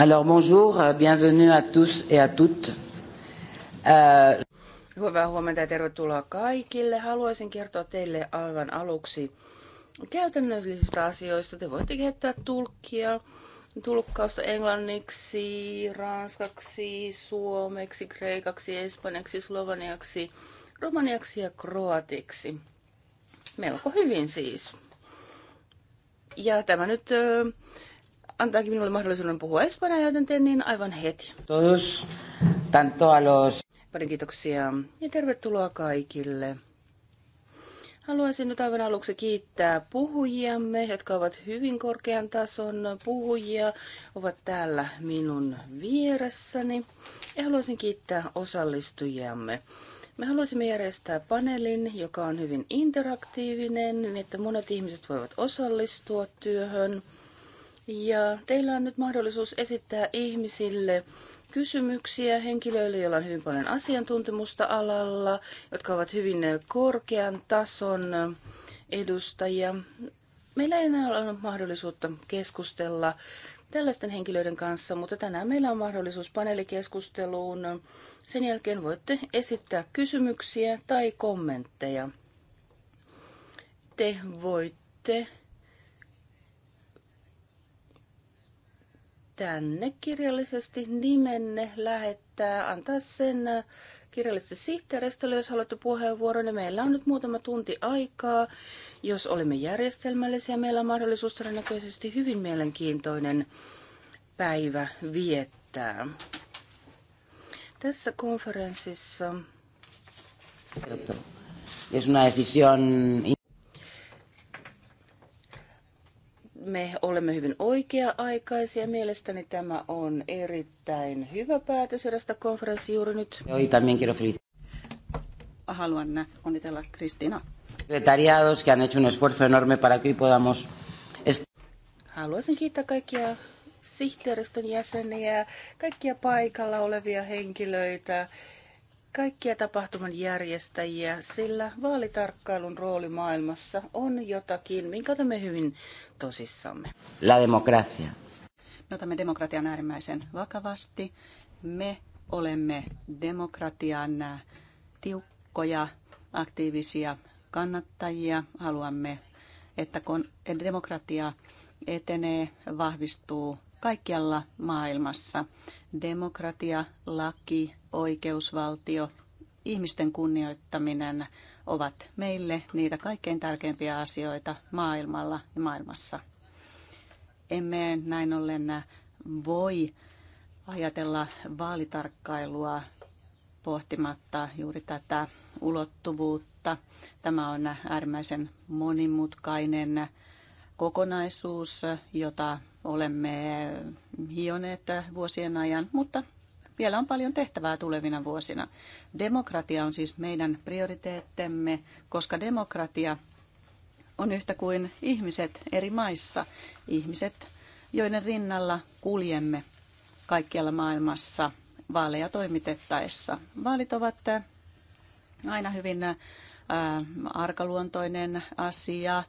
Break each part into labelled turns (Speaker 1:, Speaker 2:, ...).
Speaker 1: Alors bonjour, euh, bienvenue à tous et à toutes. Euh... Hyvää huomenta ja tervetuloa kaikille. Haluaisin kertoa teille aivan aluksi käytännöllisistä asioista. Te voitte käyttää tulkkia, tulkkausta englanniksi, ranskaksi, suomeksi, kreikaksi, espanjaksi, slovaniaksi, romaniaksi ja kroatiksi. Melko hyvin siis. Ja tämä nyt antaakin minulle mahdollisuuden puhua espanjaa, joten teen niin aivan heti. Todos, tanto a los... Paljon kiitoksia ja tervetuloa kaikille. Haluaisin nyt aivan aluksi kiittää puhujiamme, jotka ovat hyvin korkean tason puhujia, ovat täällä minun vieressäni. Ja haluaisin kiittää osallistujiamme. Me haluaisimme järjestää paneelin, joka on hyvin interaktiivinen, niin että monet ihmiset voivat osallistua työhön. Ja teillä on nyt mahdollisuus esittää ihmisille kysymyksiä henkilöille, joilla on hyvin paljon asiantuntemusta alalla, jotka ovat hyvin korkean tason edustajia. Meillä ei enää ole mahdollisuutta keskustella tällaisten henkilöiden kanssa, mutta tänään meillä on mahdollisuus paneelikeskusteluun. Sen jälkeen voitte esittää kysymyksiä tai kommentteja. Te voitte tänne kirjallisesti nimenne lähettää, antaa sen äh, kirjallisesti sihteeristölle, jos haluatte puheenvuoron. Ja meillä on nyt muutama tunti aikaa. Jos olemme järjestelmällisiä, meillä on mahdollisuus todennäköisesti hyvin mielenkiintoinen päivä viettää. Tässä konferenssissa... Es una decisión me olemme hyvin oikea-aikaisia. Mielestäni tämä on erittäin hyvä päätös, edestä konferenssi juuri nyt. Haluan onnitella Kristina. Secretariados que han hecho un esfuerzo enorme para que podamos... Haluaisin kiittää kaikkia sihteeristön jäseniä, kaikkia paikalla olevia henkilöitä kaikkia tapahtuman järjestäjiä, sillä vaalitarkkailun rooli maailmassa on jotakin, minkä otamme hyvin tosissamme. La democracia. Me otamme demokratian
Speaker 2: äärimmäisen vakavasti. Me olemme demokratian tiukkoja, aktiivisia kannattajia. Haluamme, että kun demokratia etenee, vahvistuu kaikkialla maailmassa. Demokratia, laki, oikeusvaltio, ihmisten kunnioittaminen ovat meille niitä kaikkein tärkeimpiä asioita maailmalla ja maailmassa. Emme näin ollen voi ajatella vaalitarkkailua pohtimatta juuri tätä ulottuvuutta. Tämä on äärimmäisen monimutkainen kokonaisuus, jota olemme hioneet vuosien ajan, mutta vielä on paljon tehtävää tulevina vuosina. Demokratia on siis meidän prioriteettemme, koska demokratia on yhtä kuin ihmiset eri maissa, ihmiset, joiden rinnalla kuljemme kaikkialla maailmassa vaaleja toimitettaessa. Vaalit ovat äh, aina hyvin äh, arkaluontoinen asia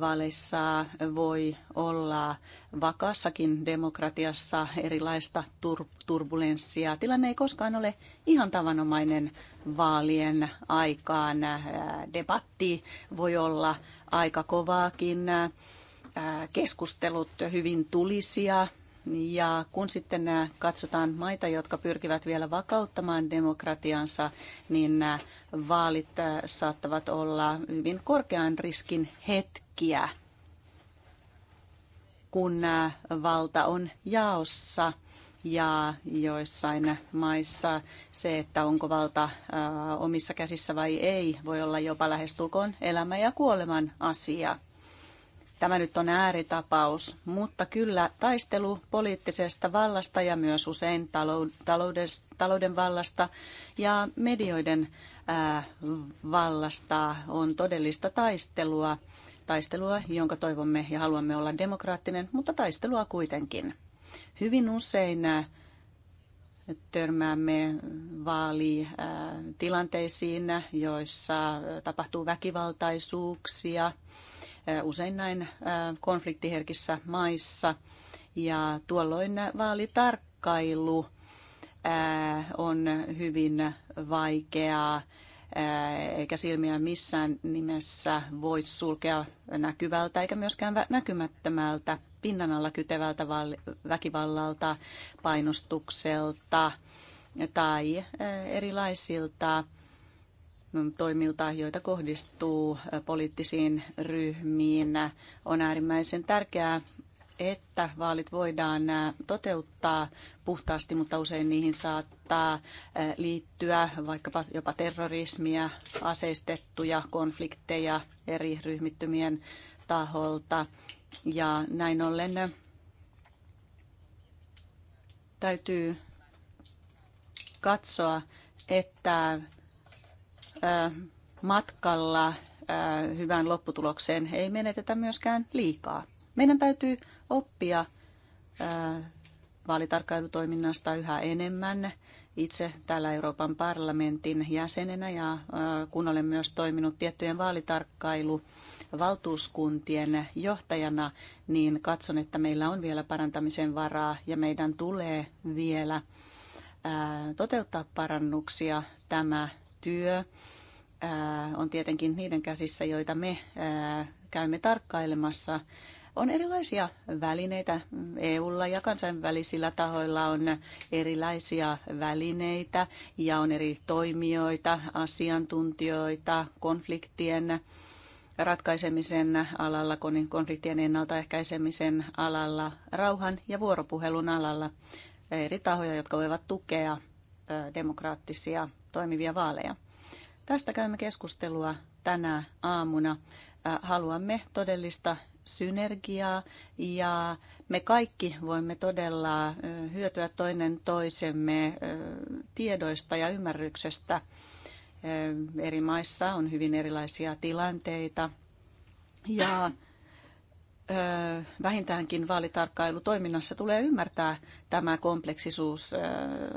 Speaker 2: vaaleissa voi olla vakaassakin demokratiassa erilaista tur- turbulenssia. Tilanne ei koskaan ole ihan tavanomainen vaalien aikaan. Debatti voi olla aika kovaakin, keskustelut hyvin tulisia. Ja kun sitten katsotaan maita, jotka pyrkivät vielä vakauttamaan demokratiansa, niin vaalit saattavat olla hyvin korkean riskin hetki tekijä, kun valta on jaossa ja joissain maissa se, että onko valta omissa käsissä vai ei, voi olla jopa lähestulkoon elämän ja kuoleman asia. Tämä nyt on ääritapaus, mutta kyllä taistelu poliittisesta vallasta ja myös usein talouden, talouden vallasta ja medioiden vallasta on todellista taistelua Taistelua, jonka toivomme ja haluamme olla demokraattinen, mutta taistelua kuitenkin. Hyvin usein äh, törmäämme vaalitilanteisiin, joissa äh, tapahtuu väkivaltaisuuksia, äh, usein näin konfliktiherkissä maissa. Ja tuolloin vaalitarkkailu on hyvin vaikeaa eikä silmiä missään nimessä voi sulkea näkyvältä eikä myöskään näkymättömältä pinnan alla kytevältä väkivallalta, painostukselta tai erilaisilta mm, toimilta, joita kohdistuu poliittisiin ryhmiin. On äärimmäisen tärkeää että vaalit voidaan toteuttaa puhtaasti, mutta usein niihin saattaa liittyä vaikkapa jopa terrorismia, aseistettuja konflikteja eri ryhmittymien taholta. Ja näin ollen täytyy katsoa, että matkalla hyvään lopputulokseen ei menetetä myöskään liikaa. Meidän täytyy oppia vaalitarkkailutoiminnasta yhä enemmän. Itse täällä Euroopan parlamentin jäsenenä ja kun olen myös toiminut tiettyjen vaalitarkkailu valtuuskuntien johtajana, niin katson, että meillä on vielä parantamisen varaa ja meidän tulee vielä toteuttaa parannuksia. Tämä työ on tietenkin niiden käsissä, joita me käymme tarkkailemassa on erilaisia välineitä. EUlla ja kansainvälisillä tahoilla on erilaisia välineitä ja on eri toimijoita, asiantuntijoita, konfliktien ratkaisemisen alalla, konfliktien ennaltaehkäisemisen alalla, rauhan ja vuoropuhelun alalla eri tahoja, jotka voivat tukea demokraattisia toimivia vaaleja. Tästä käymme keskustelua tänä aamuna. Haluamme todellista synergiaa ja me kaikki voimme todella hyötyä toinen toisemme tiedoista ja ymmärryksestä. Eri maissa on hyvin erilaisia tilanteita ja vähintäänkin vaalitarkkailutoiminnassa tulee ymmärtää tämä kompleksisuus.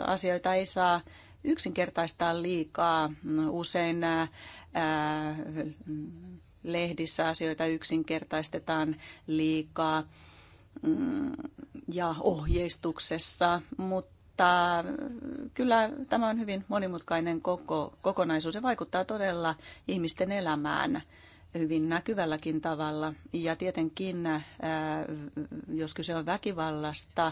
Speaker 2: Asioita ei saa yksinkertaistaa liikaa. Usein lehdissä asioita yksinkertaistetaan liikaa mm, ja ohjeistuksessa, mutta kyllä tämä on hyvin monimutkainen koko, kokonaisuus ja vaikuttaa todella ihmisten elämään hyvin näkyvälläkin tavalla. Ja tietenkin, äh, jos kyse on väkivallasta,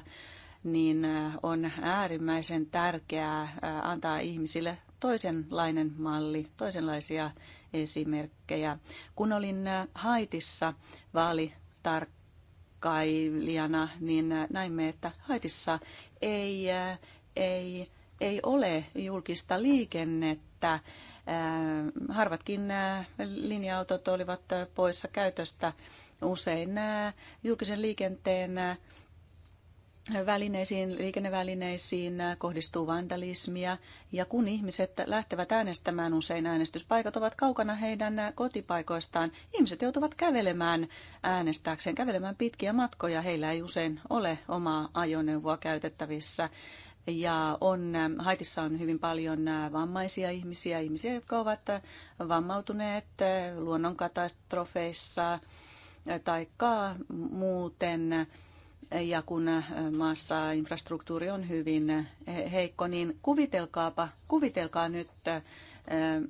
Speaker 2: niin äh, on äärimmäisen tärkeää äh, antaa ihmisille toisenlainen malli, toisenlaisia esimerkkejä. Kun olin äh, Haitissa vaalitarkkailijana, niin äh, näimme, että Haitissa ei, äh, ei, ei ole julkista liikennettä. Harvatkin linja-autot olivat poissa käytöstä usein julkisen liikenteen välineisiin, liikennevälineisiin kohdistuu vandalismia ja kun ihmiset lähtevät äänestämään, usein äänestyspaikat ovat kaukana heidän kotipaikoistaan. Ihmiset joutuvat kävelemään äänestääkseen, kävelemään pitkiä matkoja. Heillä ei usein ole omaa ajoneuvoa käytettävissä. Ja on, Haitissa on hyvin paljon vammaisia ihmisiä, ihmisiä, jotka ovat vammautuneet luonnonkatastrofeissa tai muuten ja kun äh, maassa infrastruktuuri on hyvin äh, heikko, niin kuvitelkaapa, kuvitelkaa nyt, äh,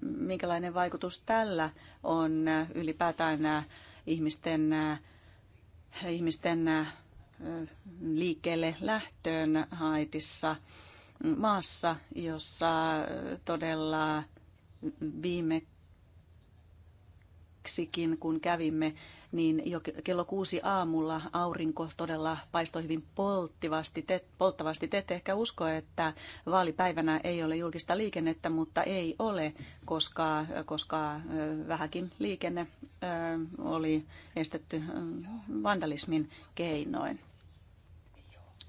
Speaker 2: minkälainen vaikutus tällä on ylipäätään ihmisten, ihmisten liikkeelle lähtöön Haitissa maassa, jossa todella viime viimeksikin, kun kävimme, niin jo kello kuusi aamulla aurinko todella paistoi hyvin polttivasti. Te, polttavasti. Te ette ehkä usko, että vaalipäivänä ei ole julkista liikennettä, mutta ei ole, koska, koska vähäkin liikenne oli estetty vandalismin keinoin.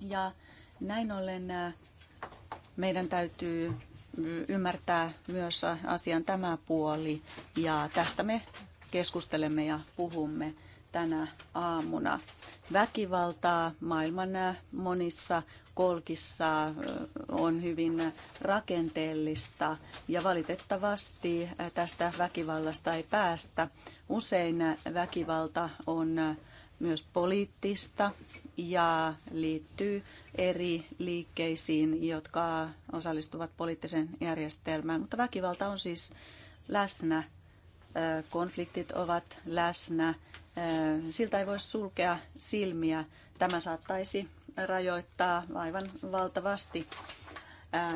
Speaker 2: Ja näin ollen meidän täytyy ymmärtää myös asian tämä puoli ja tästä me keskustelemme ja puhumme tänä aamuna. Väkivaltaa maailman äh, monissa kolkissa äh, on hyvin rakenteellista ja valitettavasti äh, tästä väkivallasta ei päästä. Usein väkivalta on myös poliittista ja liittyy eri liikkeisiin, jotka osallistuvat poliittisen järjestelmään. Mutta väkivalta on siis läsnä konfliktit ovat läsnä. Siltä ei voi sulkea silmiä. Tämä saattaisi rajoittaa aivan valtavasti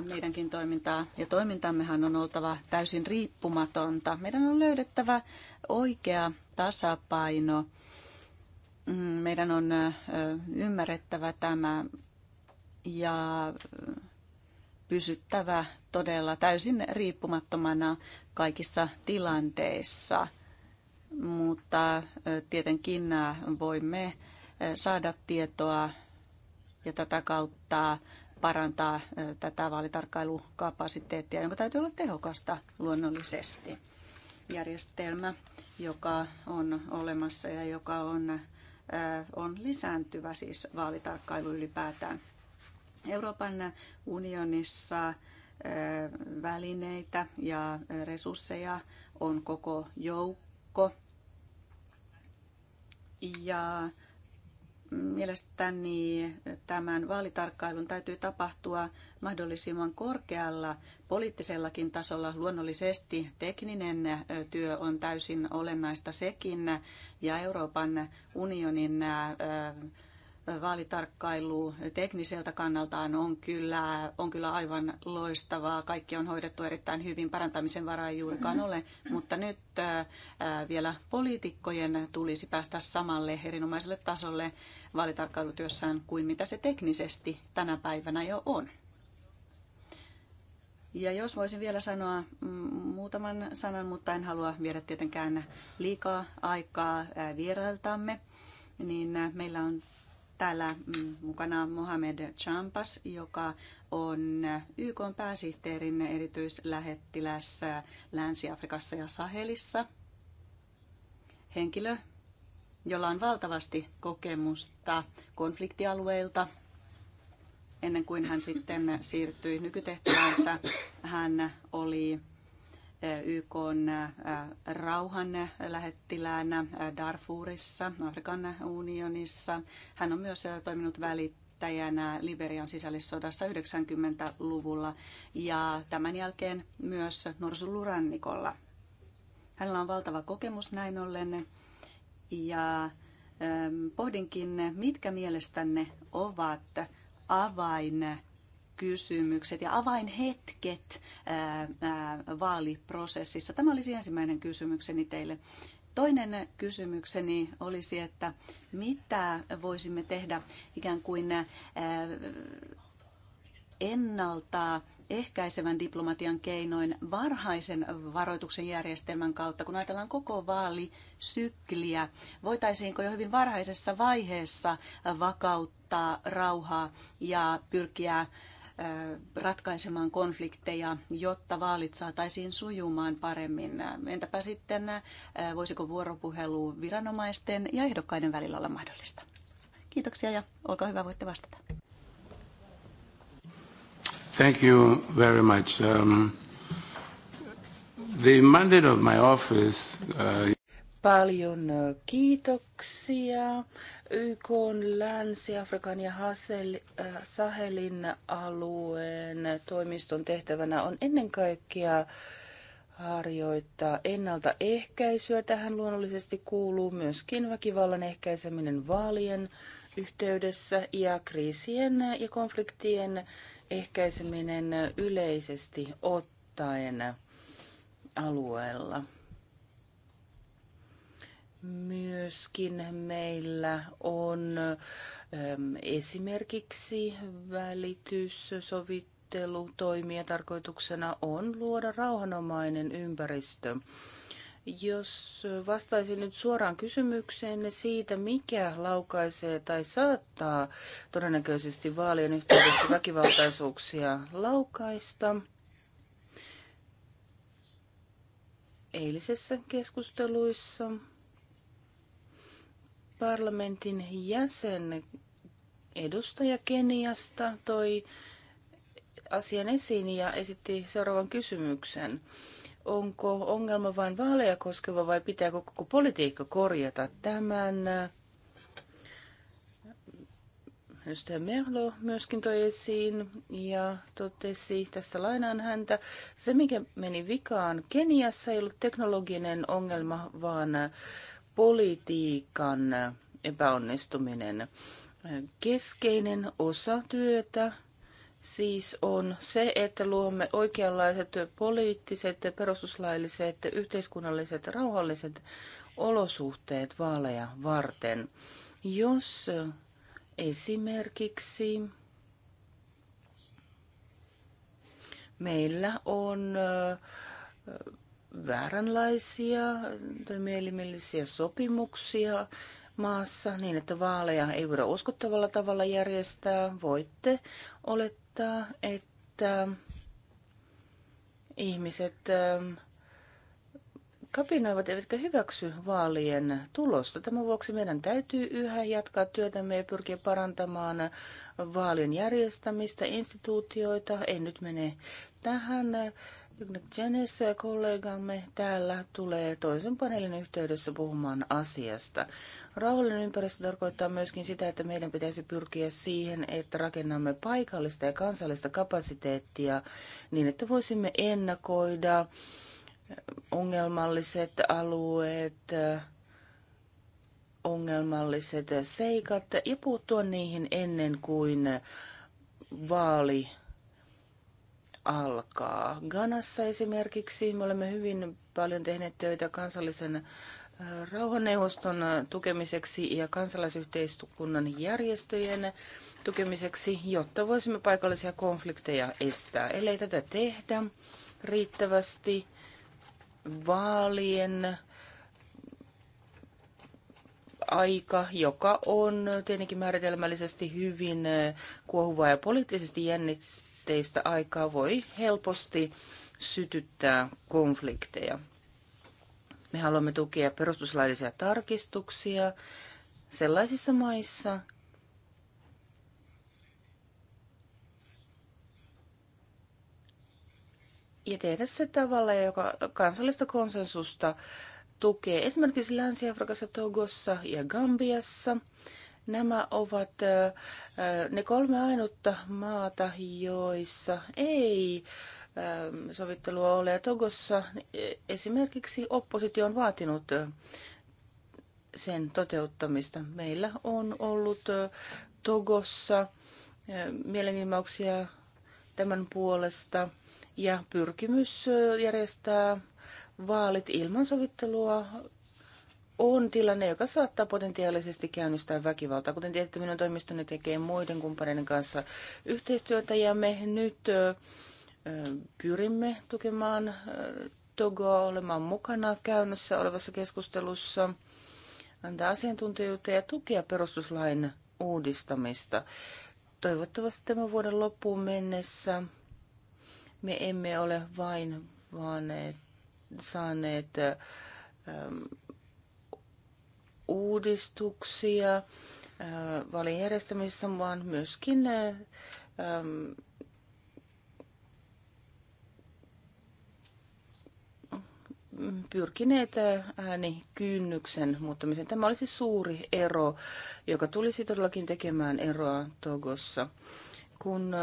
Speaker 2: meidänkin toimintaa. Ja toimintammehan on oltava täysin riippumatonta. Meidän on löydettävä oikea tasapaino. Mm, meidän on ymmärrettävä tämä ja pysyttävä todella täysin riippumattomana kaikissa tilanteissa. Mutta tietenkin voimme saada tietoa ja tätä kautta parantaa tätä vaalitarkkailukapasiteettia, jonka täytyy olla tehokasta luonnollisesti. Järjestelmä, joka on olemassa ja joka on, on lisääntyvä, siis vaalitarkkailu ylipäätään Euroopan unionissa välineitä ja resursseja on koko joukko. Ja mielestäni tämän vaalitarkkailun täytyy tapahtua mahdollisimman korkealla poliittisellakin tasolla. Luonnollisesti tekninen työ on täysin olennaista sekin ja Euroopan unionin vaalitarkkailu tekniseltä kannaltaan on kyllä, on kyllä aivan loistavaa. Kaikki on hoidettu erittäin hyvin, parantamisen varaa ei juurikaan ole, mutta nyt vielä poliitikkojen tulisi päästä samalle erinomaiselle tasolle vaalitarkkailutyössään kuin mitä se teknisesti tänä päivänä jo on. Ja jos voisin vielä sanoa mm, muutaman sanan, mutta en halua viedä tietenkään liikaa aikaa vierailtamme, niin meillä on Täällä mm, mukana Mohamed Champas, joka on YK pääsihteerin erityislähettiläs Länsi-Afrikassa ja Sahelissa. Henkilö, jolla on valtavasti kokemusta konfliktialueilta. Ennen kuin hän sitten siirtyi nykytehtävänsä, hän oli YK rauhan lähettiläänä Darfurissa, Afrikan unionissa. Hän on myös toiminut välittäjänä Liberian sisällissodassa 90-luvulla ja tämän jälkeen myös Norsulurannikolla. Hänellä on valtava kokemus näin ollen ja pohdinkin, mitkä mielestänne ovat avain kysymykset ja avainhetket vaaliprosessissa? Tämä olisi ensimmäinen kysymykseni teille. Toinen kysymykseni olisi, että mitä voisimme tehdä ikään kuin ennalta ehkäisevän diplomatian keinoin varhaisen varoituksen järjestelmän kautta, kun ajatellaan koko vaalisykliä, voitaisiinko jo hyvin varhaisessa vaiheessa vakauttaa rauhaa ja pyrkiä ratkaisemaan konflikteja, jotta vaalit saataisiin sujumaan paremmin. Entäpä sitten, voisiko vuoropuhelu viranomaisten ja ehdokkaiden välillä olla mahdollista? Kiitoksia ja olkaa hyvä, voitte vastata.
Speaker 1: Thank you very much. Um, the mandate of my office... Uh... Paljon kiitoksia. YK, Länsi-Afrikan ja Hasel, äh, Sahelin alueen toimiston tehtävänä on ennen kaikkea harjoittaa ennaltaehkäisyä. Tähän luonnollisesti kuuluu myöskin väkivallan ehkäiseminen vaalien yhteydessä ja kriisien ja konfliktien ehkäiseminen yleisesti ottaen alueella. Myöskin meillä on ähm, esimerkiksi välityssovittelutoimia tarkoituksena on luoda rauhanomainen ympäristö. Jos vastaisin nyt suoraan kysymykseen siitä, mikä laukaisee tai saattaa todennäköisesti vaalien yhteydessä väkivaltaisuuksia laukaista, Eilisessä keskusteluissa parlamentin jäsen edustaja Keniasta toi asian esiin ja esitti seuraavan kysymyksen. Onko ongelma vain vaaleja koskeva vai pitääkö koko politiikka korjata tämän? Äh, edustaja Merlo myöskin toi esiin ja totesi, tässä lainaan häntä, se mikä meni vikaan Keniassa ei ollut teknologinen ongelma, vaan äh, politiikan epäonnistuminen. Keskeinen osa työtä siis on se, että luomme oikeanlaiset poliittiset, perustuslailliset, yhteiskunnalliset, rauhalliset olosuhteet vaaleja varten. Jos esimerkiksi meillä on vääränlaisia toimielimellisiä sopimuksia maassa niin, että vaaleja ei voida uskottavalla tavalla järjestää, voitte olettaa, että ihmiset ähm, kapinoivat eivätkä hyväksy vaalien tulosta. Tämän vuoksi meidän täytyy yhä jatkaa työtämme ja pyrkiä parantamaan vaalien järjestämistä, instituutioita. En nyt mene tähän Jens kollegamme täällä tulee toisen paneelin yhteydessä puhumaan asiasta. Rauhallinen ympäristö tarkoittaa myöskin sitä, että meidän pitäisi pyrkiä siihen, että rakennamme paikallista ja kansallista kapasiteettia niin, että voisimme ennakoida ongelmalliset alueet, ongelmalliset seikat ja puuttua niihin ennen kuin vaali alkaa. Ganassa esimerkiksi me olemme hyvin paljon tehneet töitä kansallisen äh, rauhanneuvoston äh, tukemiseksi ja kansalaisyhteiskunnan järjestöjen tukemiseksi, jotta voisimme paikallisia konflikteja estää. Ellei tätä tehdä riittävästi, vaalien aika, joka on tietenkin määritelmällisesti hyvin äh, kuohuvaa ja poliittisesti jännittävää, jännitteistä aikaa voi helposti sytyttää konflikteja. Me haluamme tukea perustuslaillisia tarkistuksia sellaisissa maissa, ja tehdä se tavalla, joka kansallista konsensusta tukee esimerkiksi Länsi-Afrikassa, Togossa ja Gambiassa – Nämä ovat ne kolme ainutta maata, joissa ei sovittelua ole. Ja Togossa e, esimerkiksi oppositio on vaatinut sen toteuttamista. Meillä on ollut Togossa mielenilmauksia tämän puolesta ja pyrkimys järjestää vaalit ilman sovittelua on tilanne, joka saattaa potentiaalisesti käynnistää väkivaltaa. Kuten tiedätte, minun toimistoni tekee muiden kumppaneiden kanssa yhteistyötä ja me nyt pyrimme tukemaan Togoa olemaan mukana käynnissä olevassa keskustelussa, antaa asiantuntijuutta ja tukea perustuslain uudistamista. Toivottavasti tämän vuoden loppuun mennessä me emme ole vain vaan eh, saaneet uudistuksia vaalien järjestämisessä, vaan myöskin pyrkineet äänikynnyksen muuttamiseen. Tämä olisi suuri ero, joka tulisi todellakin tekemään eroa Togossa. Kun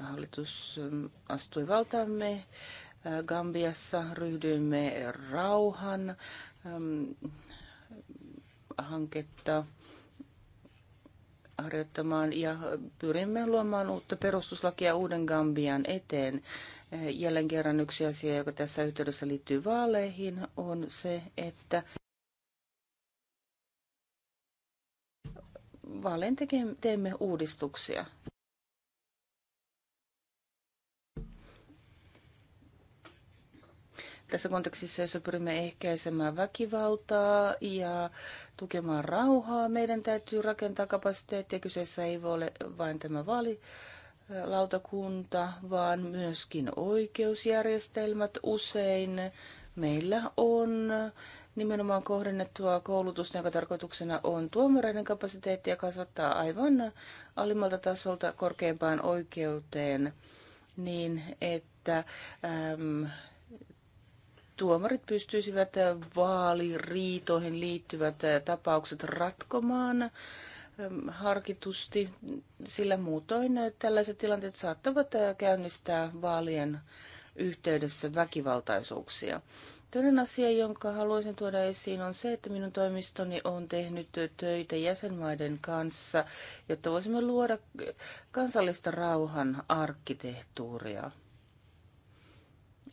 Speaker 1: hallitus astui valtaamme Gambiassa, ryhdyimme rauhan hanketta harjoittamaan ja pyrimme luomaan uutta perustuslakia Uuden Gambian eteen. Jälleen kerran yksi asia, joka tässä yhteydessä liittyy vaaleihin, on se, että vaalein teemme uudistuksia. tässä kontekstissa, jossa pyrimme ehkäisemään väkivaltaa ja tukemaan rauhaa, meidän täytyy rakentaa kapasiteettia. Kyseessä ei voi ole vain tämä vali lautakunta, vaan myöskin oikeusjärjestelmät usein. Meillä on nimenomaan kohdennettua koulutusta, jonka tarkoituksena on tuomareiden kapasiteettia kasvattaa aivan alimmalta tasolta korkeimpaan oikeuteen niin, että ähm, tuomarit pystyisivät äh, vaaliriitoihin liittyvät äh, tapaukset ratkomaan ähm, harkitusti, sillä muutoin äh, tällaiset tilanteet saattavat käynnistää vaalien yhteydessä väkivaltaisuuksia. Toinen asia, jonka haluaisin tuoda esiin, on se, että minun toimistoni on tehnyt töitä jäsenmaiden kanssa, jotta voisimme luoda kansallista rauhan arkkitehtuuria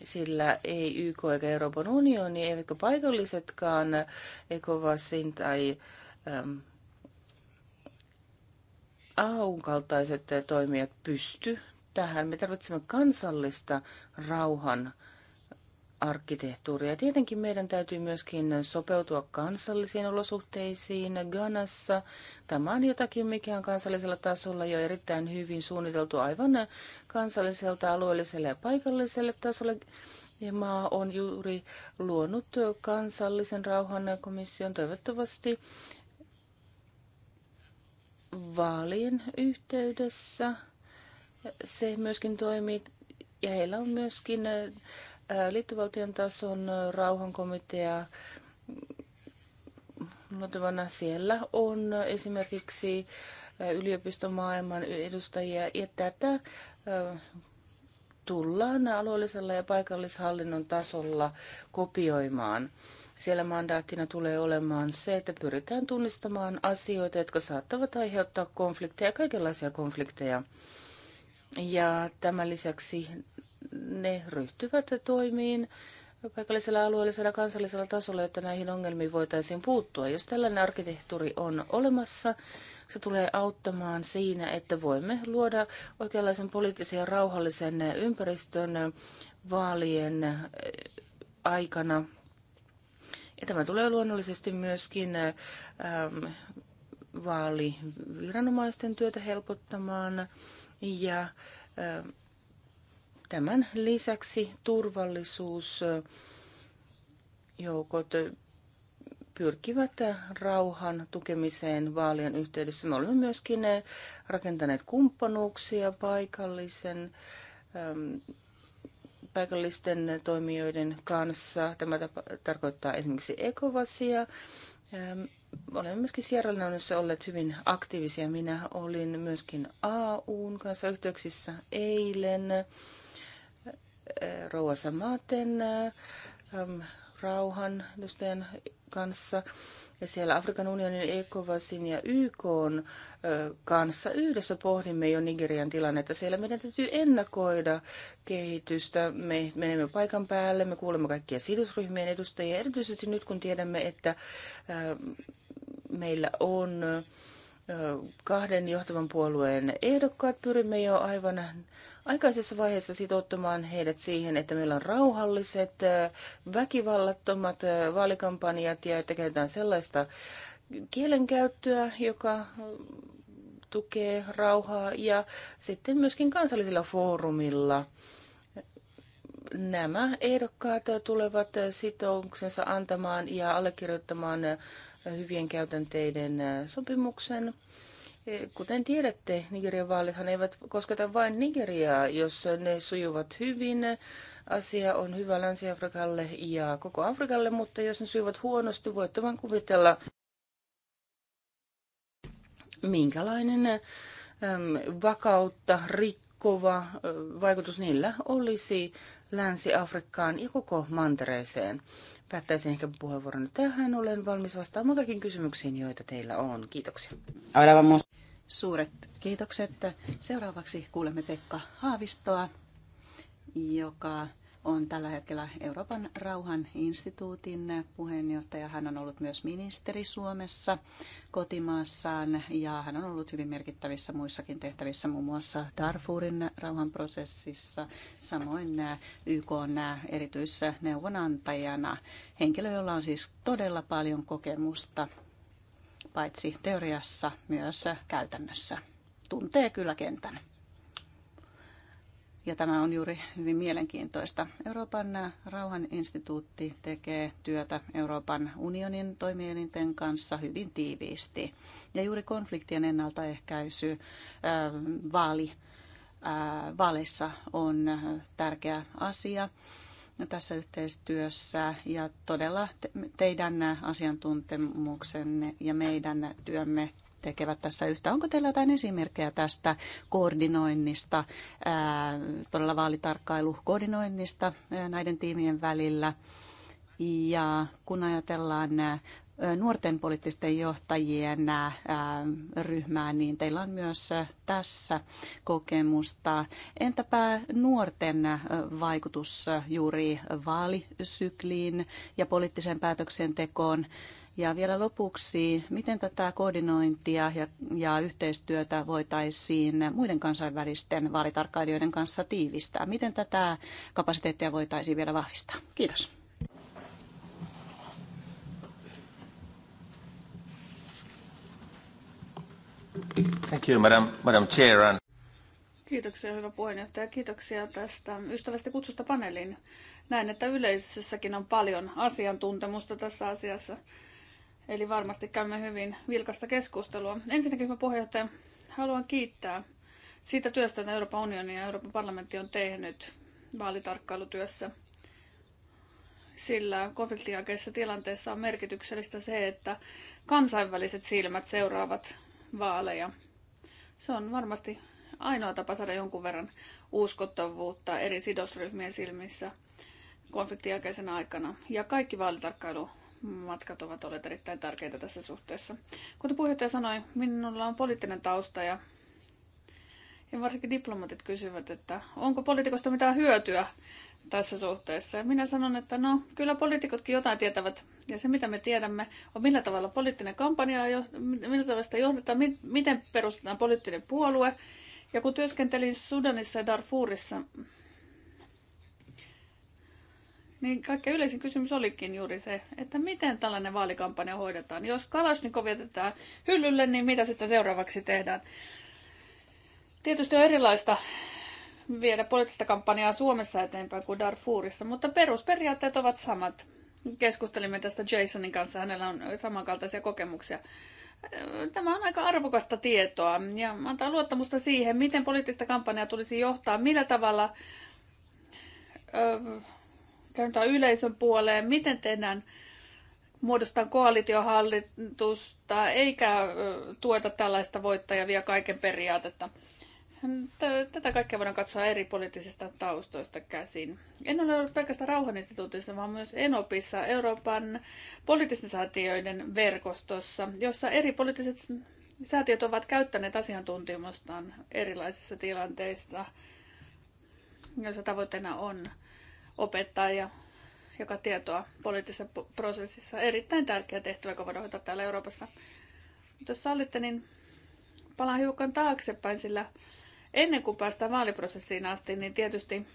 Speaker 1: sillä ei YK eikä Euroopan unioni, eivätkä paikallisetkaan ECOWASin tai äm, AUn kaltaiset toimijat pysty tähän. Me tarvitsemme kansallista rauhan arkkitehtuuria. Tietenkin meidän täytyy myöskin sopeutua kansallisiin olosuhteisiin Ganassa. Tämä on jotakin, mikä on kansallisella tasolla jo erittäin hyvin suunniteltu aivan kansalliselta, alueelliselle ja paikalliselle tasolle. Ja maa on juuri luonut kansallisen rauhan komission toivottavasti vaalien yhteydessä. Se myöskin toimii ja heillä on myöskin liittovaltion tason rauhankomitea luotavana siellä on esimerkiksi yliopistomaailman edustajia ja tätä tullaan alueellisella ja paikallishallinnon tasolla kopioimaan. Siellä mandaattina tulee olemaan se, että pyritään tunnistamaan asioita, jotka saattavat aiheuttaa konflikteja, kaikenlaisia konflikteja. Ja tämän lisäksi ne ryhtyvät toimiin paikallisella, alueellisella, kansallisella tasolla, jotta näihin ongelmiin voitaisiin puuttua. Jos tällainen arkkitehtuuri on olemassa, se tulee auttamaan siinä, että voimme luoda oikeanlaisen poliittisen ja rauhallisen ympäristön vaalien eh, aikana. Ja tämä tulee luonnollisesti myöskin ähm, vaaliviranomaisten työtä helpottamaan ja ehm, Tämän lisäksi turvallisuusjoukot pyrkivät rauhan tukemiseen vaalien yhteydessä. Me olemme myöskin rakentaneet kumppanuuksia paikallisen ähm, paikallisten toimijoiden kanssa. Tämä tarkoittaa esimerkiksi ekovasia. Ähm, olemme myöskin Sierra Leoneissa olleet hyvin aktiivisia. Minä olin myöskin AUn kanssa yhteyksissä eilen. Äh, rouva Samaten äh, ähm, rauhan edustajan kanssa ja siellä Afrikan unionin, ECOWASin ja YK äh, kanssa yhdessä pohdimme jo Nigerian tilannetta. Siellä meidän täytyy ennakoida kehitystä. Me menemme paikan päälle, me kuulemme kaikkia sidosryhmien edustajia, erityisesti nyt kun tiedämme, että meillä on kahden johtavan puolueen ehdokkaat. Pyrimme jo aivan aikaisessa vaiheessa sitouttamaan heidät siihen, että meillä on rauhalliset, väkivallattomat vaalikampanjat ja että käytetään sellaista kielenkäyttöä, joka tukee rauhaa ja sitten myöskin kansallisilla foorumilla nämä ehdokkaat tulevat sitouksensa antamaan ja allekirjoittamaan hyvien käytänteiden sopimuksen. Kuten tiedätte, Nigerian vaalithan eivät kosketa vain Nigeriaa, jos ne sujuvat hyvin. Asia on hyvä Länsi-Afrikalle ja koko Afrikalle, mutta jos ne sujuvat huonosti, voitte vain kuvitella, minkälainen äm, vakautta rikkova vaikutus niillä olisi Länsi-Afrikkaan ja koko mantereeseen. Päättäisin ehkä puheenvuoron tähän. Olen valmis vastaamaan kaikkiin kysymyksiin, joita teillä on. Kiitoksia. Suuret kiitokset.
Speaker 2: Seuraavaksi kuulemme Pekka Haavistoa, joka on tällä hetkellä Euroopan rauhan instituutin puheenjohtaja. Hän on ollut myös ministeri Suomessa kotimaassaan ja hän on ollut hyvin merkittävissä muissakin tehtävissä, muun muassa Darfurin rauhanprosessissa, samoin YK erityisneuvonantajana. Henkilö, jolla on siis todella paljon kokemusta paitsi teoriassa myös käytännössä. Tuntee kyllä kentän. Ja tämä on juuri hyvin mielenkiintoista. Euroopan rauhaninstituutti tekee työtä Euroopan unionin toimielinten kanssa hyvin tiiviisti. Ja juuri konfliktien ennaltaehkäisy, vaali, vaaleissa on tärkeä asia tässä yhteistyössä ja todella teidän asiantuntemuksenne ja meidän työmme tekevät tässä yhtä. Onko teillä jotain esimerkkejä tästä koordinoinnista, todella vaalitarkkailu koordinoinnista näiden tiimien välillä? Ja kun ajatellaan nuorten poliittisten johtajien ryhmään, niin teillä on myös tässä kokemusta. Entäpä nuorten vaikutus juuri vaalisykliin ja poliittiseen päätöksentekoon? Ja vielä lopuksi, miten tätä koordinointia ja, ja yhteistyötä voitaisiin muiden kansainvälisten vaalitarkkailijoiden kanssa tiivistää? Miten tätä kapasiteettia voitaisiin vielä vahvistaa? Kiitos.
Speaker 1: Thank you, Madam, Madam Chair. And...
Speaker 3: Kiitoksia, hyvä puheenjohtaja. Kiitoksia tästä ystävästä kutsusta paneeliin. Näen, että yleisössäkin on paljon asiantuntemusta tässä asiassa. Eli varmasti käymme hyvin vilkasta keskustelua. Ensinnäkin, hyvä puheenjohtaja, haluan kiittää siitä työstä, jota Euroopan unioni ja Euroopan parlamentti on tehnyt vaalitarkkailutyössä. Sillä konfliktiakeissa tilanteessa on merkityksellistä se, että kansainväliset silmät seuraavat vaaleja. Se on varmasti ainoa tapa saada jonkun verran uskottavuutta eri sidosryhmien silmissä konfliktiaikaisena aikana. Ja kaikki vaalitarkkailu matkat ovat olleet erittäin tärkeitä tässä suhteessa. Kuten puheenjohtaja sanoi, minulla on poliittinen tausta ja, ja varsinkin diplomatit kysyvät, että onko poliitikosta mitään hyötyä tässä suhteessa. Ja minä sanon, että no, kyllä poliitikotkin jotain tietävät. Ja se, mitä me tiedämme, on millä tavalla poliittinen kampanja, jo millä tavalla sitä johdetaan, miten perustetaan poliittinen puolue. Ja kun työskentelin Sudanissa ja Darfurissa, niin kaikkein yleisin kysymys olikin juuri se, että miten tällainen vaalikampanja hoidetaan. Jos Kalashnikov vietetään hyllylle, niin mitä sitten seuraavaksi tehdään? Tietysti on erilaista viedä poliittista kampanjaa Suomessa eteenpäin kuin Darfurissa, mutta perusperiaatteet ovat samat. Keskustelimme tästä Jasonin kanssa, hänellä on samankaltaisia kokemuksia. Tämä on aika arvokasta tietoa ja antaa luottamusta siihen, miten poliittista kampanjaa tulisi johtaa, millä tavalla käännytään yleisön puoleen, miten tehdään muodostan koalitiohallitusta, eikä tueta tällaista voittajavia kaiken periaatetta. Tätä kaikkea voidaan katsoa eri poliittisista taustoista käsin. En ole ollut pelkästään rauhaninstituutissa, vaan myös Enopissa, Euroopan poliittisten säätiöiden verkostossa, jossa eri poliittiset säätiöt ovat käyttäneet asiantuntemustaan erilaisissa tilanteissa, joissa tavoitteena on opettaa ja joka tietoa poliittisessa prosessissa. Erittäin tärkeä tehtävä, joka voidaan hoitaa täällä Euroopassa. Mutta jos sallitte, niin palaan hiukan taaksepäin, sillä Ennen kuin päästään vaaliprosessiin asti, niin tietysti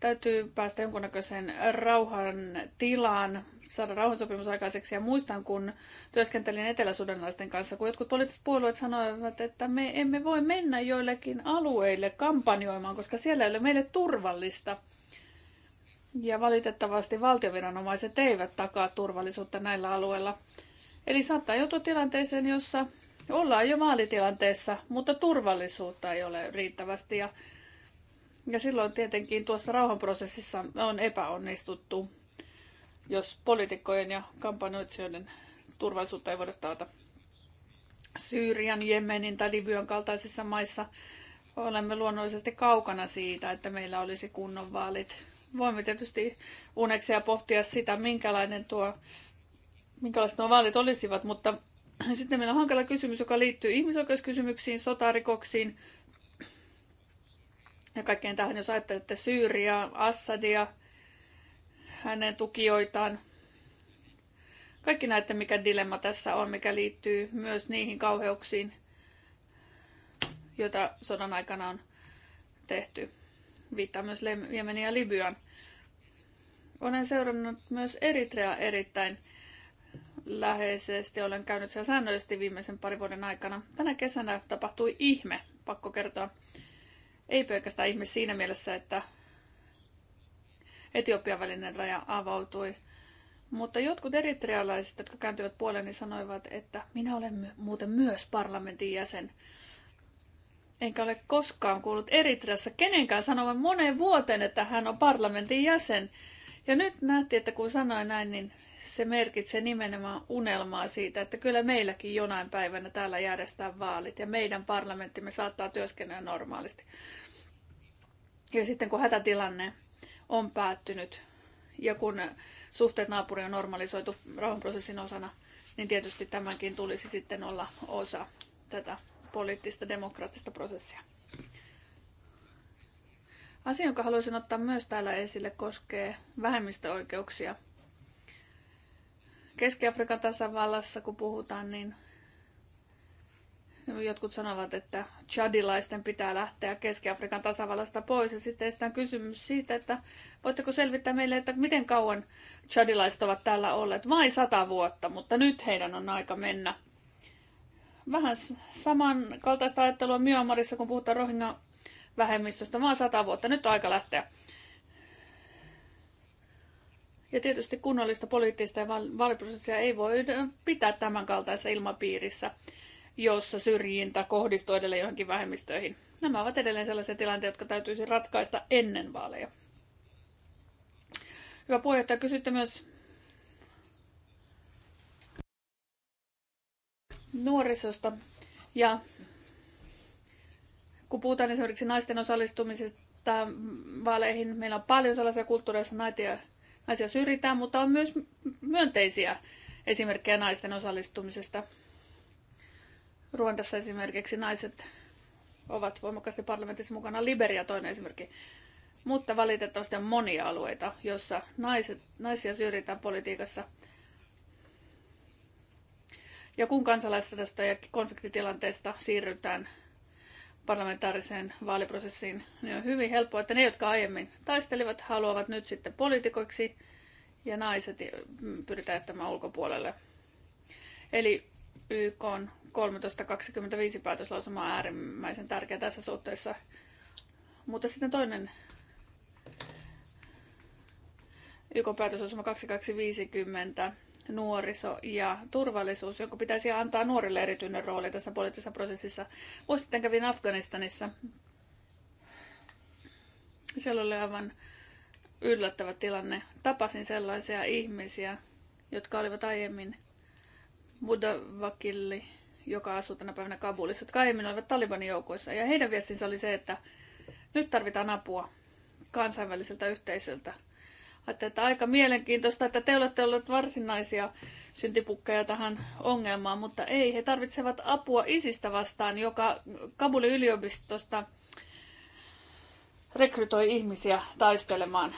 Speaker 3: täytyy päästä jonkunnäköiseen rauhan tilaan, saada rauhansopimus aikaiseksi. Ja muistan, kun työskentelin eteläsudanlaisten kanssa, kun jotkut poliittiset puolueet sanoivat, että me emme voi mennä joillekin alueille kampanjoimaan, koska siellä ei ole meille turvallista. Ja valitettavasti valtioviranomaiset eivät takaa turvallisuutta näillä alueilla. Eli saattaa joutua tilanteeseen, jossa ollaan jo maalitilanteessa, mutta turvallisuutta ei ole riittävästi. Ja, ja silloin tietenkin tuossa rauhanprosessissa on epäonnistuttu, jos poliitikkojen ja kampanjoitsijoiden turvallisuutta ei voida taata. Syyrian, Jemenin tai Libyan kaltaisissa maissa olemme luonnollisesti kaukana siitä, että meillä olisi kunnon vaalit. Voimme tietysti uneksia pohtia sitä, minkälainen tuo, minkälaiset nuo vaalit olisivat, mutta sitten meillä on hankala kysymys, joka liittyy ihmisoikeuskysymyksiin, sotarikoksiin ja kaikkeen tähän, jos ajattelette Syyriaa, Assadia, hänen tukijoitaan. Kaikki näette, mikä dilemma tässä on, mikä liittyy myös niihin kauheuksiin, joita sodan aikana on tehty. Viittaa myös Jemeniä ja Libyan. Olen seurannut myös Eritrea erittäin läheisesti. Olen käynyt siellä säännöllisesti viimeisen parin vuoden aikana. Tänä kesänä tapahtui ihme, pakko kertoa. Ei pelkästään ihme siinä mielessä, että Etiopian välinen raja avautui. Mutta jotkut eritrealaiset, jotka kääntyivät puoleen, niin sanoivat, että minä olen muuten myös parlamentin jäsen. Enkä ole koskaan kuullut Eritreassa kenenkään sanovan moneen vuoteen, että hän on parlamentin jäsen. Ja nyt nähtiin, että kun sanoin näin, niin se merkitsee nimenomaan unelmaa siitä, että kyllä meilläkin jonain päivänä täällä järjestetään vaalit ja meidän parlamenttimme saattaa työskennellä normaalisti. Ja sitten kun hätätilanne on päättynyt ja kun suhteet naapuriin on normalisoitu rauhanprosessin osana, niin tietysti tämänkin tulisi sitten olla osa tätä poliittista demokraattista prosessia. Asia, jonka haluaisin ottaa myös täällä esille, koskee vähemmistöoikeuksia – Keski-Afrikan tasavallassa, kun puhutaan, niin jotkut sanovat, että chadilaisten pitää lähteä Keski-Afrikan tasavallasta pois. Ja sitten esitään kysymys siitä, että voitteko selvittää meille, että miten kauan chadilaiset ovat täällä olleet? Vain sata vuotta, mutta nyt heidän on aika mennä. Vähän samankaltaista ajattelua Myanmarissa, kun puhutaan rohinga vähemmistöstä, vain sata vuotta. Nyt on aika lähteä. Ja tietysti kunnollista poliittista ja vaaliprosessia ei voi pitää tämän kaltaisessa ilmapiirissä, jossa syrjintä kohdistuu edelleen johonkin vähemmistöihin. Nämä ovat edelleen sellaisia tilanteita, jotka täytyisi ratkaista ennen vaaleja. Hyvä puheenjohtaja, kysytte myös nuorisosta. Ja kun puhutaan esimerkiksi naisten osallistumisesta vaaleihin, meillä on paljon sellaisia kulttuureissa naisia, naisia syrjitään, mutta on myös myönteisiä esimerkkejä naisten osallistumisesta. Ruandassa esimerkiksi naiset ovat voimakkaasti parlamentissa mukana. Liberia toinen esimerkki. Mutta valitettavasti on monia alueita, joissa naiset, naisia syrjitään politiikassa. Ja kun kansalaisesta ja konfliktitilanteesta siirrytään parlamentaariseen vaaliprosessiin, niin on hyvin helppoa, että ne, jotka aiemmin taistelivat, haluavat nyt sitten poliitikoiksi ja naiset pyritään jättämään ulkopuolelle. Eli YK on 1325 päätöslausuma on äärimmäisen tärkeä tässä suhteessa. Mutta sitten toinen YK päätöslausuma 2250 nuoriso ja turvallisuus, joku pitäisi antaa nuorille erityinen rooli tässä poliittisessa prosessissa. Vuosi sitten kävin Afganistanissa. Siellä oli aivan yllättävä tilanne. Tapasin sellaisia ihmisiä, jotka olivat aiemmin Mudavakilli, joka asuu tänä päivänä Kabulissa, jotka aiemmin olivat Talibanin joukoissa. Ja heidän viestinsä oli se, että nyt tarvitaan apua kansainväliseltä yhteisöltä – Ajattelin, että aika mielenkiintoista, että te olette olleet varsinaisia syntipukkeja tähän ongelmaan, mutta ei, he tarvitsevat apua isistä vastaan, joka Kabulin yliopistosta rekrytoi ihmisiä taistelemaan.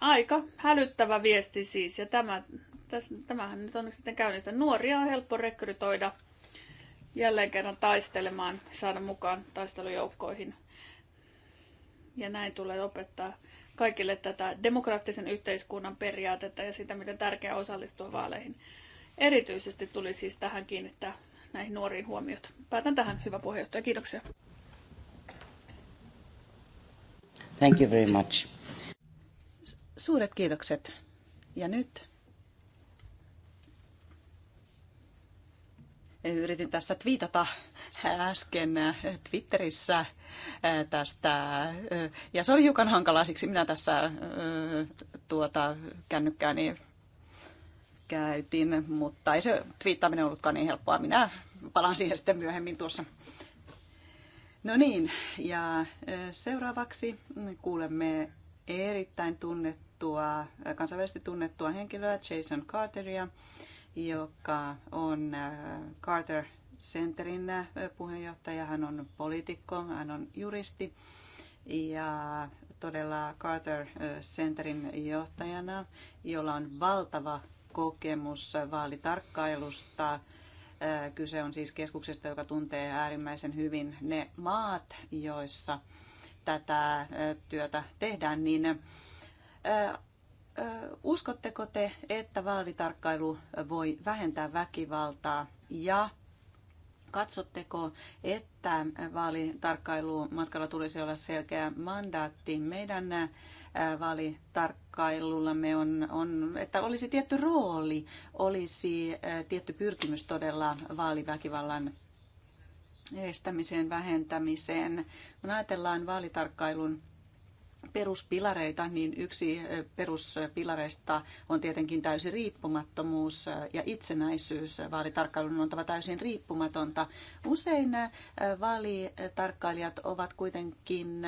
Speaker 3: Aika hälyttävä viesti siis, ja tämä, täs, tämähän nyt on sitten käynnistä. Nuoria on helppo rekrytoida jälleen kerran taistelemaan, saada mukaan taistelujoukkoihin. Ja näin tulee opettaa kaikille tätä demokraattisen yhteiskunnan periaatetta ja sitä, miten tärkeää osallistua vaaleihin. Erityisesti tuli siis tähän kiinnittää näihin nuoriin huomiot. Päätän tähän, hyvä puheenjohtaja.
Speaker 2: Kiitoksia.
Speaker 1: Thank you very much.
Speaker 2: Suuret kiitokset. Ja nyt Yritin tässä twiitata äsken äh, Twitterissä äh, tästä, äh, ja se oli hiukan hankalaa, siksi minä tässä tuota, kännykkääni käytin, mutta ei se twiittaaminen ollutkaan niin helppoa. Minä palaan siihen sitten myöhemmin tuossa. No niin, ja seuraavaksi kuulemme erittäin tunnettua, kansainvälisesti tunnettua henkilöä Jason Carteria, joka on äh, Carter Centerin äh, puheenjohtaja. Hän on poliitikko, hän on juristi ja todella Carter äh, Centerin johtajana, jolla on valtava kokemus vaalitarkkailusta. Kyse on siis keskuksesta, joka tuntee äärimmäisen hyvin ne maat, joissa tätä työtä tehdään, niin uskotteko te, että vaalitarkkailu voi vähentää väkivaltaa ja Katsotteko, että vaalitarkkailu matkalla tulisi olla selkeä mandaatti? Meidän vaalitarkkailullamme on, on, että olisi tietty rooli, olisi tietty pyrkimys todella vaaliväkivallan estämiseen, vähentämiseen. Kun ajatellaan vaalitarkkailun peruspilareita, niin yksi peruspilareista on tietenkin täysi riippumattomuus ja itsenäisyys. Vaalitarkkailun on oltava täysin riippumatonta. Usein vaalitarkkailijat ovat kuitenkin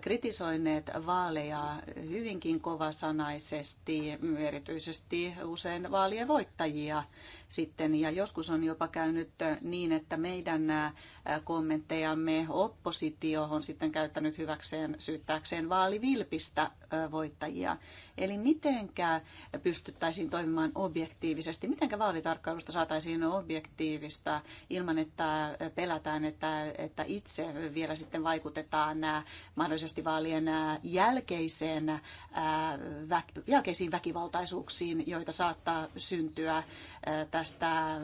Speaker 2: kritisoineet vaaleja hyvinkin kovasanaisesti, mm, erityisesti usein vaalien voittajia sitten. Ja joskus on jopa käynyt äh, niin, että meidän nämä äh, kommenttejamme oppositio on sitten käyttänyt hyväkseen syyttääkseen vaalivilpistä äh, voittajia. Eli mitenkä pystyttäisiin toimimaan objektiivisesti? Mitenkä vaalitarkkailusta saataisiin objektiivista ilman, että pelätään, että, että itse vielä sitten vaikutetaan mahdollisesti vaalien jälkeiseen, jälkeisiin väkivaltaisuuksiin, joita saattaa syntyä tästä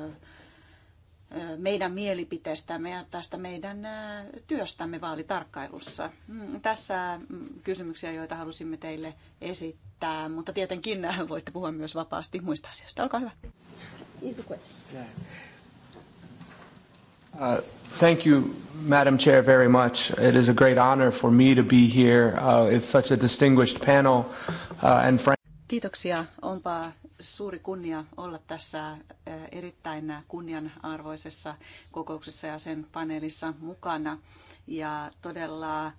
Speaker 2: meidän mielipiteestämme ja tästä meidän työstämme vaalitarkkailussa. Mm, tässä mm, kysymyksiä, joita halusimme teille esittää, mutta tietenkin voitte puhua myös vapaasti muista asioista. Olkaa hyvä.
Speaker 3: Uh, thank you,
Speaker 1: Madam Chair, very much. It is a great honor for me to be here. Uh, it's such a distinguished panel uh, and
Speaker 2: Kiitoksia. Onpa suuri kunnia olla tässä erittäin kunnianarvoisessa kokouksessa ja sen paneelissa mukana. Ja todella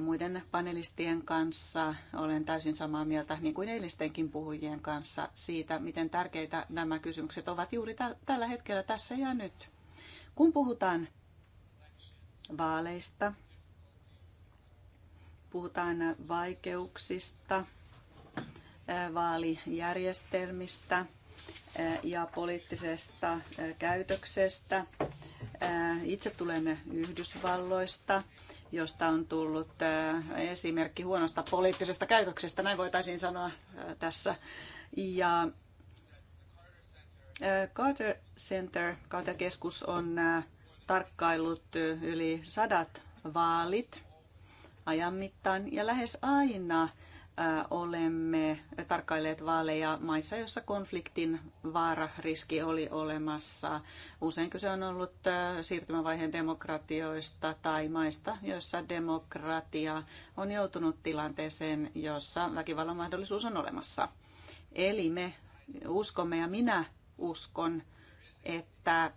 Speaker 2: muiden panelistien kanssa olen täysin samaa mieltä, niin kuin eilistenkin puhujien kanssa, siitä, miten tärkeitä nämä kysymykset ovat juuri tällä hetkellä tässä ja nyt. Kun puhutaan vaaleista, puhutaan vaikeuksista, vaalijärjestelmistä ja poliittisesta käytöksestä. Itse tulemme Yhdysvalloista, josta on tullut esimerkki huonosta poliittisesta käytöksestä, näin voitaisiin sanoa tässä. Ja Carter Center, Carter-keskus on tarkkaillut yli sadat vaalit ajan mittaan ja lähes aina olemme tarkkailleet vaaleja maissa, joissa konfliktin vaarariski oli olemassa. Usein kyse on ollut siirtymävaiheen demokratioista tai maista, joissa demokratia on joutunut tilanteeseen, jossa väkivallan mahdollisuus on olemassa. Eli me uskomme ja minä uskon, että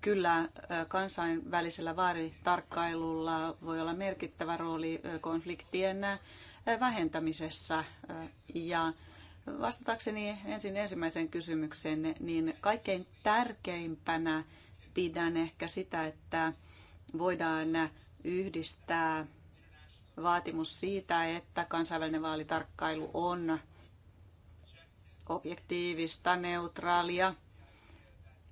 Speaker 2: kyllä kansainvälisellä vaaritarkkailulla voi olla merkittävä rooli konfliktien vähentämisessä. Ja vastatakseni ensin ensimmäiseen kysymykseen, niin kaikkein tärkeimpänä pidän ehkä sitä, että voidaan yhdistää vaatimus siitä, että kansainvälinen vaalitarkkailu on objektiivista, neutraalia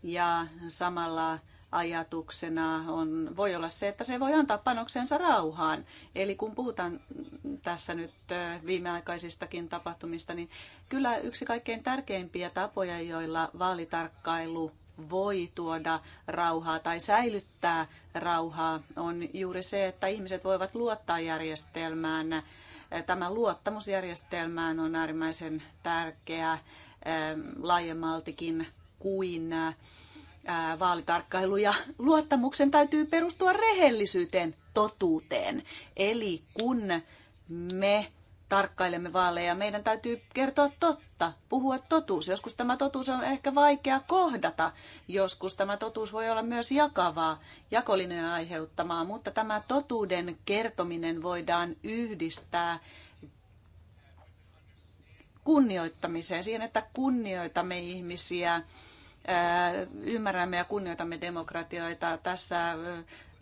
Speaker 2: ja samalla ajatuksena on, voi olla se, että se voi antaa panoksensa rauhaan. Eli kun puhutaan tässä nyt viimeaikaisistakin tapahtumista, niin kyllä yksi kaikkein tärkeimpiä tapoja, joilla vaalitarkkailu voi tuoda rauhaa tai säilyttää rauhaa, on juuri se, että ihmiset voivat luottaa järjestelmään. Tämä luottamusjärjestelmään on äärimmäisen tärkeä laajemmaltikin kuin vaalitarkkailu ja luottamuksen täytyy perustua rehellisyyteen, totuuteen. Eli kun me tarkkailemme vaaleja, meidän täytyy kertoa totta, puhua totuus. Joskus tämä totuus on ehkä vaikea kohdata, joskus tämä totuus voi olla myös jakavaa, jakolinjoja aiheuttamaa, mutta tämä totuuden kertominen voidaan yhdistää kunnioittamiseen, siihen, että kunnioitamme ihmisiä, ymmärrämme ja kunnioitamme demokratioita. Tässä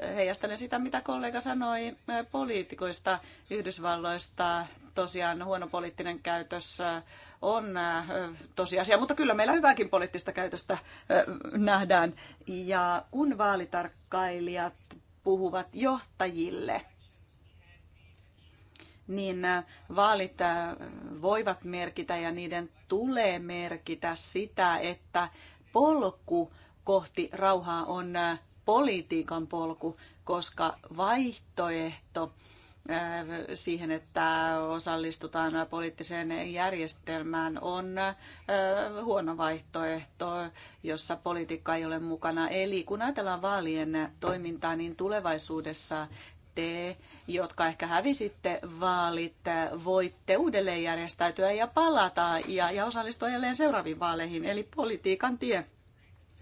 Speaker 2: heijastelen sitä, mitä kollega sanoi poliitikoista Yhdysvalloista. Tosiaan huono poliittinen käytös on tosiasia, mutta kyllä meillä hyvääkin poliittista käytöstä nähdään. Ja kun vaalitarkkailijat puhuvat johtajille, niin vaalit voivat merkitä ja niiden tulee merkitä sitä, että polku kohti rauhaa on äh, politiikan polku, koska vaihtoehto äh, siihen, että osallistutaan poliittiseen järjestelmään, on äh, huono vaihtoehto, jossa politiikka ei ole mukana. Eli kun ajatellaan vaalien toimintaa, niin tulevaisuudessa te jotka ehkä hävisitte vaalit, voitte uudelleen järjestäytyä ja palata ja, ja osallistua jälleen seuraaviin vaaleihin, eli politiikan tie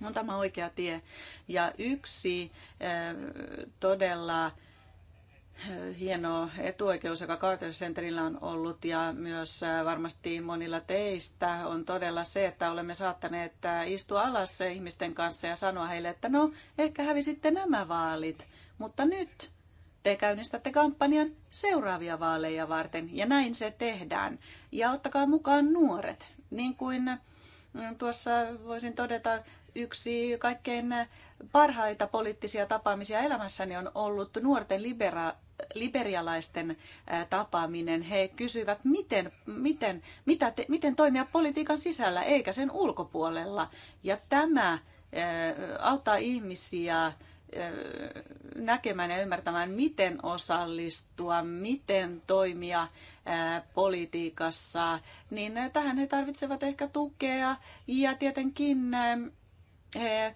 Speaker 2: on tämä oikea tie. Ja yksi eh, todella eh, hieno etuoikeus, joka Carter Centerillä on ollut ja myös eh, varmasti monilla teistä on todella se, että olemme saattaneet istua alas ihmisten kanssa ja sanoa heille, että no ehkä hävisitte nämä vaalit, mutta nyt te käynnistätte kampanjan seuraavia vaaleja varten. Ja näin se tehdään. Ja ottakaa mukaan nuoret. Niin kuin mm, tuossa voisin todeta, yksi kaikkein parhaita poliittisia tapaamisia elämässäni on ollut nuorten libera- liberialaisten tapaaminen. He kysyivät, miten, miten, mitä te, miten toimia politiikan sisällä eikä sen ulkopuolella. Ja tämä auttaa ihmisiä näkemään ja ymmärtämään, miten osallistua, miten toimia politiikassa, niin tähän he tarvitsevat ehkä tukea ja tietenkin he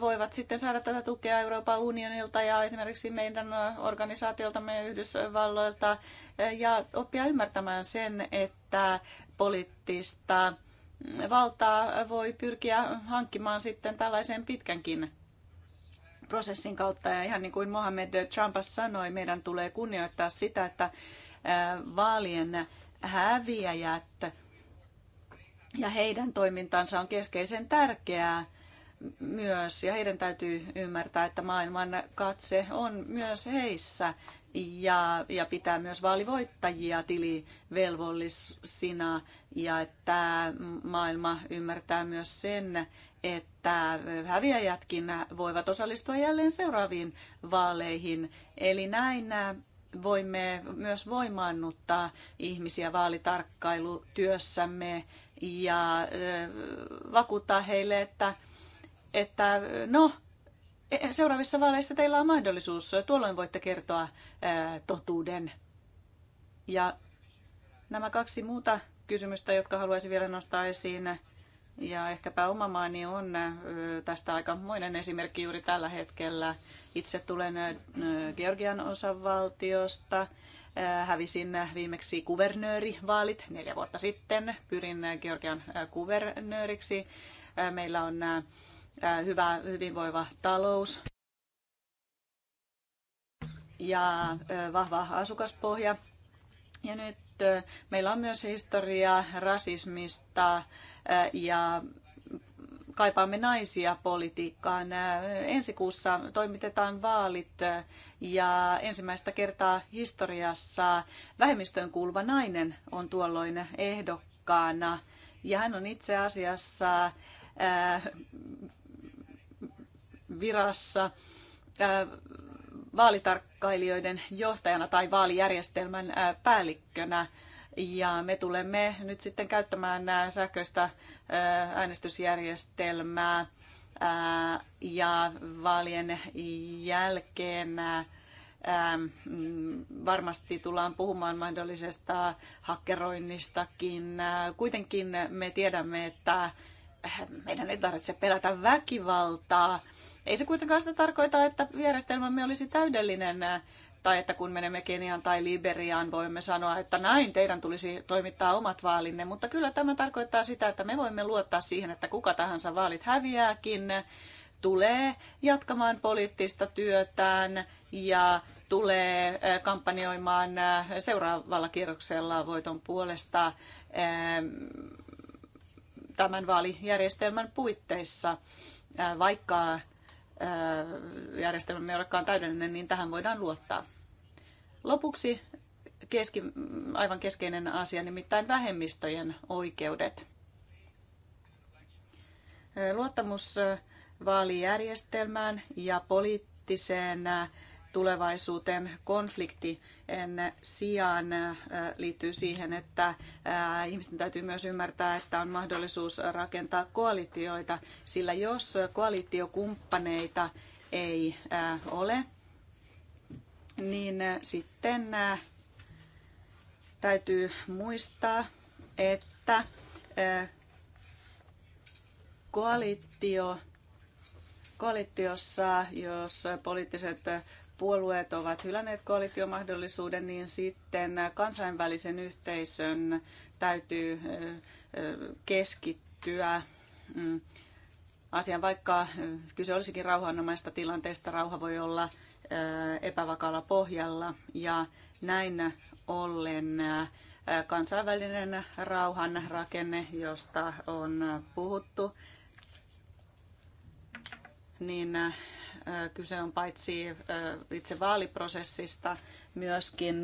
Speaker 2: voivat sitten saada tätä tukea Euroopan unionilta ja esimerkiksi meidän organisaatiolta meidän Yhdysvalloilta ja oppia ymmärtämään sen, että poliittista valtaa voi pyrkiä hankkimaan sitten tällaisen pitkänkin prosessin kautta. Ja ihan niin kuin Mohamed Trumpas sanoi, meidän tulee kunnioittaa sitä, että vaalien häviäjät ja heidän toimintansa on keskeisen tärkeää myös, ja heidän täytyy ymmärtää, että maailman katse on myös heissä ja, ja pitää myös vaalivoittajia tilivelvollisina ja että maailma ymmärtää myös sen, että häviäjätkin voivat osallistua jälleen seuraaviin vaaleihin. Eli näin voimme myös voimaannuttaa ihmisiä vaalitarkkailutyössämme ja vakuuttaa heille, että, että no, Eh, seuraavissa vaaleissa teillä on mahdollisuus. Tuolloin voitte kertoa eh, totuuden. Ja nämä kaksi muuta kysymystä, jotka haluaisin vielä nostaa esiin, ja ehkäpä oma maani on eh, tästä moinen esimerkki juuri tällä hetkellä. Itse tulen Georgian osavaltiosta. Hävisin viimeksi kuvernöörivaalit neljä vuotta sitten. Pyrin Georgian kuvernööriksi. Meillä on hyvä hyvinvoiva talous ja vahva asukaspohja. Ja nyt meillä on myös historia rasismista ja kaipaamme naisia politiikkaan. Ensi kuussa toimitetaan vaalit ja ensimmäistä kertaa historiassa vähemmistöön kuuluva nainen on tuolloin ehdokkaana. Ja hän on itse asiassa virassa vaalitarkkailijoiden johtajana tai vaalijärjestelmän päällikkönä. Ja me tulemme nyt sitten käyttämään sähköistä äänestysjärjestelmää ja vaalien jälkeen mm, varmasti tullaan puhumaan mahdollisesta hakkeroinnistakin. Kuitenkin me tiedämme, että meidän ei tarvitse pelätä väkivaltaa ei se kuitenkaan sitä tarkoita, että järjestelmämme olisi täydellinen tai että kun menemme Keniaan tai Liberiaan, voimme sanoa, että näin teidän tulisi toimittaa omat vaalinne. Mutta kyllä tämä tarkoittaa sitä, että me voimme luottaa siihen, että kuka tahansa vaalit häviääkin, tulee jatkamaan poliittista työtään ja tulee kampanjoimaan seuraavalla kierroksella voiton puolesta tämän vaalijärjestelmän puitteissa, vaikka järjestelmämme ei olekaan täydellinen, niin tähän voidaan luottaa. Lopuksi keski, aivan keskeinen asia, nimittäin vähemmistöjen oikeudet. Luottamus vaalijärjestelmään ja poliittiseen tulevaisuuteen konfliktien sijaan äh, liittyy siihen, että äh, ihmisten täytyy myös ymmärtää, että on mahdollisuus rakentaa koalitioita, sillä jos koalitiokumppaneita ei äh, ole, niin sitten täytyy muistaa, että koalitio koalitiossa, jos poliittiset puolueet ovat hylänneet koalitiomahdollisuuden, niin sitten kansainvälisen yhteisön täytyy keskittyä mm, asian, vaikka kyse olisikin rauhanomaista tilanteesta, rauha voi olla epävakaalla pohjalla ja näin ollen kansainvälinen rauhan rakenne, josta on puhuttu, niin kyse on paitsi itse vaaliprosessista, myöskin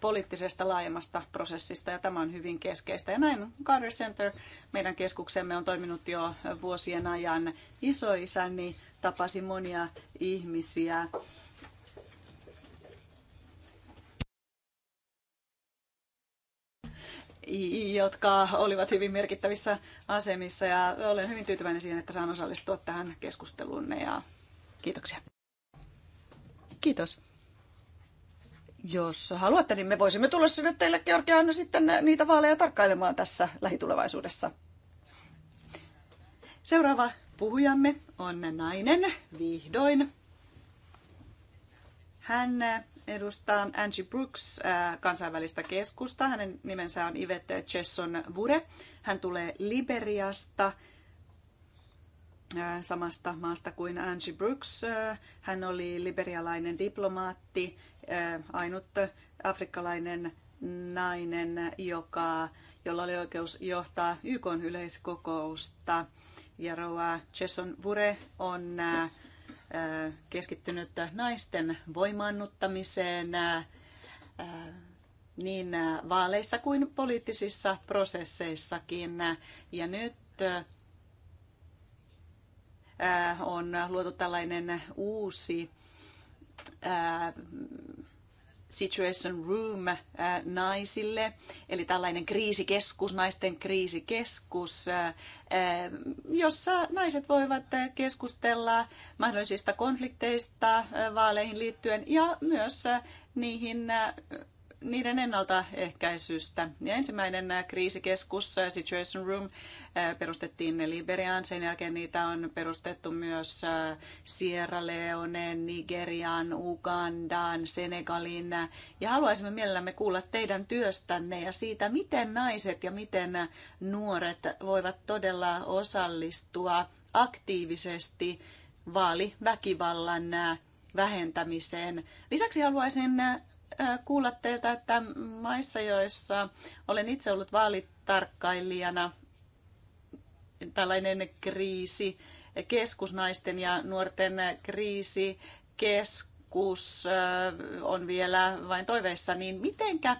Speaker 2: poliittisesta laajemmasta prosessista ja tämä on hyvin keskeistä. Ja näin Carter Center, meidän keskuksemme, on toiminut jo vuosien ajan. Isoisäni tapasi monia ihmisiä jotka olivat hyvin merkittävissä asemissa ja olen hyvin tyytyväinen siihen, että saan osallistua tähän keskusteluun ja kiitoksia. Kiitos. Jos haluatte, niin me voisimme tulla sinne teille Georgiana, sitten niitä vaaleja tarkkailemaan tässä lähitulevaisuudessa. Seuraava puhujamme on nainen vihdoin. Hän edustaa Angie Brooks kansainvälistä keskusta. Hänen nimensä on Ivette Chesson Vure. Hän tulee Liberiasta samasta maasta kuin Angie Brooks. Hän oli liberialainen diplomaatti, ainut afrikkalainen nainen, joka, jolla oli oikeus johtaa YK yleiskokousta. Ja Roa Chesson Vure on keskittynyt naisten voimaannuttamiseen niin vaaleissa kuin poliittisissa prosesseissakin. Ja nyt on luotu tällainen uusi Situation Room äh, naisille, eli tällainen kriisikeskus, naisten kriisikeskus, äh, äh, jossa naiset voivat keskustella mahdollisista konflikteista vaaleihin liittyen ja myös niihin niiden ennaltaehkäisystä. Ja ensimmäinen kriisikeskus äh, Situation Room äh, perustettiin Liberiaan. Sen jälkeen niitä on perustettu myös äh, Sierra Leone, Nigerian, Ugandaan, Senegalin Ja haluaisimme mielellämme kuulla teidän työstänne ja siitä, miten naiset ja miten nuoret voivat todella osallistua aktiivisesti vaaliväkivallan vähentämiseen. Lisäksi haluaisin Äh, kuulla teiltä, että maissa, joissa olen itse ollut vaalitarkkailijana, tällainen kriisi, keskusnaisten ja nuorten kriisi, keskus äh, on vielä vain toiveissa, niin mitenkä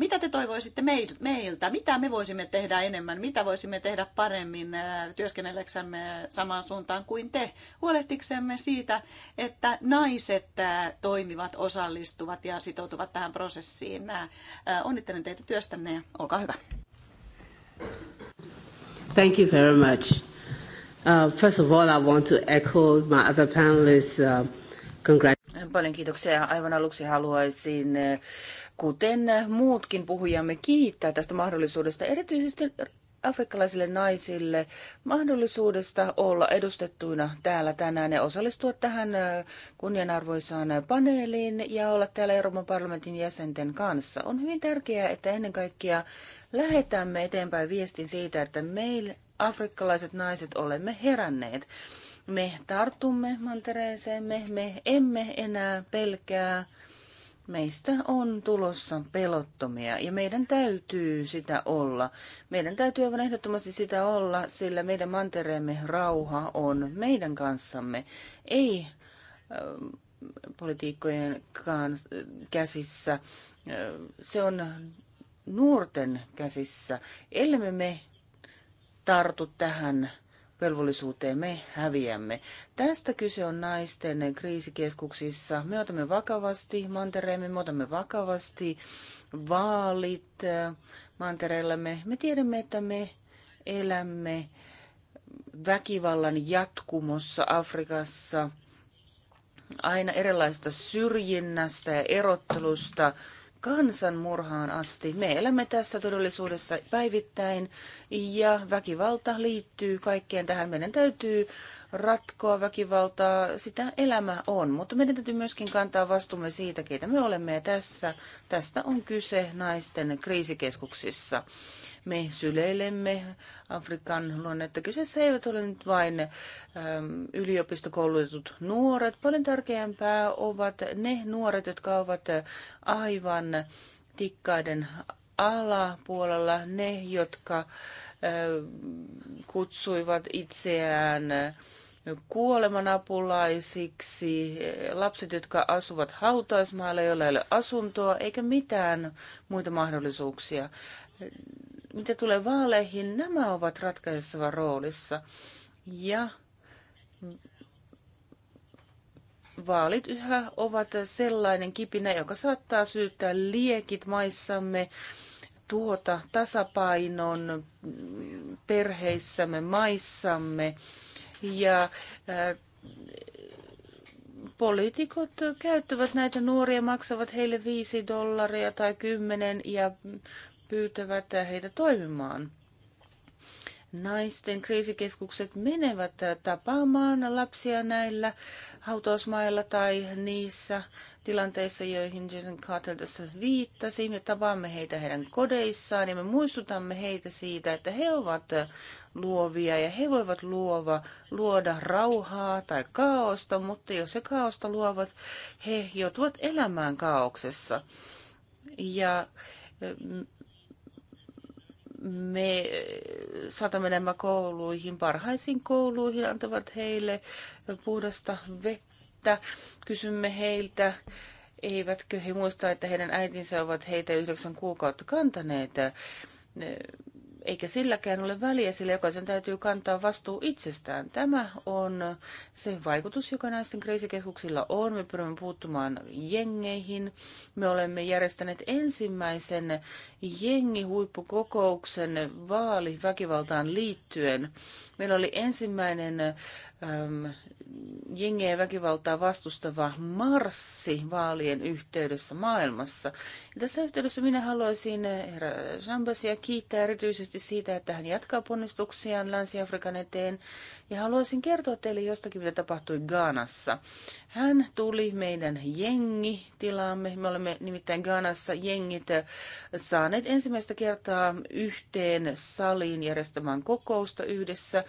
Speaker 2: mitä te toivoisitte meiltä? Mitä me voisimme tehdä enemmän? Mitä voisimme tehdä paremmin äh, työskennelleksemme samaan suuntaan kuin te? Huolehtiksemme siitä, että naiset äh, toimivat, osallistuvat ja sitoutuvat tähän prosessiin. Äh, onnittelen teitä työstänne ja olkaa hyvä.
Speaker 1: Thank you very much. Uh, first of all, I want to echo my other panelists. Uh, Paljon kiitoksia. Aivan aluksi haluaisin kuten muutkin puhujamme, kiittää tästä mahdollisuudesta, erityisesti afrikkalaisille naisille, mahdollisuudesta olla edustettuina täällä tänään ja osallistua tähän kunnianarvoisaan paneeliin ja olla täällä Euroopan parlamentin jäsenten kanssa. On hyvin tärkeää, että ennen kaikkea lähetämme eteenpäin viestin siitä, että meillä afrikkalaiset naiset olemme heränneet. Me tartumme mantereeseemme, me emme enää pelkää meistä on tulossa pelottomia ja meidän täytyy sitä olla. Meidän täytyy aivan ehdottomasti sitä olla, sillä meidän mantereemme rauha on meidän kanssamme, ei äh, politiikkojen kans, käsissä. Äh, se on nuorten käsissä. Ellemme me tartu tähän velvollisuuteen me häviämme. Tästä kyse on naisten kriisikeskuksissa. Me otamme vakavasti mantereemme, me otamme vakavasti vaalit äh, mantereellamme. Me tiedämme, että me elämme väkivallan jatkumossa Afrikassa, aina erilaista syrjinnästä ja erottelusta kansanmurhaan asti. Me elämme tässä todellisuudessa päivittäin ja väkivalta liittyy kaikkeen tähän. Meidän täytyy ratkoa väkivaltaa, sitä elämä on, mutta meidän täytyy myöskin kantaa vastuumme siitä, keitä me olemme ja tässä. Tästä on kyse naisten kriisikeskuksissa me syleilemme Afrikan luonnetta. Kyseessä eivät ole nyt vain ähm, yliopistokoulutetut nuoret. Paljon tärkeämpää ovat ne nuoret, jotka ovat aivan tikkaiden alapuolella, ne, jotka äh, kutsuivat itseään kuolemanapulaisiksi, lapset, jotka asuvat hautausmaalla, joilla ei ole asuntoa eikä mitään muita mahdollisuuksia mitä tulee vaaleihin, nämä ovat ratkaisessa roolissa. Ja vaalit yhä ovat sellainen kipinä, joka saattaa syyttää liekit maissamme tuota tasapainon perheissämme, maissamme. Ja äh, poliitikot käyttävät näitä nuoria, maksavat heille 5 dollaria tai 10 ja pyytävät heitä toimimaan. Naisten kriisikeskukset menevät tapaamaan lapsia näillä hautausmailla tai niissä tilanteissa, joihin Jason Carter tässä viittasi. Me tapaamme heitä heidän kodeissaan ja me muistutamme heitä siitä, että he ovat luovia ja he voivat luova, luoda rauhaa tai kaosta, mutta jos he kaosta luovat, he joutuvat elämään kaauksessa. Ja me äh, saatamme nämä kouluihin, parhaisiin kouluihin, antavat heille puhdasta vettä. Kysymme heiltä, eivätkö he muista, että heidän äitinsä ovat heitä yhdeksän kuukautta kantaneet. Äh, eikä silläkään ole väliä, sillä jokaisen täytyy kantaa vastuu itsestään. Tämä on se vaikutus, joka naisten kriisikeskuksilla on. Me pyrimme puuttumaan jengeihin. Me olemme järjestäneet ensimmäisen jengihuippukokouksen vaaliväkivaltaan liittyen. Meillä oli ensimmäinen äm, jengeä väkivaltaa vastustava marssi vaalien yhteydessä maailmassa. Ja tässä yhteydessä minä haluaisin äh, herra Shambasia kiittää erityisesti siitä, että hän jatkaa ponnistuksiaan Länsi-Afrikan eteen. Ja haluaisin kertoa teille jostakin, mitä tapahtui Gaanassa. Hän tuli meidän jengi tilaamme. Me olemme nimittäin Gaanassa jengit saaneet ensimmäistä kertaa yhteen saliin järjestämään kokousta yhdessä.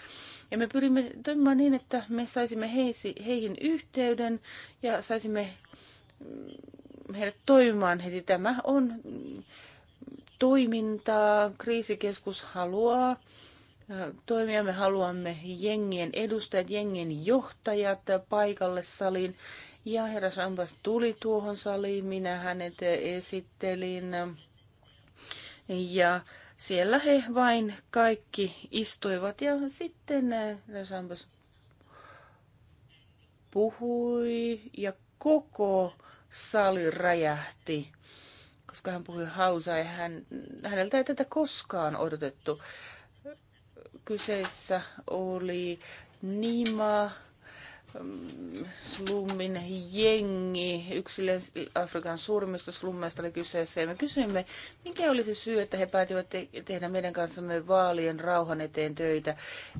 Speaker 1: Ja me pyrimme toimimaan niin, että me saisimme heisi, heihin yhteyden ja saisimme heidät toimimaan heti. Tämä on toimintaa. Kriisikeskus haluaa toimia. Me haluamme jengien edustajat, jengien johtajat paikalle saliin. Ja herra Sambas tuli tuohon saliin, minä hänet esittelin. Ja siellä he vain kaikki istuivat ja sitten herra Sambas puhui ja koko sali räjähti, koska hän puhui hausaa ja hän, häneltä ei tätä koskaan odotettu. Kyseessä oli Nima, slummin jengi, yksi Afrikan suurimmista slummeista oli kyseessä, ja me kysyimme, mikä oli se syy, että he päätivät te- tehdä meidän kanssamme vaalien rauhan eteen töitä.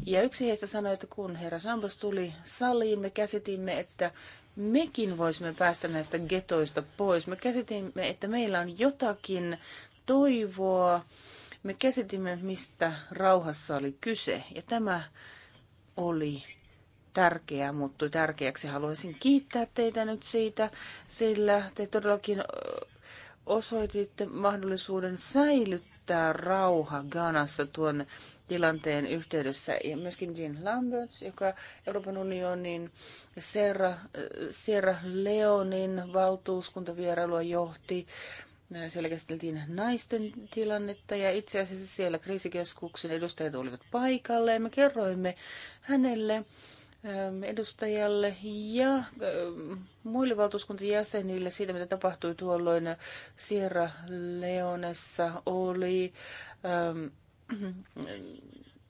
Speaker 1: Ja yksi heistä sanoi, että kun herra Sambas tuli saliin, me käsitimme, että mekin voisimme päästä näistä getoista pois. Me käsitimme, että meillä on jotakin toivoa, me käsitimme, mistä rauhassa oli kyse, ja tämä oli tärkeää, mutta tärkeäksi. Haluaisin kiittää teitä nyt siitä, sillä te todellakin osoititte mahdollisuuden säilyttää rauha Ganassa tuon tilanteen yhteydessä. Ja myöskin Jean Lambert, joka Euroopan unionin Sierra, Sierra Leonin valtuuskuntavierailua johti, siellä käsiteltiin naisten tilannetta ja itse asiassa siellä kriisikeskuksen edustajat olivat paikalle, ja me kerroimme hänelle, ähm, edustajalle ja ähm, muille valtuuskunnan jäsenille siitä, mitä tapahtui tuolloin Sierra Leonessa oli ähm,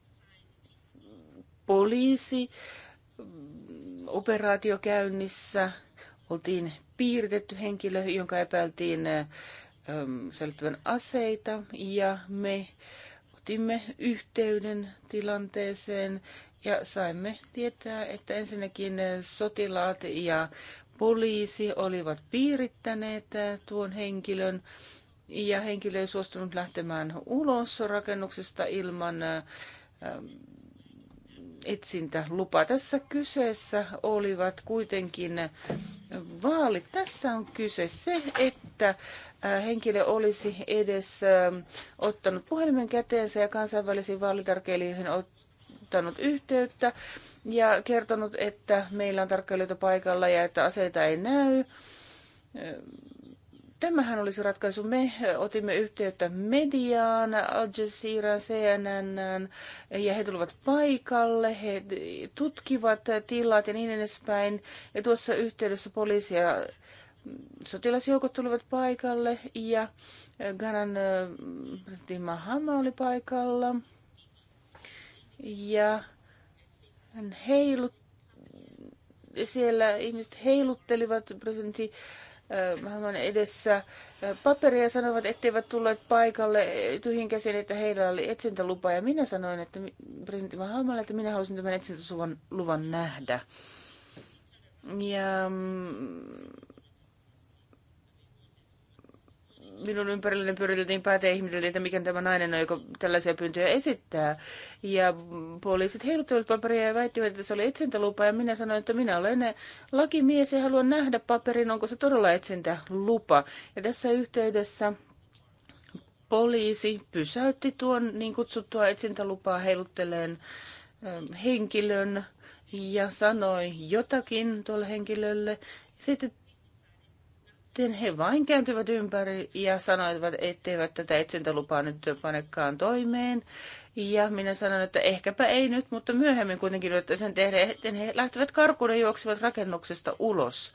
Speaker 1: poliisi mm, operaatio käynnissä. Oltiin piirtetty henkilö, jonka epäiltiin äh, säilyttävän aseita ja me otimme yhteyden tilanteeseen ja saimme tietää, että ensinnäkin sotilaat ja poliisi olivat piirittäneet tuon henkilön ja henkilö ei suostunut lähtemään ulos rakennuksesta ilman etsintälupa. Tässä kyseessä olivat kuitenkin vaalit. Tässä on kyse se, että äh, henkilö olisi edes ähm, ottanut puhelimen käteensä ja kansainvälisiin vaalitarkeilijoihin ottanut yhteyttä ja kertonut, että meillä on tarkkailijoita paikalla ja että aseita ei näy äh, Tämähän olisi ratkaisu. Me otimme yhteyttä mediaan, Al Jazeera, CNN, ja he tulivat paikalle, he tutkivat tilat ja niin edespäin. Ja tuossa yhteydessä poliisi ja sotilasjoukot tulivat paikalle, ja Ghanan presidentti Mahama oli paikalla. Ja hän heilut, siellä ihmiset heiluttelivat presidentti maailman edessä paperia ja sanovat, etteivät tulleet paikalle tyhjin käsin, että heillä oli etsintälupa. Ja minä sanoin, että presidentti Mahalmalle, että minä halusin tämän etsintäluvan luvan nähdä. Ja mm, minun ympärilleni pyöriteltiin päätä ja ihmeteltiin, että mikä tämä nainen on, joka tällaisia pyyntöjä esittää. Ja poliisit heiluttivat paperia ja väittivät, että se oli etsintälupa. Ja minä sanoin, että minä olen lakimies ja haluan nähdä paperin, onko se todella etsintälupa. Ja tässä yhteydessä poliisi pysäytti tuon niin kutsuttua etsintälupaa heilutteleen ähm, henkilön ja sanoi jotakin tuolle henkilölle. Sitten sitten he vain kääntyivät ympäri ja sanoivat, etteivät tätä etsintälupaa nyt panekaan toimeen. Ja minä sanoin, että ehkäpä ei nyt, mutta myöhemmin kuitenkin yrittää sen tehdä. Etten he lähtevät karkuun ja juoksivat rakennuksesta ulos.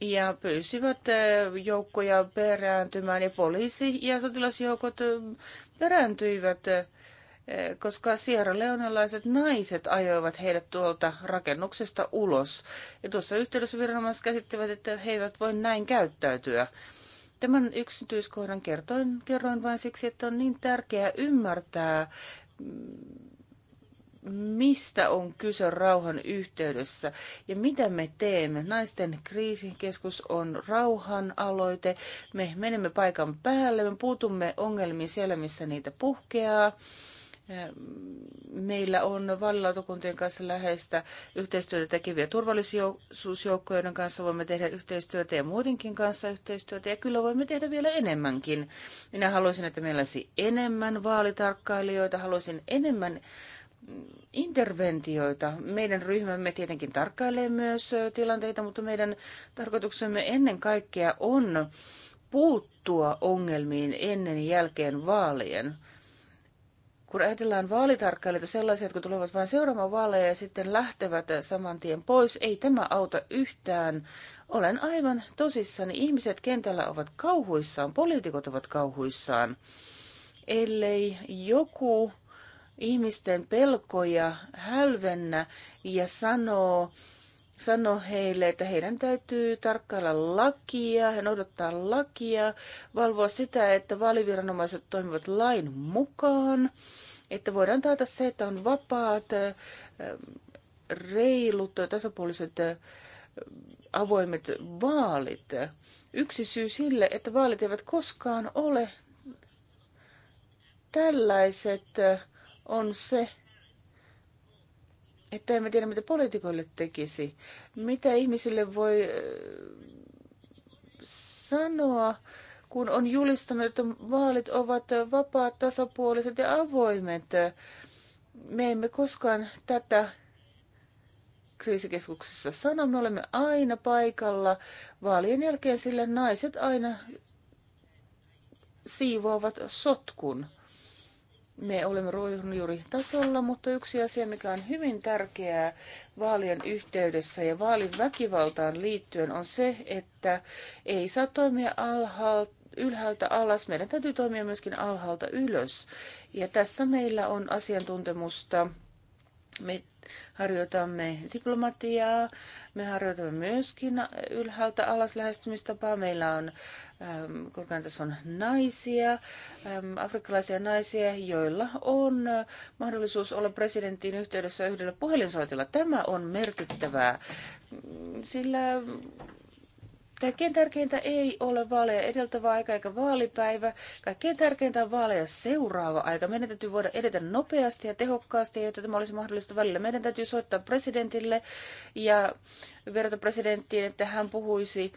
Speaker 1: Ja pyysivät eh, joukkoja perääntymään ja poliisi ja sotilasjoukot eh, perääntyivät eh, Eh, koska Sierra Leonalaiset naiset ajoivat heidät tuolta rakennuksesta ulos. Ja tuossa yhteydessä viranomaiset käsittivät, että he eivät voi näin käyttäytyä. Tämän yksityiskohdan kertoin, kerroin vain siksi, että on niin tärkeää ymmärtää, mistä on kyse rauhan yhteydessä ja mitä me teemme. Naisten kriisikeskus on rauhan aloite. Me menemme paikan päälle, me puutumme ongelmiin siellä, missä niitä puhkeaa. Meillä on vaalilautakuntien kanssa läheistä yhteistyötä tekeviä turvallisuusjoukkojen kanssa. Voimme tehdä yhteistyötä ja muidenkin kanssa yhteistyötä. Ja kyllä voimme tehdä vielä enemmänkin. Minä haluaisin, että meillä olisi enemmän vaalitarkkailijoita. Haluaisin enemmän mm, interventioita. Meidän ryhmämme tietenkin tarkkailee myös tilanteita, mutta meidän tarkoituksemme ennen kaikkea on puuttua ongelmiin ennen ja jälkeen vaalien kun ajatellaan vaalitarkkailijoita, sellaisia, jotka tulevat vain seuraamaan vaaleja ja sitten lähtevät saman tien pois, ei tämä auta yhtään. Olen aivan tosissani. Ihmiset kentällä ovat kauhuissaan, poliitikot ovat kauhuissaan. Ellei joku ihmisten pelkoja hälvennä ja sanoo, sanoi heille, että heidän täytyy tarkkailla lakia, he odottaa lakia, valvoa sitä, että vaaliviranomaiset toimivat lain mukaan, että voidaan taata se, että on vapaat, reilut, tasapuoliset, avoimet vaalit. Yksi syy sille, että vaalit eivät koskaan ole tällaiset, on se, että emme tiedä, mitä poliitikoille tekisi. Mitä ihmisille voi äh, sanoa, kun on julistanut, että vaalit ovat vapaat, tasapuoliset ja avoimet. Me emme koskaan tätä kriisikeskuksessa sano. Me olemme aina paikalla vaalien jälkeen, sillä naiset aina siivoavat sotkun me olemme ruohonjuuritasolla, mutta yksi asia, mikä on hyvin tärkeää vaalien yhteydessä ja vaalin väkivaltaan liittyen, on se, että ei saa toimia alhaalta ylhäältä alas, meidän täytyy toimia myöskin alhaalta ylös. Ja tässä meillä on asiantuntemusta me harjoitamme diplomatiaa, me harjoitamme myöskin ylhäältä alas lähestymistapaa. Meillä on äm, korkean tason naisia, äm, afrikkalaisia naisia, joilla on äh, mahdollisuus olla presidenttiin yhteydessä yhdellä puhelinsoitilla. Tämä on merkittävää, sillä Kaikkein tärkeintä ei ole vaaleja edeltävä aika eikä vaalipäivä. Kaikkein tärkeintä on vaaleja seuraava aika. Meidän täytyy voida edetä nopeasti ja tehokkaasti, jotta tämä olisi mahdollista välillä. Meidän täytyy soittaa presidentille ja verrata presidenttiin, että hän puhuisi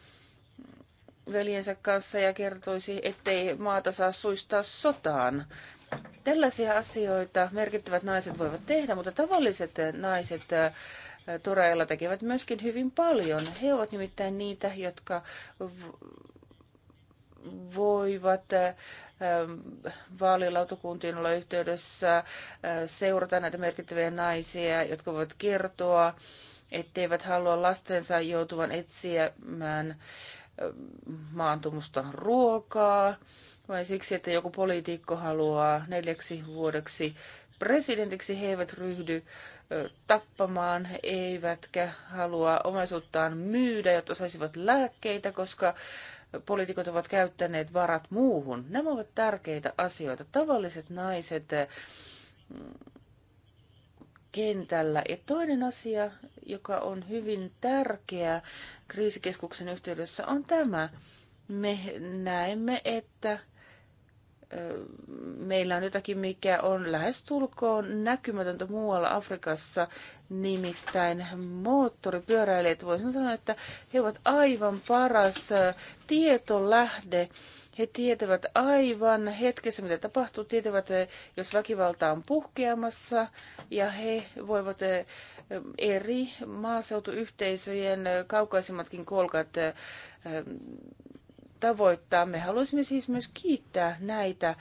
Speaker 1: veljensä kanssa ja kertoisi, ettei maata saa suistaa sotaan. Tällaisia asioita merkittävät naiset voivat tehdä, mutta tavalliset naiset Toraella tekevät myöskin hyvin paljon. He ovat nimittäin niitä, jotka voivat vaalilautakuntiin olla yhteydessä, seurata näitä merkittäviä naisia, jotka voivat kertoa, etteivät halua lastensa joutuvan etsimään maantumusta ruokaa, vai siksi, että joku poliitikko haluaa neljäksi vuodeksi presidentiksi, he eivät ryhdy tappamaan, eivätkä halua omaisuuttaan myydä, jotta saisivat lääkkeitä, koska poliitikot ovat käyttäneet varat muuhun. Nämä ovat tärkeitä asioita. Tavalliset naiset kentällä. Ja toinen asia, joka on hyvin tärkeä kriisikeskuksen yhteydessä, on tämä. Me näemme, että meillä on jotakin, mikä on lähestulkoon näkymätöntä muualla Afrikassa, nimittäin moottoripyöräilijät. Voisin sanoa, että he ovat aivan paras tietolähde. He tietävät aivan hetkessä, mitä tapahtuu, tietävät, jos väkivalta on puhkeamassa, ja he voivat eri maaseutuyhteisöjen kaukaisimmatkin kolkat tavoittaa. Me haluaisimme siis myös kiittää näitä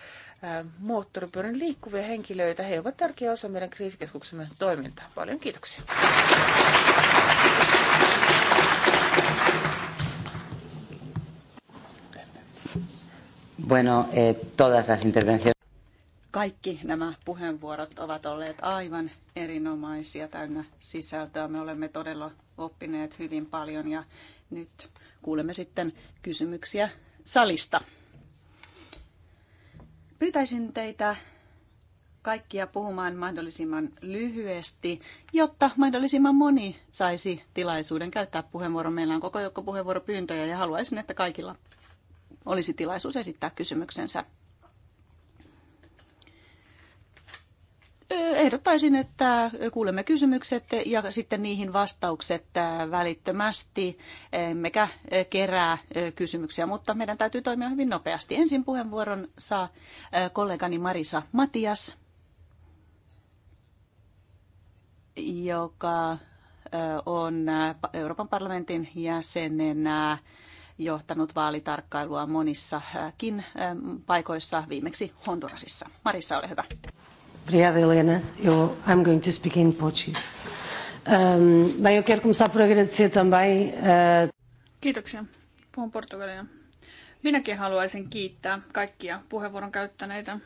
Speaker 1: moottoripyörän liikkuvia henkilöitä. He ovat tärkeä osa meidän kriisikeskuksemme toimintaa. Paljon kiitoksia. Bueno, eh, todas las intervenciones.
Speaker 2: Kaikki nämä puheenvuorot ovat olleet aivan erinomaisia, täynnä sisältöä. Me olemme todella oppineet hyvin paljon ja nyt kuulemme sitten kysymyksiä salista. Pyytäisin teitä kaikkia puhumaan mahdollisimman lyhyesti, jotta mahdollisimman moni saisi tilaisuuden käyttää puheenvuoron. Meillä on koko joukko puheenvuoropyyntöjä ja haluaisin, että kaikilla olisi tilaisuus esittää kysymyksensä. ehdottaisin, että kuulemme kysymykset ja sitten niihin vastaukset välittömästi. mekä kerää kysymyksiä, mutta meidän täytyy toimia hyvin nopeasti. Ensin puheenvuoron saa kollegani Marisa Matias, joka on Euroopan parlamentin jäsenenä johtanut vaalitarkkailua monissakin paikoissa, viimeksi Hondurasissa. Marissa, ole hyvä. Obrigada,
Speaker 1: Helena. Eu, I'm going to speak in Portuguese. Um, bem, eu quero começar por agradecer também... Uh...
Speaker 3: Kiitoksia. Puhun portugalia. Minäkin haluaisin kiittää kaikkia puheenvuoron käyttäneitä.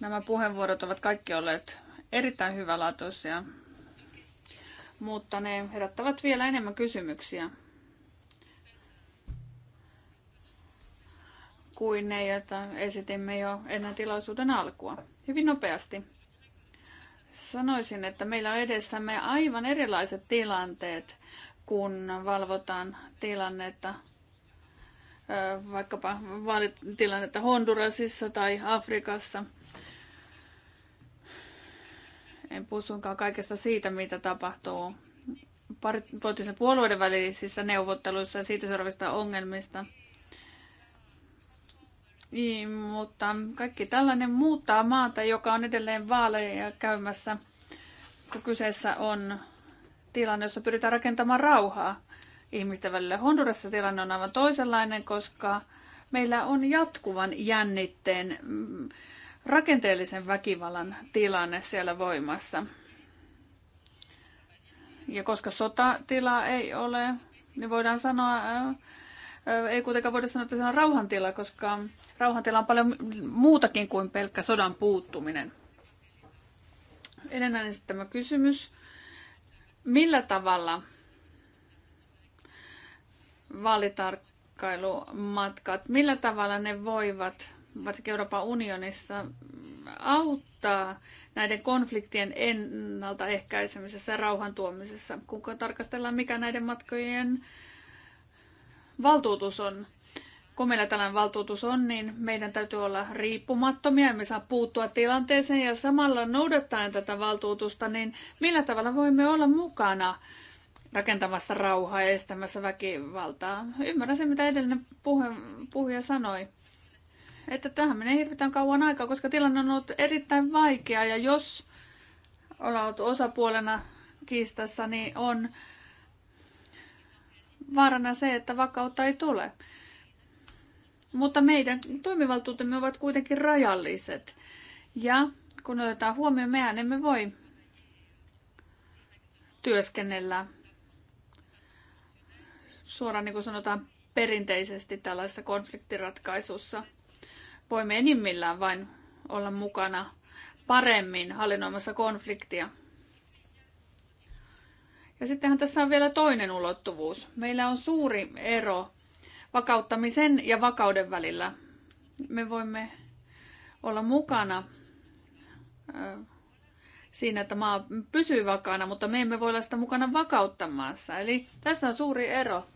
Speaker 3: Nämä puheenvuorot ovat kaikki olleet erittäin hyvälaatuisia, mutta ne herättävät vielä enemmän kysymyksiä. kuin ne, joita esitimme jo ennen tilaisuuden alkua. Hyvin nopeasti. Sanoisin, että meillä on edessämme aivan erilaiset tilanteet, kun valvotaan tilannetta vaikkapa vaalitilannetta Hondurasissa tai Afrikassa. En puhu suinkaan kaikesta siitä, mitä tapahtuu poliittisen puolueiden välisissä neuvotteluissa ja siitä seuraavista ongelmista – niin, mutta kaikki tällainen muuttaa maata, joka on edelleen vaaleja käymässä, kun kyseessä on tilanne, jossa pyritään rakentamaan rauhaa ihmisten välillä. Hondurassa tilanne on aivan toisenlainen, koska meillä on jatkuvan jännitteen mm, rakenteellisen väkivallan tilanne siellä voimassa. Ja koska sotatilaa ei ole, niin voidaan sanoa äh, ei kuitenkaan voida sanoa, että se on rauhantila, koska rauhantila on paljon muutakin kuin pelkkä sodan puuttuminen. Enemmän tämä kysymys. Millä tavalla vaalitarkkailumatkat, millä tavalla ne voivat, varsinkin Euroopan unionissa, auttaa näiden konfliktien ennaltaehkäisemisessä ja rauhan kun tarkastellaan, mikä näiden matkojen valtuutus on, kun meillä tällainen valtuutus on, niin meidän täytyy olla riippumattomia, emme saa puuttua tilanteeseen ja samalla noudattaen tätä valtuutusta, niin millä tavalla voimme olla mukana rakentamassa rauhaa ja estämässä väkivaltaa. Ymmärrän sen, mitä edellinen puhe, puhuja sanoi. Että tähän menee hirveän kauan aikaa, koska tilanne on ollut erittäin vaikea ja jos ollaan osapuolena kiistassa, niin on vaarana se, että vakautta ei tule. Mutta meidän toimivaltuutemme ovat kuitenkin rajalliset. Ja kun otetaan huomioon, mehän emme voi työskennellä suoraan niin kuin sanotaan perinteisesti tällaisessa konfliktiratkaisussa. Voimme enimmillään vain olla mukana paremmin hallinnoimassa konfliktia. Ja sittenhän tässä on vielä toinen ulottuvuus. Meillä on suuri ero vakauttamisen ja vakauden välillä. Me voimme olla mukana äh, siinä, että maa pysyy vakaana, mutta me emme voi olla sitä mukana vakauttamassa. Eli tässä on suuri ero.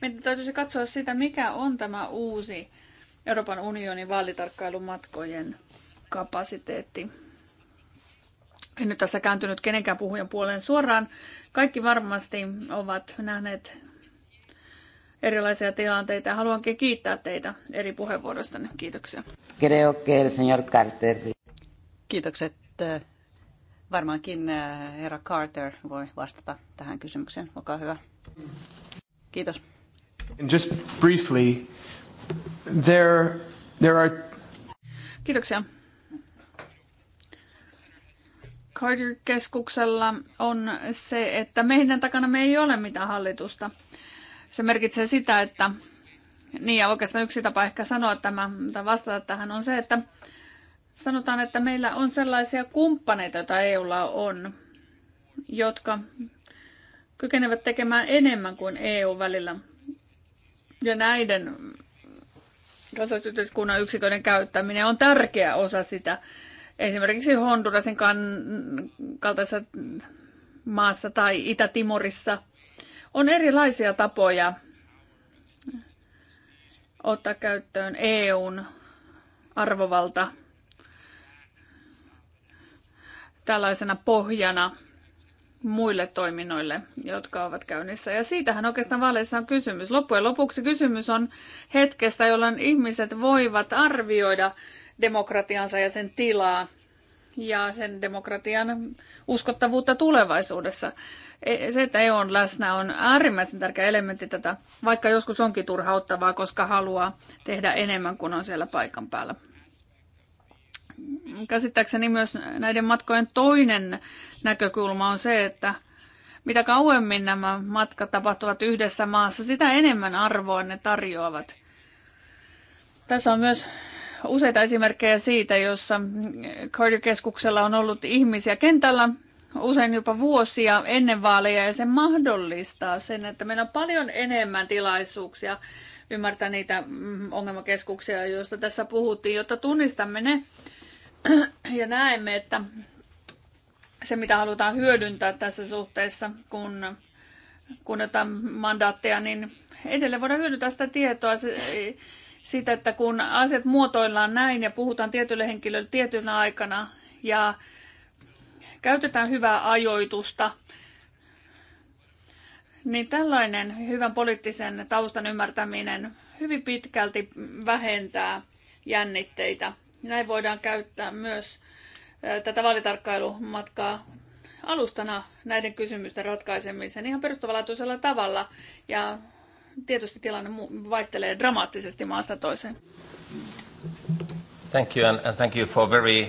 Speaker 3: Meidän täytyisi katsoa sitä, mikä on tämä uusi Euroopan unionin vaalitarkkailumatkojen kapasiteetti en nyt tässä kääntynyt kenenkään puhujan puoleen suoraan. Kaikki varmasti ovat nähneet erilaisia tilanteita ja haluankin kiittää teitä eri puheenvuoroistanne. Kiitoksia.
Speaker 1: Creo que el señor Carter.
Speaker 2: Kiitokset. Varmaankin eh, herra Carter voi vastata tähän kysymykseen. Olkaa hyvä. Kiitos. And just briefly, there, there are...
Speaker 3: Kiitoksia. Carter-keskuksella on se, että meidän takana me ei ole mitään hallitusta. Se merkitsee sitä, että, niin ja oikeastaan yksi tapa ehkä sanoa tämä, tai vastata tähän on se, että sanotaan, että meillä on sellaisia kumppaneita, joita EUlla on, jotka kykenevät tekemään enemmän kuin EU välillä. Ja näiden kansallisyhteiskunnan yksiköiden käyttäminen on tärkeä osa sitä esimerkiksi Hondurasin kan- kaltaisessa maassa tai Itä-Timorissa on erilaisia tapoja ottaa käyttöön EUn arvovalta tällaisena pohjana muille toiminnoille, jotka ovat käynnissä. Ja siitähän oikeastaan vaaleissa on kysymys. Loppujen lopuksi kysymys on hetkestä, jolloin ihmiset voivat arvioida demokratiansa ja sen tilaa ja sen demokratian uskottavuutta tulevaisuudessa. E, se, että EU on läsnä, on äärimmäisen tärkeä elementti tätä, vaikka joskus onkin turhauttavaa, koska haluaa tehdä enemmän kuin on siellä paikan päällä. Käsittääkseni myös näiden matkojen toinen näkökulma on se, että mitä kauemmin nämä matkat tapahtuvat yhdessä maassa, sitä enemmän arvoa ne tarjoavat. Tässä on myös useita esimerkkejä siitä, jossa kardiokeskuksella on ollut ihmisiä kentällä usein jopa vuosia ennen vaaleja ja se mahdollistaa sen, että meillä on paljon enemmän tilaisuuksia ymmärtää niitä mm, ongelmakeskuksia, joista tässä puhuttiin, jotta tunnistamme ne ja näemme, että se mitä halutaan hyödyntää tässä suhteessa, kun, kun otetaan mandaatteja, niin edelleen voidaan hyödyntää sitä tietoa sitä että kun asiat muotoillaan näin ja puhutaan tietylle henkilölle tietynä aikana ja käytetään hyvää ajoitusta, niin tällainen hyvän poliittisen taustan ymmärtäminen hyvin pitkälti vähentää jännitteitä. Näin voidaan käyttää myös tätä vaalitarkkailumatkaa alustana näiden kysymysten ratkaisemiseen ihan perustavanlaatuisella tavalla. Ja tietysti tilanne vaihtelee dramaattisesti maasta toiseen.
Speaker 1: Thank you and, and thank you for very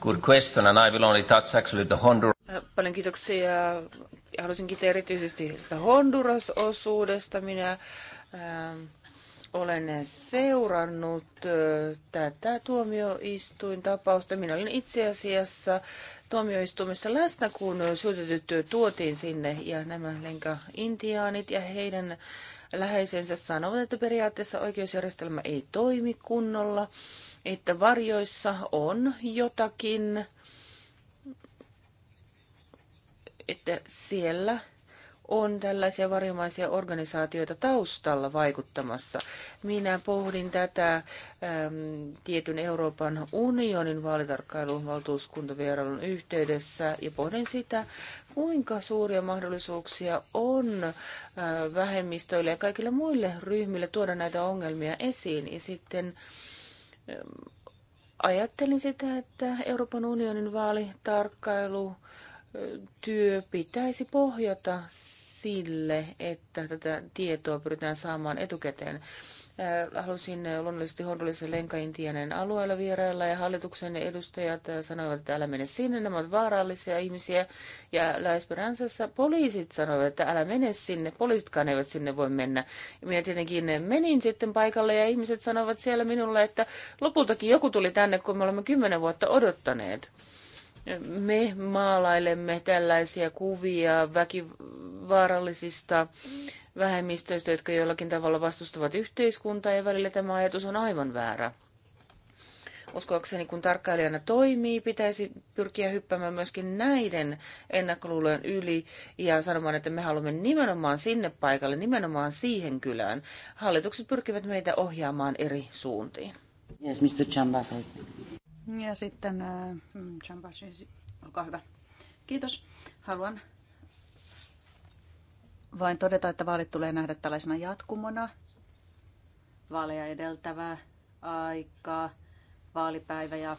Speaker 1: good question and I will only touch actually the Honduras. Äh, paljon kiitoksia. Haluaisin kiittää erityisesti sitä Honduras-osuudesta. Minä ähm, olen seurannut äh, tätä tapausta Minä olin itse asiassa tuomioistuimessa läsnä, kun syytetyt tuotiin sinne ja nämä lenka-intiaanit ja heidän äh, läheisensä sanovat, että periaatteessa oikeusjärjestelmä ei toimi kunnolla, että varjoissa on jotakin, että siellä – on tällaisia varjomaisia organisaatioita taustalla vaikuttamassa. Minä pohdin tätä äm, tietyn Euroopan unionin vaalitarkkailun valtuuskuntavierailun yhteydessä ja pohdin sitä, kuinka suuria mahdollisuuksia on ä, vähemmistöille ja kaikille muille ryhmille tuoda näitä ongelmia esiin. Ja sitten äm, ajattelin sitä, että Euroopan unionin vaalitarkkailu työ pitäisi pohjata sille, että tätä tietoa pyritään saamaan etukäteen. Halusin luonnollisesti Hondurasissa lenkaintianen alueella vierailla ja hallituksen edustajat sanoivat, että älä mene sinne, nämä ovat vaarallisia ihmisiä. Ja Läisperänsässä poliisit sanoivat, että älä mene sinne, poliisitkaan eivät sinne voi mennä. Ja minä tietenkin menin sitten paikalle ja ihmiset sanoivat siellä minulle, että lopultakin joku tuli tänne, kun me olemme kymmenen vuotta odottaneet me maalailemme tällaisia kuvia väkivaarallisista vähemmistöistä, jotka jollakin tavalla vastustavat yhteiskuntaa, ja välillä tämä ajatus on aivan väärä. Uskoakseni, kun tarkkailijana toimii, pitäisi pyrkiä hyppäämään myöskin näiden ennakkoluulojen yli ja sanomaan, että me haluamme nimenomaan sinne paikalle, nimenomaan siihen kylään. Hallitukset pyrkivät meitä ohjaamaan eri suuntiin. Yes, Mr. Chambas,
Speaker 2: ja sitten äh, mm, olkaa hyvä. Kiitos. Haluan vain todeta, että vaalit tulee nähdä tällaisena jatkumona. Vaaleja edeltävää aikaa, vaalipäivä ja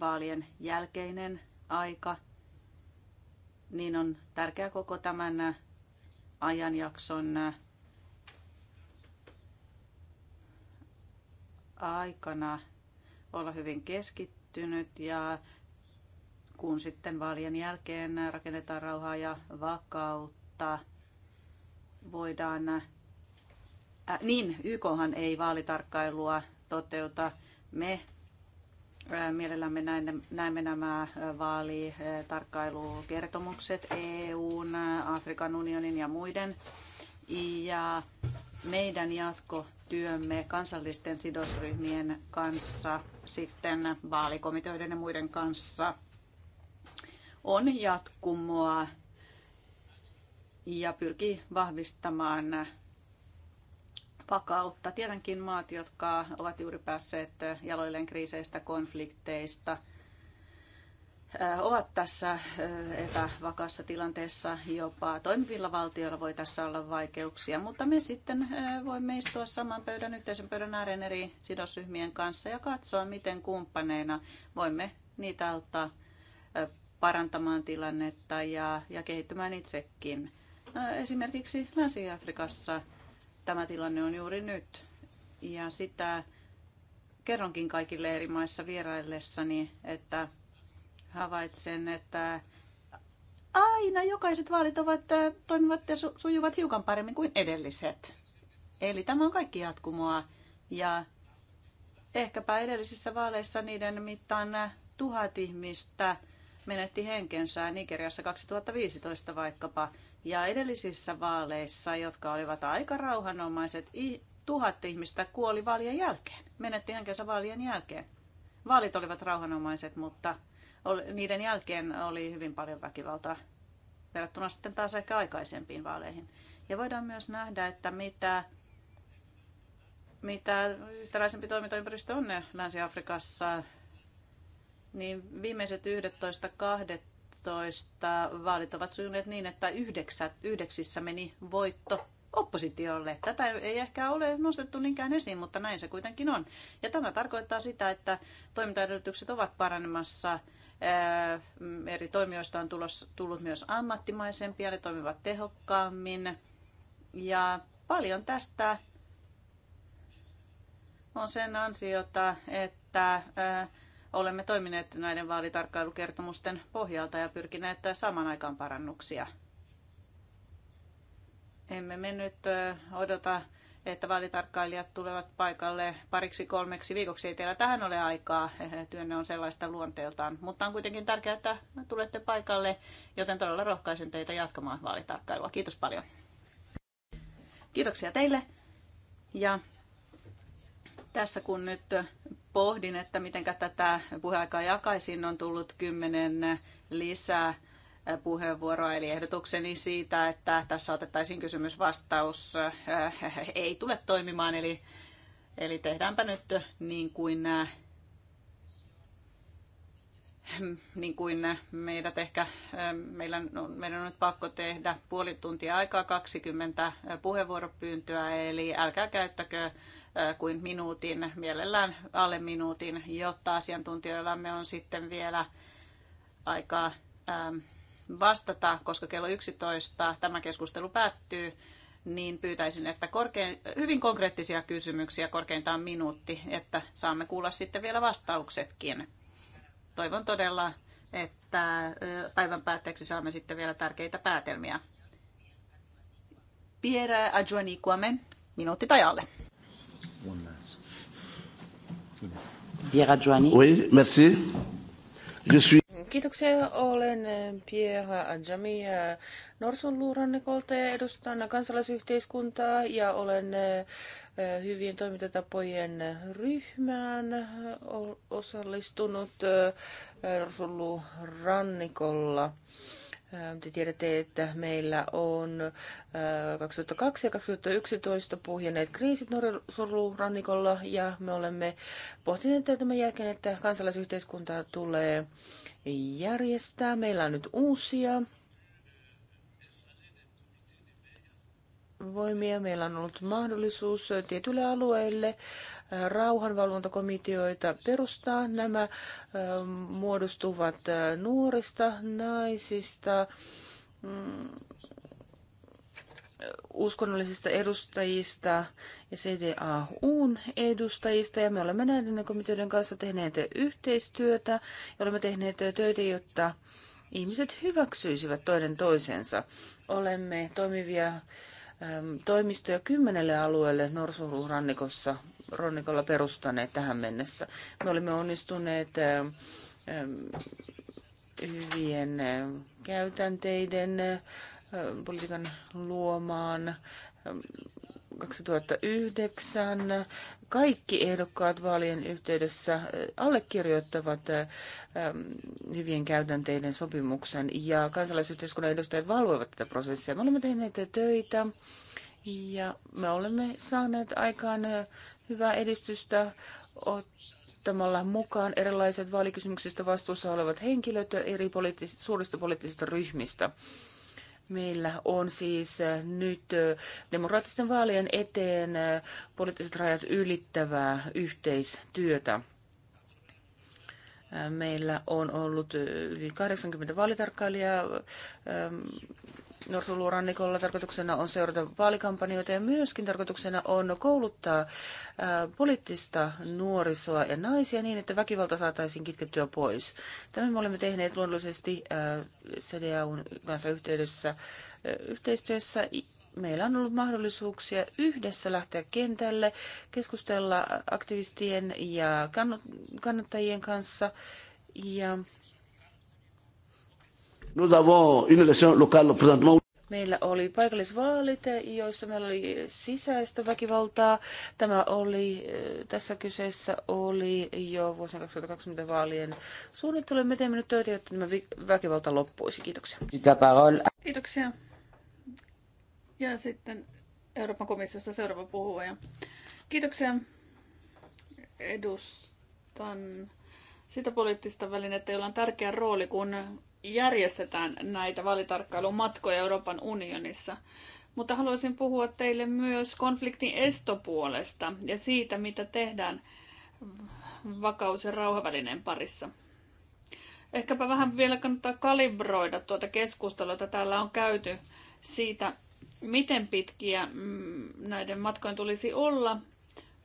Speaker 2: vaalien jälkeinen aika. Niin on tärkeää koko tämän ajanjakson äh, aikana olla hyvin keskittynyt ja kun sitten vaalien jälkeen rakennetaan rauhaa ja vakautta, voidaan... Äh, niin, YKhan ei vaalitarkkailua toteuta. Me äh, Mielellämme näemme nämä äh, vaalitarkkailukertomukset EUn, äh, Afrikan unionin ja muiden. Ja meidän jatkotyömme kansallisten sidosryhmien kanssa, sitten vaalikomiteoiden ja muiden kanssa on jatkumoa ja pyrkii vahvistamaan vakautta. Tietenkin maat, jotka ovat juuri päässeet jaloilleen kriiseistä, konflikteista – ovat tässä epävakaassa tilanteessa jopa toimivilla valtioilla voi tässä olla vaikeuksia, mutta me sitten voimme istua saman pöydän, yhteisen pöydän ääreen eri sidosryhmien kanssa ja katsoa, miten kumppaneina voimme niitä auttaa parantamaan tilannetta ja, ja kehittymään itsekin. Esimerkiksi Länsi-Afrikassa tämä tilanne on juuri nyt ja sitä kerronkin kaikille eri maissa vieraillessani, että havaitsen, että aina jokaiset vaalit ovat, äh, toimivat ja sujuvat hiukan paremmin kuin edelliset. Eli tämä on kaikki jatkumoa ja ehkäpä edellisissä vaaleissa niiden mittaan äh, tuhat ihmistä menetti henkensä Nigeriassa 2015 vaikkapa. Ja edellisissä vaaleissa, jotka olivat aika rauhanomaiset, tuhat ihmistä kuoli vaalien jälkeen, menetti henkensä vaalien jälkeen. Vaalit olivat rauhanomaiset, mutta niiden jälkeen oli hyvin paljon väkivaltaa verrattuna sitten taas ehkä aikaisempiin vaaleihin. Ja voidaan myös nähdä, että mitä, mitä yhtäläisempi toimintaympäristö on Länsi-Afrikassa, niin viimeiset 11.12. vaalit ovat sujuneet niin, että yhdeksä, yhdeksissä meni voitto oppositiolle. Tätä ei ehkä ole nostettu niinkään esiin, mutta näin se kuitenkin on. Ja tämä tarkoittaa sitä, että toimintaedellytykset ovat paranemassa – Eri toimijoista on tullut myös ammattimaisempia, ne toimivat tehokkaammin. Ja paljon tästä on sen ansiota, että olemme toimineet näiden vaalitarkkailukertomusten pohjalta ja pyrkineet saman aikaan parannuksia. Emme me nyt odota että vaalitarkkailijat tulevat paikalle pariksi kolmeksi viikoksi. Ei teillä tähän ole aikaa, työnne on sellaista luonteeltaan, mutta on kuitenkin tärkeää, että tulette paikalle, joten todella rohkaisen teitä jatkamaan vaalitarkkailua. Kiitos paljon. Kiitoksia teille. Ja tässä kun nyt pohdin, että miten tätä puheaikaa jakaisin, on tullut kymmenen lisää puheenvuoroa, eli ehdotukseni siitä, että tässä otettaisiin kysymysvastaus, eh, ei tule toimimaan, eli, eli tehdäänpä nyt niin kuin, eh, niin kuin meidät ehkä, eh, meillä, meidän on nyt pakko tehdä puoli tuntia aikaa 20 puheenvuoropyyntöä, eli älkää käyttäkö kuin minuutin, mielellään alle minuutin, jotta asiantuntijoillamme on sitten vielä aikaa ähm, vastata, koska kello 11 tämä keskustelu päättyy, niin pyytäisin, että korkein, hyvin konkreettisia kysymyksiä, korkeintaan minuutti, että saamme kuulla sitten vielä vastauksetkin. Toivon todella, että päivän päätteeksi saamme sitten vielä tärkeitä päätelmiä. Pierre Adjoani Kuamen, minuutti tai alle.
Speaker 1: Pierre Adjoani. Oui, merci. Je suis... Kiitoksia. Olen eh, Pierre Adjami eh, Norsunluurannekolta ja edustan kansalaisyhteiskuntaa ja olen eh, hyvien toimintatapojen ryhmään osallistunut Norsunluurannikolla. Te tiedätte, että meillä on 2002 ja 2011 puhjenneet kriisit Norsunluurannikolla ja me olemme pohtineet tämän jälkeen, että kansalaisyhteiskunta tulee järjestää. Meillä on nyt uusia voimia. Meillä on ollut mahdollisuus tietyille alueille äh, rauhanvalvontakomiteoita perustaa. Nämä äh, muodostuvat äh, nuorista, naisista, mm, uskonnollisista edustajista ja CDAUn edustajista ja me olemme näiden komiteoiden kanssa tehneet yhteistyötä ja olemme tehneet töitä, jotta ihmiset hyväksyisivät toinen toisensa. Olemme toimivia toimistoja kymmenelle alueelle Norsuurannikossa rannikolla perustaneet tähän mennessä. Me olemme onnistuneet hyvien käytänteiden politiikan luomaan 2009. Kaikki ehdokkaat vaalien yhteydessä allekirjoittavat hyvien käytänteiden sopimuksen ja kansalaisyhteiskunnan edustajat valvoivat tätä prosessia. Me olemme tehneet töitä ja me olemme saaneet aikaan hyvää edistystä ottamalla mukaan erilaiset vaalikysymyksistä vastuussa olevat henkilöt eri poliittis- suurista poliittisista ryhmistä. Meillä on siis äh, nyt äh, demokraattisten vaalien eteen äh, poliittiset rajat ylittävää yhteistyötä. Meillä on ollut yli 80 vaalitarkkailijaa ähm, norsulurannikolla tarkoituksena on seurata vaalikampanjoita ja myöskin tarkoituksena on kouluttaa poliittista nuorisoa ja naisia niin, että väkivalta saataisiin kitkettyä pois. Tämän me olemme tehneet luonnollisesti CDAUn kanssa yhteydessä, yhteistyössä. Meillä on ollut mahdollisuuksia yhdessä lähteä kentälle, keskustella aktivistien ja kannattajien kanssa ja Nous avons une élection locale présentement. Meillä oli paikallisvaalit, joissa meillä oli sisäistä väkivaltaa. Tämä oli, eh, tässä kyseessä oli jo vuosina 2020 vaalien suunnittelu. Me teemme nyt töitä, jotta tämä väkivalta loppuisi. Kiitoksia.
Speaker 3: Kiitoksia. Ja sitten Euroopan komissiosta seuraava puhuja. Kiitoksia. Edustan sitä poliittista välinettä, jolla on tärkeä rooli, kun järjestetään näitä vaalitarkkailumatkoja Euroopan unionissa. Mutta haluaisin puhua teille myös konfliktin estopuolesta ja siitä, mitä tehdään vakaus- ja rauhavälineen parissa. Ehkäpä vähän vielä kannattaa kalibroida tuota keskustelua, jota täällä on käyty siitä, miten pitkiä mm, näiden matkojen tulisi olla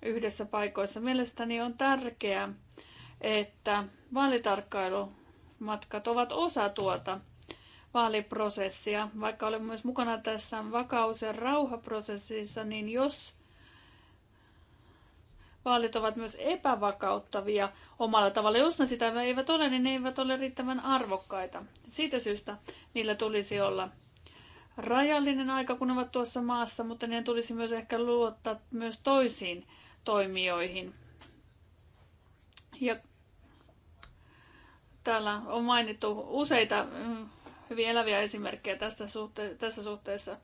Speaker 3: yhdessä paikoissa. Mielestäni on tärkeää, että vaalitarkkailu matkat ovat osa tuota vaaliprosessia. Vaikka olen myös mukana tässä vakaus- ja rauhaprosessissa, niin jos vaalit ovat myös epävakauttavia omalla tavalla. Jos ne sitä eivät ole, niin ne eivät ole riittävän arvokkaita. Siitä syystä niillä tulisi olla rajallinen aika, kun ne ovat tuossa maassa, mutta niiden tulisi myös ehkä luottaa myös toisiin toimijoihin. Ja Täällä on mainittu useita mm, hyvin eläviä esimerkkejä tästä suhte- tässä suhteessa.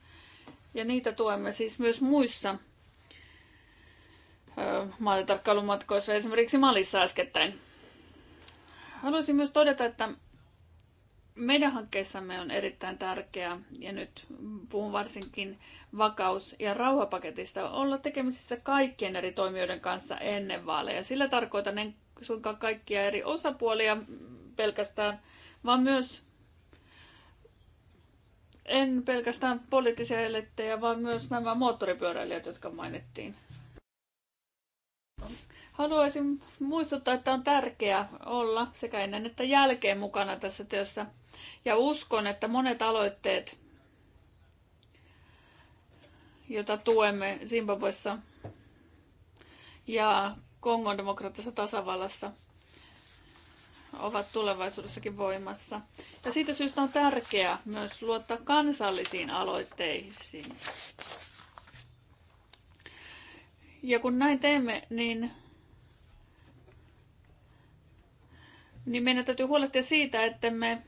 Speaker 3: Ja niitä tuemme siis myös muissa maalitarkkailumatkoissa, esimerkiksi Malissa äskettäin. Haluaisin myös todeta, että meidän hankkeissamme on erittäin tärkeää, ja nyt puhun varsinkin vakaus- ja rauhapaketista, olla tekemisissä kaikkien eri toimijoiden kanssa ennen vaaleja. Sillä tarkoitan suinkaan kaikkia eri osapuolia pelkästään, vaan myös en pelkästään poliittisia elettejä, vaan myös nämä moottoripyöräilijät, jotka mainittiin. Haluaisin muistuttaa, että on tärkeää olla sekä ennen että jälkeen mukana tässä työssä. Ja uskon, että monet aloitteet, joita tuemme Zimbabwessa ja Kongon demokraattisessa tasavallassa ovat tulevaisuudessakin voimassa. Ja siitä syystä on tärkeää myös luottaa kansallisiin aloitteisiin. Ja kun näin teemme, niin, niin meidän täytyy huolehtia siitä, että me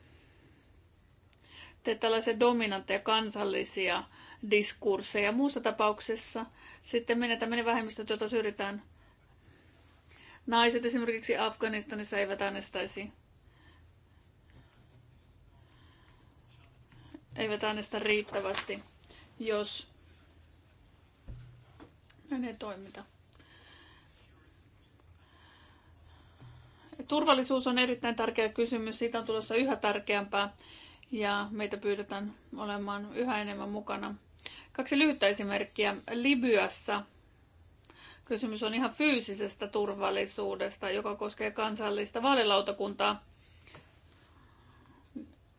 Speaker 3: tee tällaisia dominantteja kansallisia diskursseja. Muussa tapauksessa sitten menetämme ne vähemmistöt, joita syrjitään Naiset esimerkiksi Afganistanissa eivät äänestäisi eivät äänestä riittävästi, jos näin ei toimita. Turvallisuus on erittäin tärkeä kysymys, siitä on tulossa yhä tärkeämpää ja meitä pyydetään olemaan yhä enemmän mukana. Kaksi lyhyttä esimerkkiä. Libyassa Kysymys on ihan fyysisestä turvallisuudesta, joka koskee kansallista vaalilautakuntaa.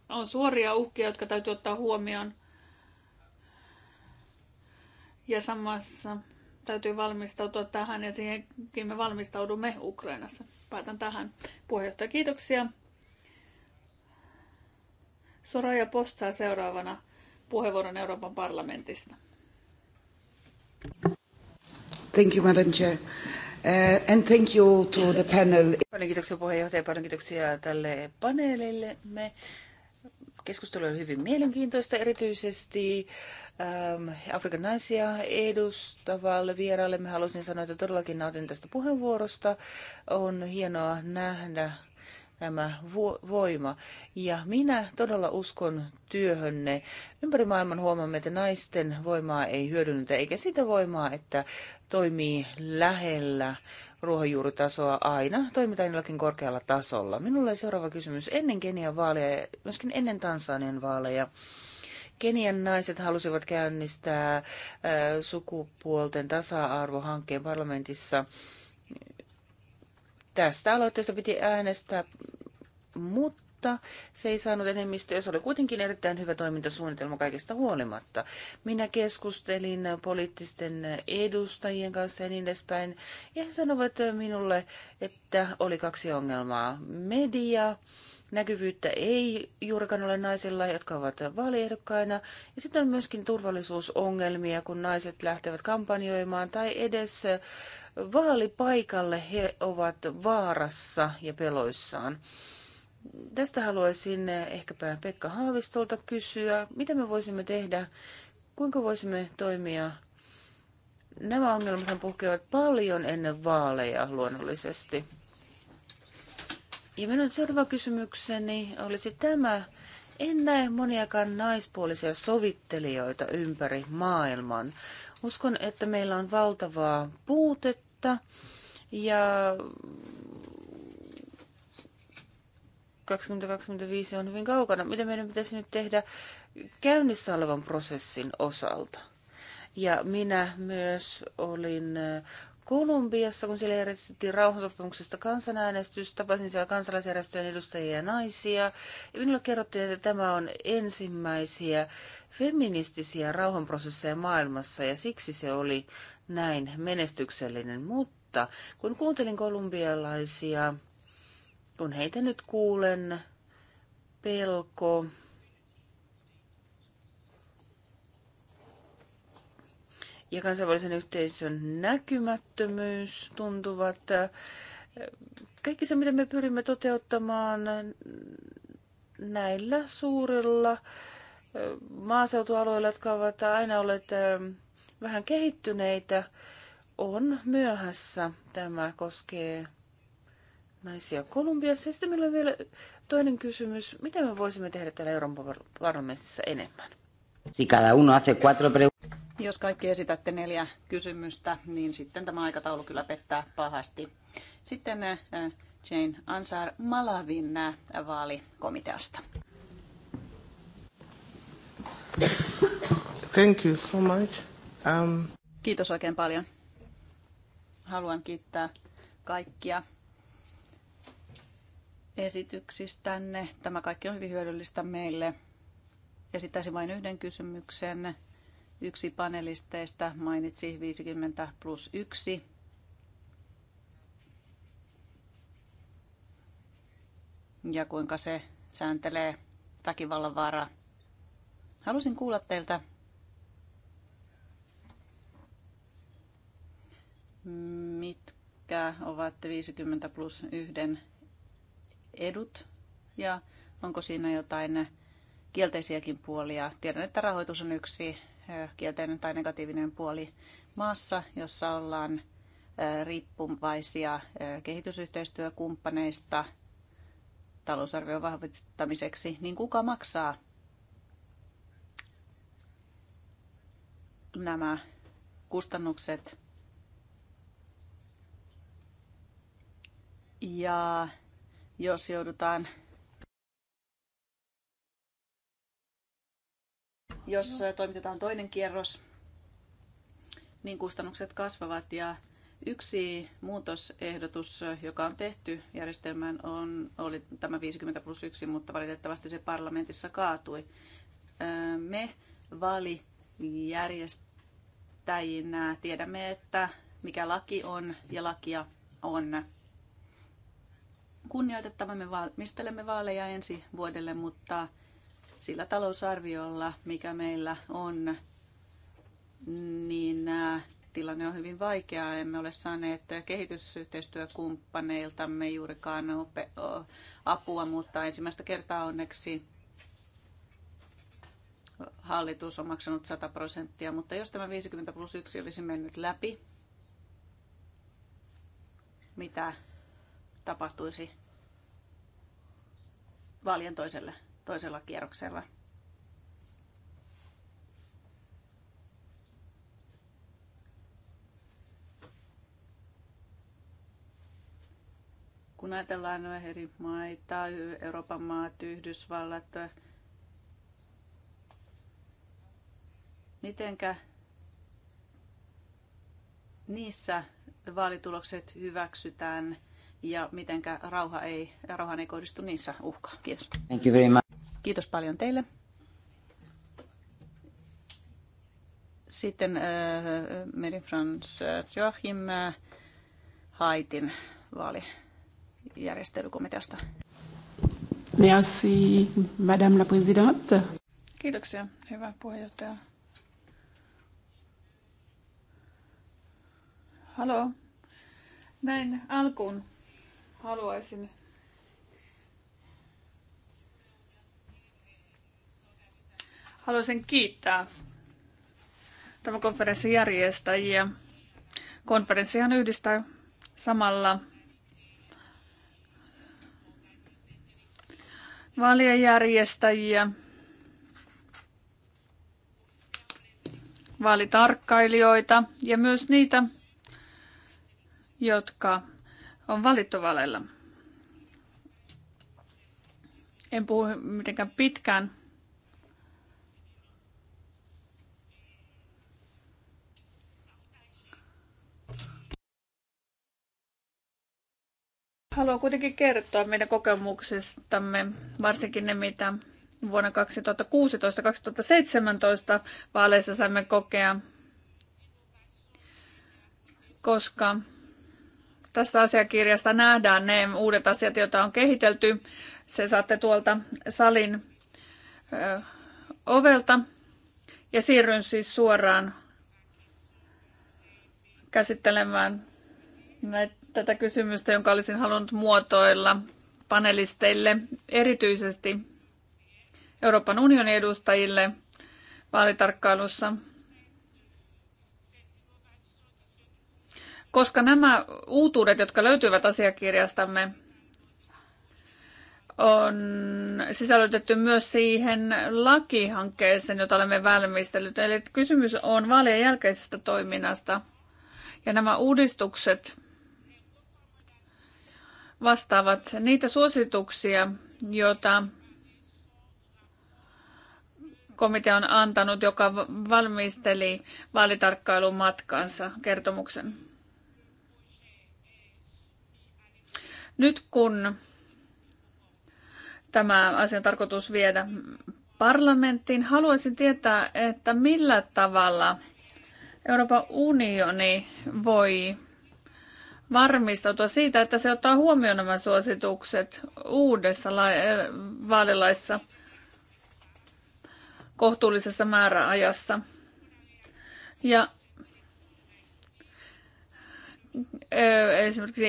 Speaker 3: On suoria uhkia, jotka täytyy ottaa huomioon. Ja samassa täytyy valmistautua tähän ja siihenkin me valmistaudumme Ukrainassa. Päätän tähän. Puheenjohtaja, kiitoksia. Soraya Post saa seuraavana puheenvuoron Euroopan parlamentista.
Speaker 1: Thank you, Madam Chair. Uh, and thank you to the panel. Paljon kiitoksia puheenjohtaja, paljon kiitoksia tälle paneelille. Me keskustelu on hyvin mielenkiintoista, erityisesti ähm, Afrikan naisia edustavalle vieraalle. Mä haluaisin sanoa, että todellakin nautin tästä puheenvuorosta. On hienoa nähdä vo- voima. Ja minä todella uskon työhönne. Ympäri maailman huomaamme, että naisten voimaa ei hyödynnetä, eikä sitä voimaa, että toimii lähellä ruohonjuuritasoa aina, toimitaan jollakin korkealla tasolla. Minulla on seuraava kysymys. Ennen Kenian vaaleja ja myöskin ennen Tansanian vaaleja Kenian naiset halusivat käynnistää sukupuolten tasa-arvohankkeen parlamentissa – Tästä aloitteesta piti äänestää, mutta se ei saanut enemmistöä. Se oli kuitenkin erittäin hyvä toimintasuunnitelma kaikesta huolimatta. Minä keskustelin poliittisten edustajien kanssa ja niin edespäin. Ja he sanovat minulle, että oli kaksi ongelmaa. Media näkyvyyttä ei juurikaan ole naisilla, jotka ovat vaaliehdokkaina. Ja sitten on myöskin turvallisuusongelmia, kun naiset lähtevät kampanjoimaan tai edes vaalipaikalle he ovat vaarassa ja peloissaan. Tästä haluaisin eh, ehkäpä Pekka Haavistolta kysyä, mitä me voisimme tehdä, kuinka voisimme toimia. Nämä ongelmat puhkeavat paljon ennen vaaleja luonnollisesti. Ja minun seuraava kysymykseni olisi tämä. En näe moniakaan naispuolisia sovittelijoita ympäri maailman. Uskon, että meillä on valtavaa puutetta kautta. ja 2025 on hyvin kaukana. Mitä meidän pitäisi nyt tehdä käynnissä olevan prosessin osalta? Ja minä myös olin äh, Kolumbiassa, kun siellä järjestettiin rauhansopimuksesta kansanäänestys, tapasin siellä kansalaisjärjestöjen edustajia ja naisia. Ja minulle kerrottiin, että tämä on ensimmäisiä feministisiä rauhanprosesseja maailmassa ja siksi se oli näin menestyksellinen, mutta kun kuuntelin kolumbialaisia, kun heitä nyt kuulen, pelko, ja kansainvälisen yhteisön näkymättömyys tuntuvat. Äh, kaikki se, mitä me pyrimme toteuttamaan näillä suurilla äh, maaseutualueilla, jotka ovat aina olleet äh, vähän kehittyneitä on myöhässä. Tämä koskee naisia Kolumbiassa. Ja sitten meillä on vielä toinen kysymys. Mitä me voisimme tehdä täällä Euroopan parlamentissa enemmän? Si cada uno hace cuatro
Speaker 2: Jos kaikki esitätte neljä kysymystä, niin sitten tämä aikataulu kyllä pettää pahasti. Sitten äh, Jane Ansar Malavin äh, vaalikomiteasta.
Speaker 1: Thank you so much. Um.
Speaker 2: Kiitos oikein paljon. Haluan kiittää kaikkia esityksistänne. Tämä kaikki on hyvin hyödyllistä meille. Esittäisin vain yhden kysymyksen. Yksi panelisteista mainitsi 50 plus 1. Ja kuinka se sääntelee väkivallan vaaraa. Halusin kuulla teiltä mitkä ovat 50 plus yhden edut ja onko siinä jotain kielteisiäkin puolia. Tiedän, että rahoitus on yksi kielteinen tai negatiivinen puoli maassa, jossa ollaan riippuvaisia kehitysyhteistyökumppaneista talousarvion vahvistamiseksi, niin kuka maksaa nämä kustannukset Ja jos joudutaan jos toimitetaan toinen kierros, niin kustannukset kasvavat ja Yksi muutosehdotus, joka on tehty järjestelmään, on, oli tämä 50 plus 1, mutta valitettavasti se parlamentissa kaatui. Me valijärjestäjinä tiedämme, että mikä laki on ja lakia on kunnioitettava. Me valmistelemme vaaleja ensi vuodelle, mutta sillä talousarviolla, mikä meillä on, niin äh, tilanne on hyvin vaikea. Emme ole saaneet kehitysyhteistyökumppaneiltamme juurikaan apua, mutta ensimmäistä kertaa onneksi hallitus on maksanut 100 prosenttia. Mutta jos tämä 50 plus 1 olisi mennyt läpi, mitä tapahtuisi vaalien toiselle, toisella kierroksella. Kun ajatellaan eri maita, Euroopan maat, Yhdysvallat, mitenkä niissä vaalitulokset hyväksytään – ja miten rauha ei, rauhan ei kohdistu niissä uhkaa. Kiitos. Thank you very much. Kiitos paljon teille. Sitten äh, Meri-France Joachim äh, Haitin vaalijärjestelykomiteasta.
Speaker 1: Merci, Madame la Présidente.
Speaker 2: Kiitoksia, hyvä
Speaker 3: puheenjohtaja. Halo. Näin alkuun haluaisin haluaisin kiittää tämän konferenssin järjestäjiä. Konferenssihan yhdistää samalla vaalien järjestäjiä, vaalitarkkailijoita ja myös niitä, jotka on valittu valella. En puhu mitenkään pitkään. Haluan kuitenkin kertoa meidän kokemuksistamme, varsinkin ne, mitä vuonna 2016-2017 vaaleissa saimme kokea, koska tästä asiakirjasta nähdään ne uudet asiat, joita on kehitelty. Se saatte tuolta salin ö, ovelta. Ja siirryn siis suoraan käsittelemään näitä, tätä kysymystä, jonka olisin halunnut muotoilla panelisteille, erityisesti Euroopan unionin edustajille vaalitarkkailussa – koska nämä uutuudet, jotka löytyvät asiakirjastamme, on sisällytetty myös siihen lakihankkeeseen, jota olemme valmistelleet. Eli kysymys on vaalien jälkeisestä toiminnasta. Ja nämä uudistukset vastaavat niitä suosituksia, joita komitea on antanut, joka valmisteli vaalitarkkailumatkansa kertomuksen. Nyt kun tämä asian tarkoitus viedä parlamenttiin, haluaisin tietää, että millä tavalla Euroopan unioni voi varmistautua siitä, että se ottaa huomioon nämä suositukset uudessa äh, vaalilaissa kohtuullisessa määräajassa. Ja esimerkiksi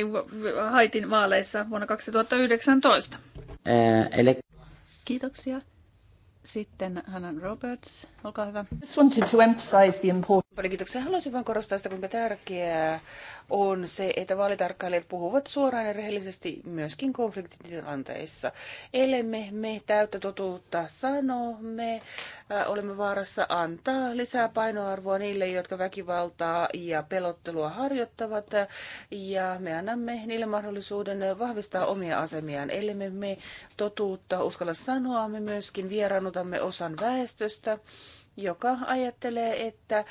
Speaker 3: Haitin vaaleissa vuonna 2019.
Speaker 1: Kiitoksia. Sitten Hannan Roberts Olkaa hyvä. Just wanted to emphasize the important... Paljon kiitoksia. Haluaisin vain korostaa sitä, kuinka tärkeää on se, että vaalitarkkailijat puhuvat suoraan ja rehellisesti myöskin konfliktitilanteissa. Ellemme me täyttä totuutta sano, me äh, olemme vaarassa antaa lisää painoarvoa niille, jotka väkivaltaa ja pelottelua harjoittavat, ja me annamme niille mahdollisuuden vahvistaa omia asemiaan. Ellemme me totuutta uskalla sanoa, me myöskin vieraannutamme osan väestöstä joka ajattelee, että äh,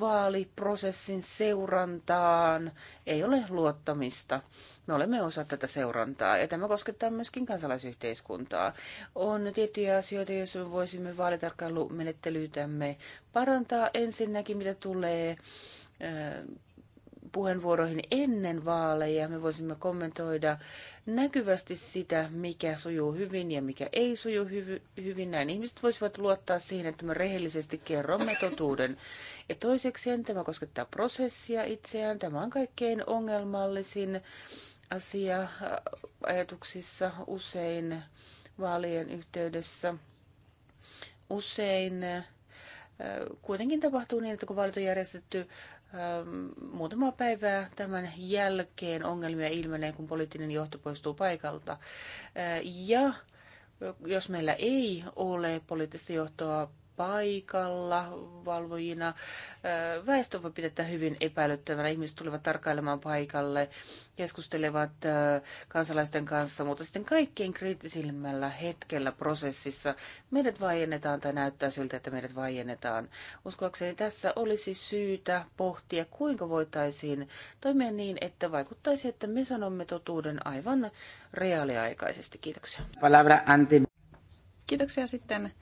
Speaker 1: vaaliprosessin seurantaan ei ole luottamista. Me olemme osa tätä seurantaa ja tämä koskettaa myöskin kansalaisyhteiskuntaa. On tiettyjä asioita, joissa me voisimme vaalitarkkailumenettelyytämme parantaa ensinnäkin, mitä tulee äh, puheenvuoroihin ennen vaaleja. Me voisimme kommentoida näkyvästi sitä, mikä sujuu hyvin ja mikä ei suju hyv- hyvin. Näin ihmiset voisivat luottaa siihen, että me rehellisesti kerromme totuuden. Ja toiseksi tämä koskettaa prosessia itseään. Tämä on kaikkein ongelmallisin asia äh, ajatuksissa usein vaalien yhteydessä. Usein äh, kuitenkin tapahtuu niin, että kun vaalit on järjestetty Ähm, muutamaa päivää tämän jälkeen ongelmia ilmenee, kun poliittinen johto poistuu paikalta. Äh, ja jos meillä ei ole poliittista johtoa paikalla valvojina. Väestö voi pitää hyvin epäilyttävänä. Ihmiset tulivat tarkailemaan paikalle, keskustelevat kansalaisten kanssa, mutta sitten kaikkein kriittisimmällä hetkellä prosessissa meidät vaiennetaan tai näyttää siltä, että meidät vaiennetaan. Uskoakseni tässä olisi syytä pohtia, kuinka voitaisiin toimia niin, että vaikuttaisi, että me sanomme totuuden aivan reaaliaikaisesti. Kiitoksia. Kiitoksia sitten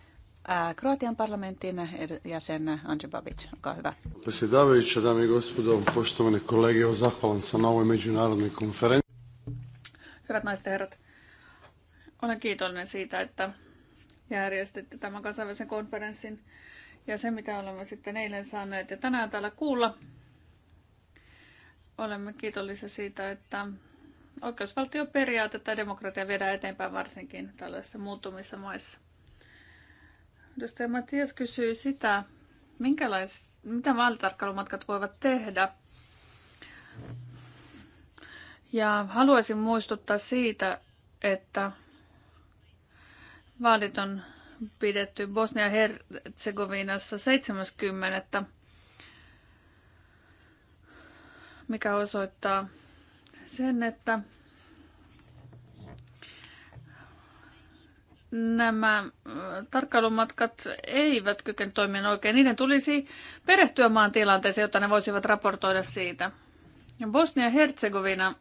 Speaker 1: Kroatian parlamentin
Speaker 2: jäsen Andrzej Babic, olkaa hyvä.
Speaker 1: Predsjedavajuća, dame i gospodo, poštovane kolege, zahvalan sam na ovoj međunarodnoj konferenciji.
Speaker 2: Hyvät naiset ja herrat,
Speaker 3: olen kiitollinen siitä, että järjestitte tämän kansainvälisen konferenssin ja se, mitä olemme sitten eilen saaneet ja tänään täällä kuulla. Olemme kiitollisia siitä, että oikeusvaltioperiaatetta ja demokratia viedään eteenpäin varsinkin tällaisissa muuttumissa maissa. Edustaja Matias kysyy sitä, minkälais, mitä vaalitarkkailumatkat voivat tehdä. Ja haluaisin muistuttaa siitä, että vaalit on pidetty Bosnia-Herzegovinassa 70. mikä osoittaa sen, että nämä äh, tarkkailumatkat eivät kykene toimimaan oikein. Niiden tulisi perehtyä maan tilanteeseen, jotta ne voisivat raportoida siitä. Bosnia-Herzegovina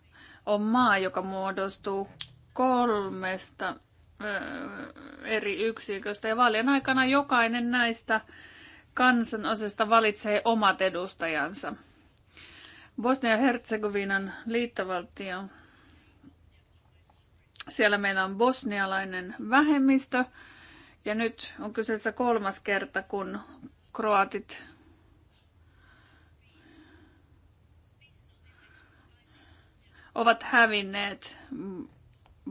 Speaker 3: on maa, joka muodostuu kolmesta äh, eri yksiköstä ja vaalien aikana jokainen näistä kansanosista valitsee omat edustajansa. Bosnia-Herzegovinan liittovaltio siellä meillä on bosnialainen vähemmistö ja nyt on kyseessä kolmas kerta, kun kroatit ovat hävinneet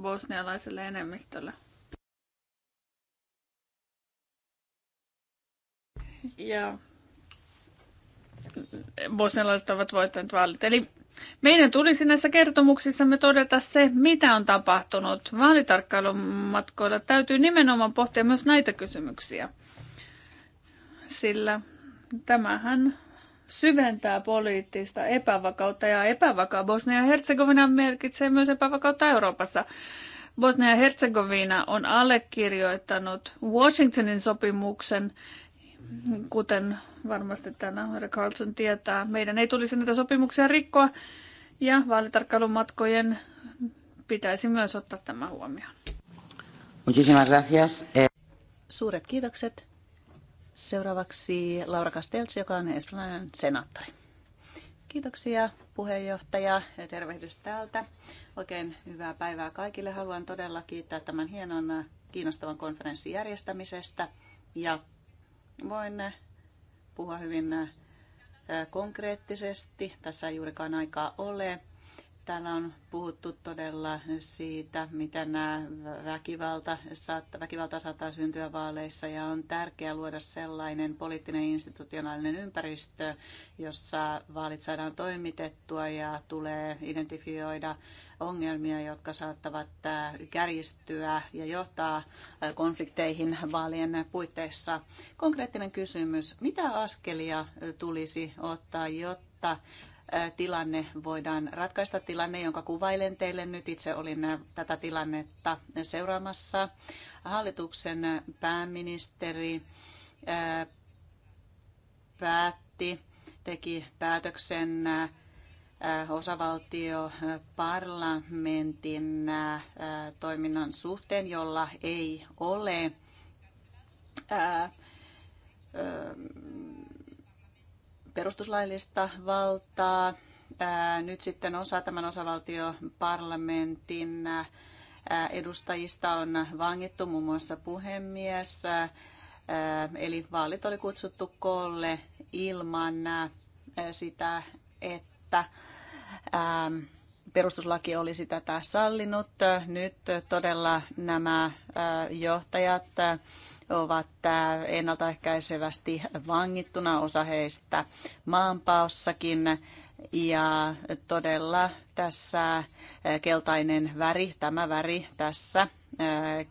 Speaker 3: bosnialaiselle enemmistölle. Ja bosnialaiset ovat voittaneet vaalit. Eli meidän tulisi näissä kertomuksissamme todeta se, mitä on tapahtunut. Vaalitarkkailun matkoilla täytyy nimenomaan pohtia myös näitä kysymyksiä, sillä tämähän syventää poliittista epävakautta ja epävakaa Bosnia ja Herzegovina merkitsee myös epävakautta Euroopassa. Bosnia ja Herzegovina on allekirjoittanut Washingtonin sopimuksen, Kuten varmasti täällä herra Carlson tietää, meidän ei tulisi näitä sopimuksia rikkoa ja vaalitarkkailun matkojen pitäisi myös ottaa tämä huomioon.
Speaker 1: Muchísimas gracias. Eh,
Speaker 2: Suuret kiitokset. Seuraavaksi Laura Castells, joka on espanjalainen senaattori. Kiitoksia puheenjohtaja ja tervehdys täältä. Oikein hyvää päivää kaikille. Haluan todella kiittää tämän hienon kiinnostavan konferenssin järjestämisestä ja Voin äh, puhua hyvin äh, konkreettisesti. Tässä ei juurikaan aikaa ole. Täällä on puhuttu todella siitä, miten nämä väkivalta, saattaa, väkivalta saattaa syntyä vaaleissa ja on tärkeää luoda sellainen poliittinen institutionaalinen ympäristö, jossa vaalit saadaan toimitettua ja tulee identifioida ongelmia, jotka saattavat äh, kärjistyä ja johtaa äh, konflikteihin vaalien puitteissa. Konkreettinen kysymys, mitä askelia äh, tulisi ottaa, jotta tilanne voidaan ratkaista. Tilanne, jonka kuvailen teille nyt, itse olin tätä tilannetta seuraamassa. Hallituksen pääministeri päätti, teki päätöksen parlamentin toiminnan suhteen, jolla ei ole perustuslaillista valtaa. Nyt sitten osa tämän osavaltioparlamentin edustajista on vangittu, muun muassa puhemies. Eli vaalit oli kutsuttu kolle ilman sitä, että perustuslaki olisi tätä sallinut. Nyt todella nämä johtajat ovat äh, ennaltaehkäisevästi vangittuna, osa heistä maanpaossakin. Ja todella tässä äh, keltainen väri, tämä väri tässä äh,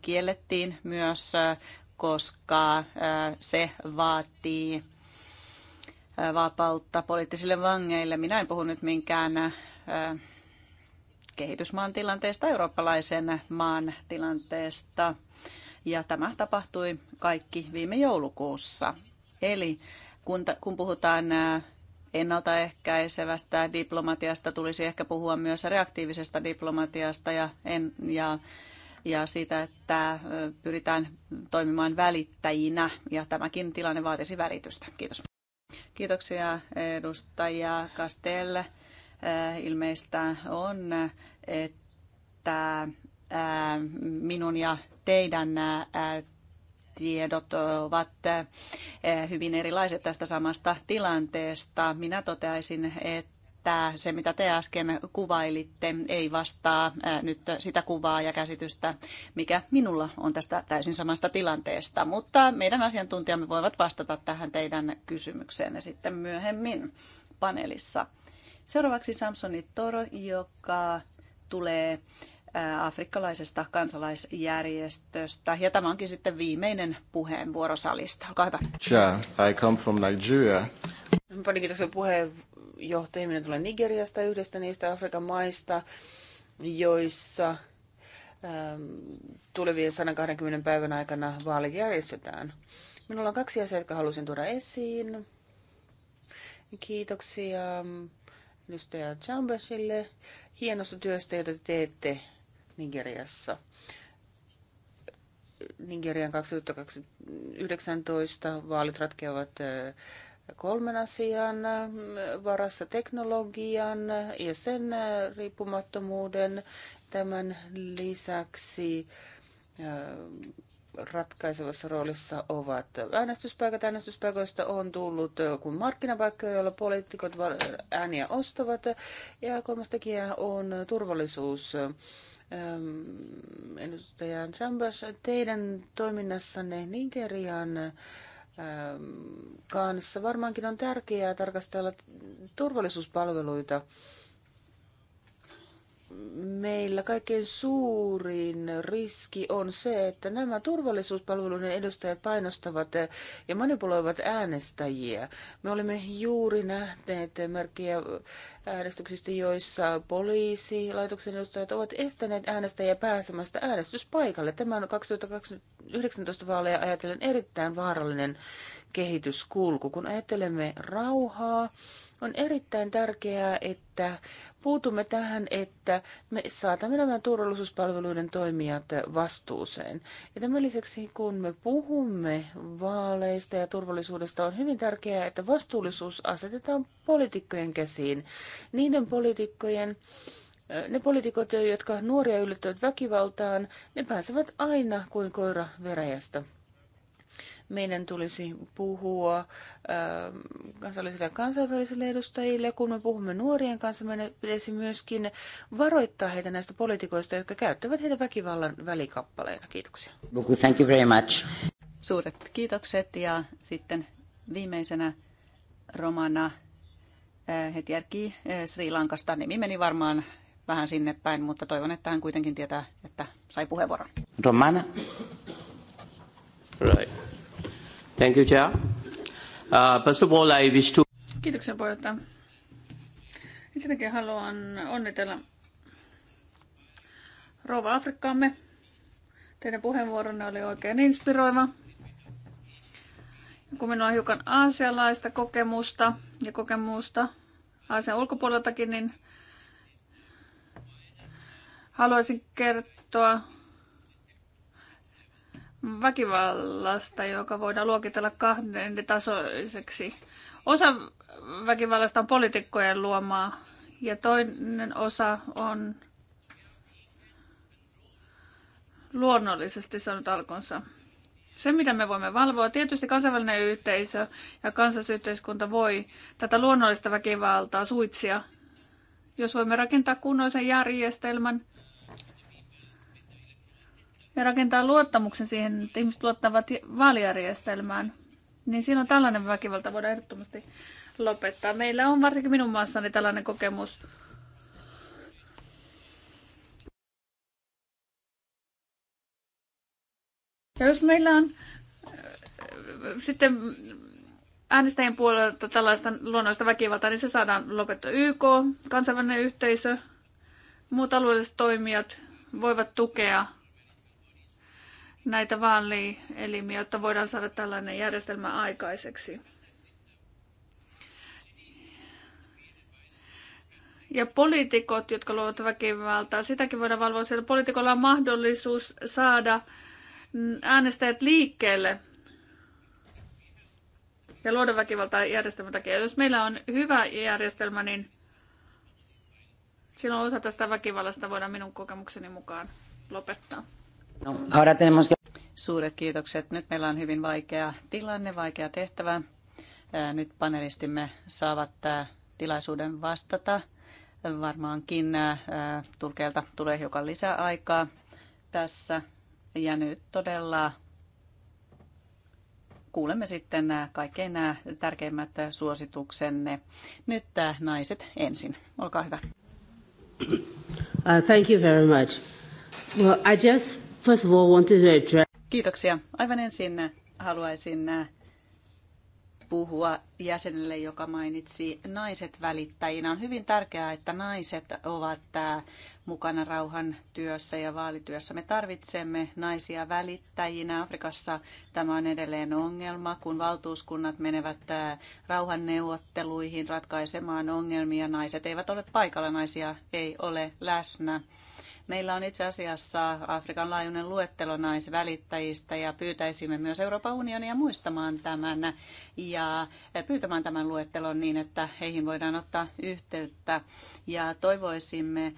Speaker 2: kiellettiin myös, koska se vaatii vapautta poliittisille vangeille. Minä en puhu nyt minkään kehitysmaan tilanteesta, eurooppalaisen maan tilanteesta. Ja tämä tapahtui kaikki viime joulukuussa. Eli kun, kun puhutaan ennaltaehkäisevästä diplomatiasta, tulisi ehkä puhua myös reaktiivisesta diplomatiasta ja, en, ja, ja siitä, että pyritään toimimaan välittäjinä. Ja tämäkin tilanne vaatisi välitystä. Kiitos. Kiitoksia edustaja Kastelle. Ilmeistä on, että minun ja teidän tiedot ovat hyvin erilaiset tästä samasta tilanteesta. Minä toteaisin, että Tämä, se, mitä te äsken kuvailitte, ei vastaa nyt sitä kuvaa ja käsitystä, mikä minulla on tästä täysin samasta tilanteesta. Mutta meidän asiantuntijamme voivat vastata tähän teidän kysymykseenne sitten myöhemmin paneelissa. Seuraavaksi Samsoni Toro, joka tulee afrikkalaisesta kansalaisjärjestöstä. Ja tämä onkin sitten viimeinen puheenvuoro salista. Olkaa hyvä. Cha,
Speaker 1: I come from Nigeria. Paljon kiitoksia puheenjohtaja. Minä tulen Nigeriasta, yhdestä niistä Afrikan maista, joissa tulevien 120 päivän aikana vaalit järjestetään. Minulla on kaksi asiaa, jotka halusin tuoda esiin. Kiitoksia edustaja Chambersille hienosta työstä, jota teette Nigeriassa. Nigerian 2019 vaalit ratkeavat kolmen asian varassa teknologian ja sen riippumattomuuden. Tämän lisäksi ratkaisevassa roolissa ovat äänestyspaikat. Äänestyspaikoista on tullut kuin markkinapaikka, joilla poliitikot ääniä ostavat. Ja kolmas tekijä on turvallisuus. Ähm, edustaja Chambers, teidän toiminnassanne Nigerian ähm, kanssa varmaankin on tärkeää tarkastella turvallisuuspalveluita meillä kaikkein suurin riski on se, että nämä turvallisuuspalveluiden edustajat painostavat ja manipuloivat äänestäjiä. Me olemme juuri nähneet merkkejä äänestyksistä, joissa poliisilaitoksen edustajat ovat estäneet äänestäjiä pääsemästä äänestyspaikalle. Tämä on 2019 vaaleja ajatellen erittäin vaarallinen kehityskulku. Kun ajattelemme rauhaa, on erittäin tärkeää, että puutumme tähän, että me saatamme nämä turvallisuuspalveluiden toimijat vastuuseen. Ja tämän lisäksi, kun me puhumme vaaleista ja turvallisuudesta, on hyvin tärkeää, että vastuullisuus asetetaan poliitikkojen käsiin. Niiden poliitikkojen, ne poliitikot, jotka nuoria yllättävät väkivaltaan, ne pääsevät aina kuin koira veräjästä meidän tulisi puhua ähm, kansallisille ja kansainvälisille edustajille. Kun me puhumme nuorien kanssa, meidän pitäisi myöskin varoittaa heitä näistä poliitikoista, jotka käyttävät heitä väkivallan välikappaleina. Kiitoksia. Thank you very much. Suuret kiitokset ja sitten
Speaker 2: viimeisenä Romana äh, Hetjärki äh, Sri Lankasta. Nimi meni varmaan vähän sinne päin, mutta toivon, että hän kuitenkin tietää, että sai puheenvuoron.
Speaker 1: Romana. Right. Thank you, Chair. Uh, first of all, I wish to...
Speaker 3: Kiitoksia puheenjohtaja. Ensinnäkin haluan onnitella Rouva Afrikkaamme. Teidän puheenvuoronne oli oikein inspiroiva. Kun minulla on hiukan aasialaista kokemusta ja kokemusta Aasian ulkopuoleltakin, niin haluaisin kertoa väkivallasta, joka voidaan luokitella kahden tasoiseksi. Osa väkivallasta on poliitikkojen luomaa ja toinen osa on luonnollisesti saanut alkunsa. Se, mitä me voimme valvoa, tietysti kansainvälinen yhteisö ja kansallisyhteiskunta voi tätä luonnollista väkivaltaa suitsia, jos voimme rakentaa kunnoisen järjestelmän, ja rakentaa luottamuksen siihen, että ihmiset luottavat vaalijärjestelmään, niin silloin tällainen väkivalta voidaan ehdottomasti lopettaa. Meillä on varsinkin minun maassani tällainen kokemus. Ja jos meillä on äh, sitten äänestäjien puolelta tällaista luonnollista väkivaltaa, niin se saadaan lopettua YK, kansainvälinen yhteisö, muut alueelliset toimijat voivat tukea näitä vaalielimiä, jotta voidaan saada tällainen järjestelmä aikaiseksi. Ja poliitikot, jotka luovat väkivaltaa, sitäkin voidaan valvoa, sillä poliitikolla on mahdollisuus saada äänestäjät liikkeelle ja luoda väkivaltaa järjestelmän takia. Jos meillä on hyvä järjestelmä, niin silloin osa tästä väkivallasta voidaan minun kokemukseni mukaan lopettaa.
Speaker 2: No, ahora tenemos Suuret kiitokset. Nyt meillä on hyvin vaikea tilanne, vaikea tehtävä. Nyt panelistimme saavat tilaisuuden vastata. Varmaankin tulkeelta tulee hiukan lisää aikaa tässä. Ja nyt todella kuulemme sitten nämä kaikkein nämä tärkeimmät suosituksenne. Nyt naiset ensin. Olkaa hyvä.
Speaker 1: Uh, thank you very much. Well, I just First of all, want to say...
Speaker 2: Kiitoksia. Aivan ensin äh, haluaisin äh, puhua jäsenelle, joka mainitsi naiset välittäjinä. On hyvin tärkeää, että naiset ovat äh, mukana rauhan työssä ja vaalityössä. Me tarvitsemme naisia välittäjinä. Afrikassa tämä on edelleen ongelma, kun valtuuskunnat menevät rauhanneuvotteluihin ratkaisemaan ongelmia. Naiset eivät ole paikalla, naisia ei ole läsnä. Meillä on itse asiassa Afrikan laajuinen luettelo naisvälittäjistä ja pyytäisimme myös Euroopan unionia muistamaan tämän ja pyytämään tämän luettelon niin, että heihin voidaan ottaa yhteyttä. Ja toivoisimme,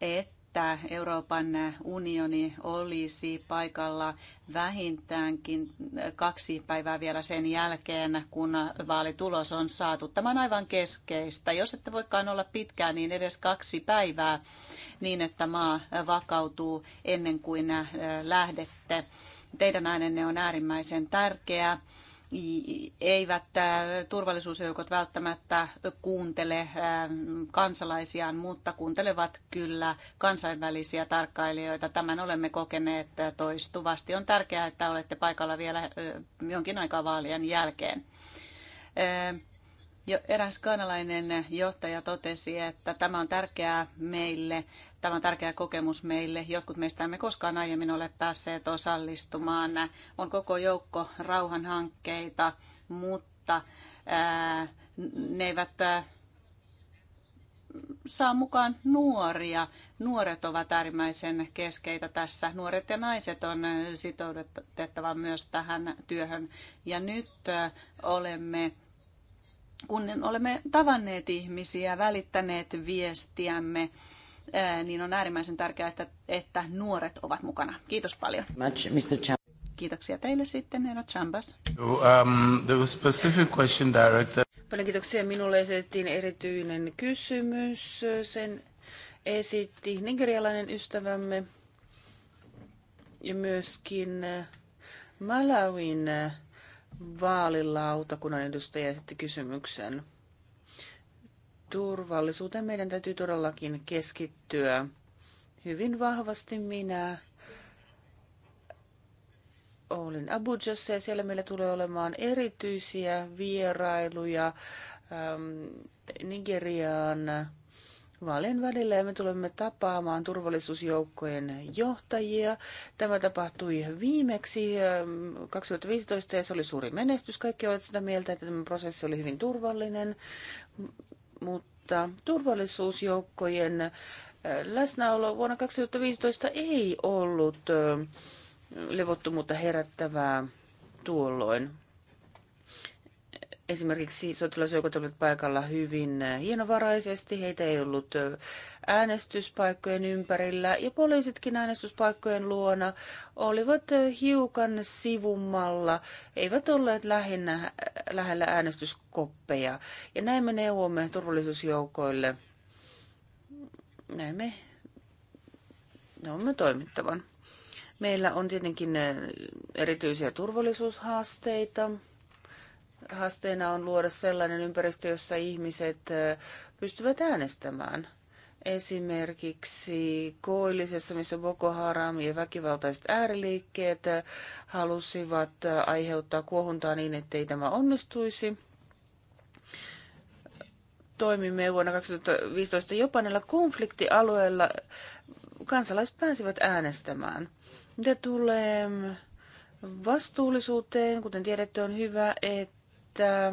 Speaker 2: että että Euroopan unioni olisi paikalla vähintäänkin kaksi päivää vielä sen jälkeen, kun vaalitulos on saatu. Tämä on aivan keskeistä. Jos ette voikaan olla pitkään, niin edes kaksi päivää niin, että maa vakautuu ennen kuin lähdette. Teidän äänenne on äärimmäisen tärkeä eivät äh, turvallisuusjoukot välttämättä kuuntele äh, kansalaisiaan, mutta kuuntelevat kyllä kansainvälisiä tarkkailijoita. Tämän olemme kokeneet toistuvasti. On tärkeää, että olette paikalla vielä äh, jonkin aikaa vaalien jälkeen. Jo eräs kanalainen johtaja totesi, että tämä on tärkeää meille, tämä on tärkeä kokemus meille. Jotkut meistä emme koskaan aiemmin ole päässeet osallistumaan. On koko joukko rauhanhankkeita, mutta ää, ne eivät saa mukaan nuoria. Nuoret ovat äärimmäisen keskeitä tässä. Nuoret ja naiset on sitoutettava myös tähän työhön. Ja nyt olemme kun olemme tavanneet ihmisiä, välittäneet viestiämme, niin on äärimmäisen tärkeää, että, että nuoret ovat mukana. Kiitos paljon.
Speaker 1: Much, Mr. Kiitoksia teille sitten, herra Chambas. Um, specific question Paljon kiitoksia. Minulle esitettiin erityinen kysymys. Sen esitti nigerialainen ystävämme ja myöskin Malawin vaalilautakunnan edustaja esitti kysymyksen. Turvallisuuteen meidän täytyy todellakin keskittyä. Hyvin vahvasti minä olin Abujassa ja siellä meillä tulee olemaan erityisiä vierailuja ähm, Nigeriaan, vaalien välillä ja me tulemme tapaamaan turvallisuusjoukkojen johtajia. Tämä tapahtui viimeksi 2015 ähm, ja se oli suuri menestys. Kaikki olivat sitä mieltä, että tämä prosessi oli hyvin turvallinen, mutta turvallisuusjoukkojen äh, läsnäolo vuonna 2015 ei ollut äh, levottomuutta herättävää tuolloin esimerkiksi sotilasjoukot olivat paikalla hyvin hienovaraisesti, heitä ei ollut äänestyspaikkojen ympärillä ja poliisitkin äänestyspaikkojen luona olivat hiukan sivummalla, eivät olleet lähinnä, lähellä äänestyskoppeja. Ja näin me neuvomme turvallisuusjoukoille, näin me neuvomme toimittavan. Meillä on tietenkin erityisiä turvallisuushaasteita haasteena on luoda sellainen ympäristö, jossa ihmiset pystyvät äänestämään. Esimerkiksi Koillisessa, missä Boko Haram ja väkivaltaiset ääriliikkeet halusivat aiheuttaa kuohuntaa niin, ettei tämä onnistuisi. Toimimme vuonna 2015 jopa näillä konfliktialueilla. Kansalaiset pääsivät äänestämään. Mitä tulee vastuullisuuteen, kuten tiedätte, on hyvä, että että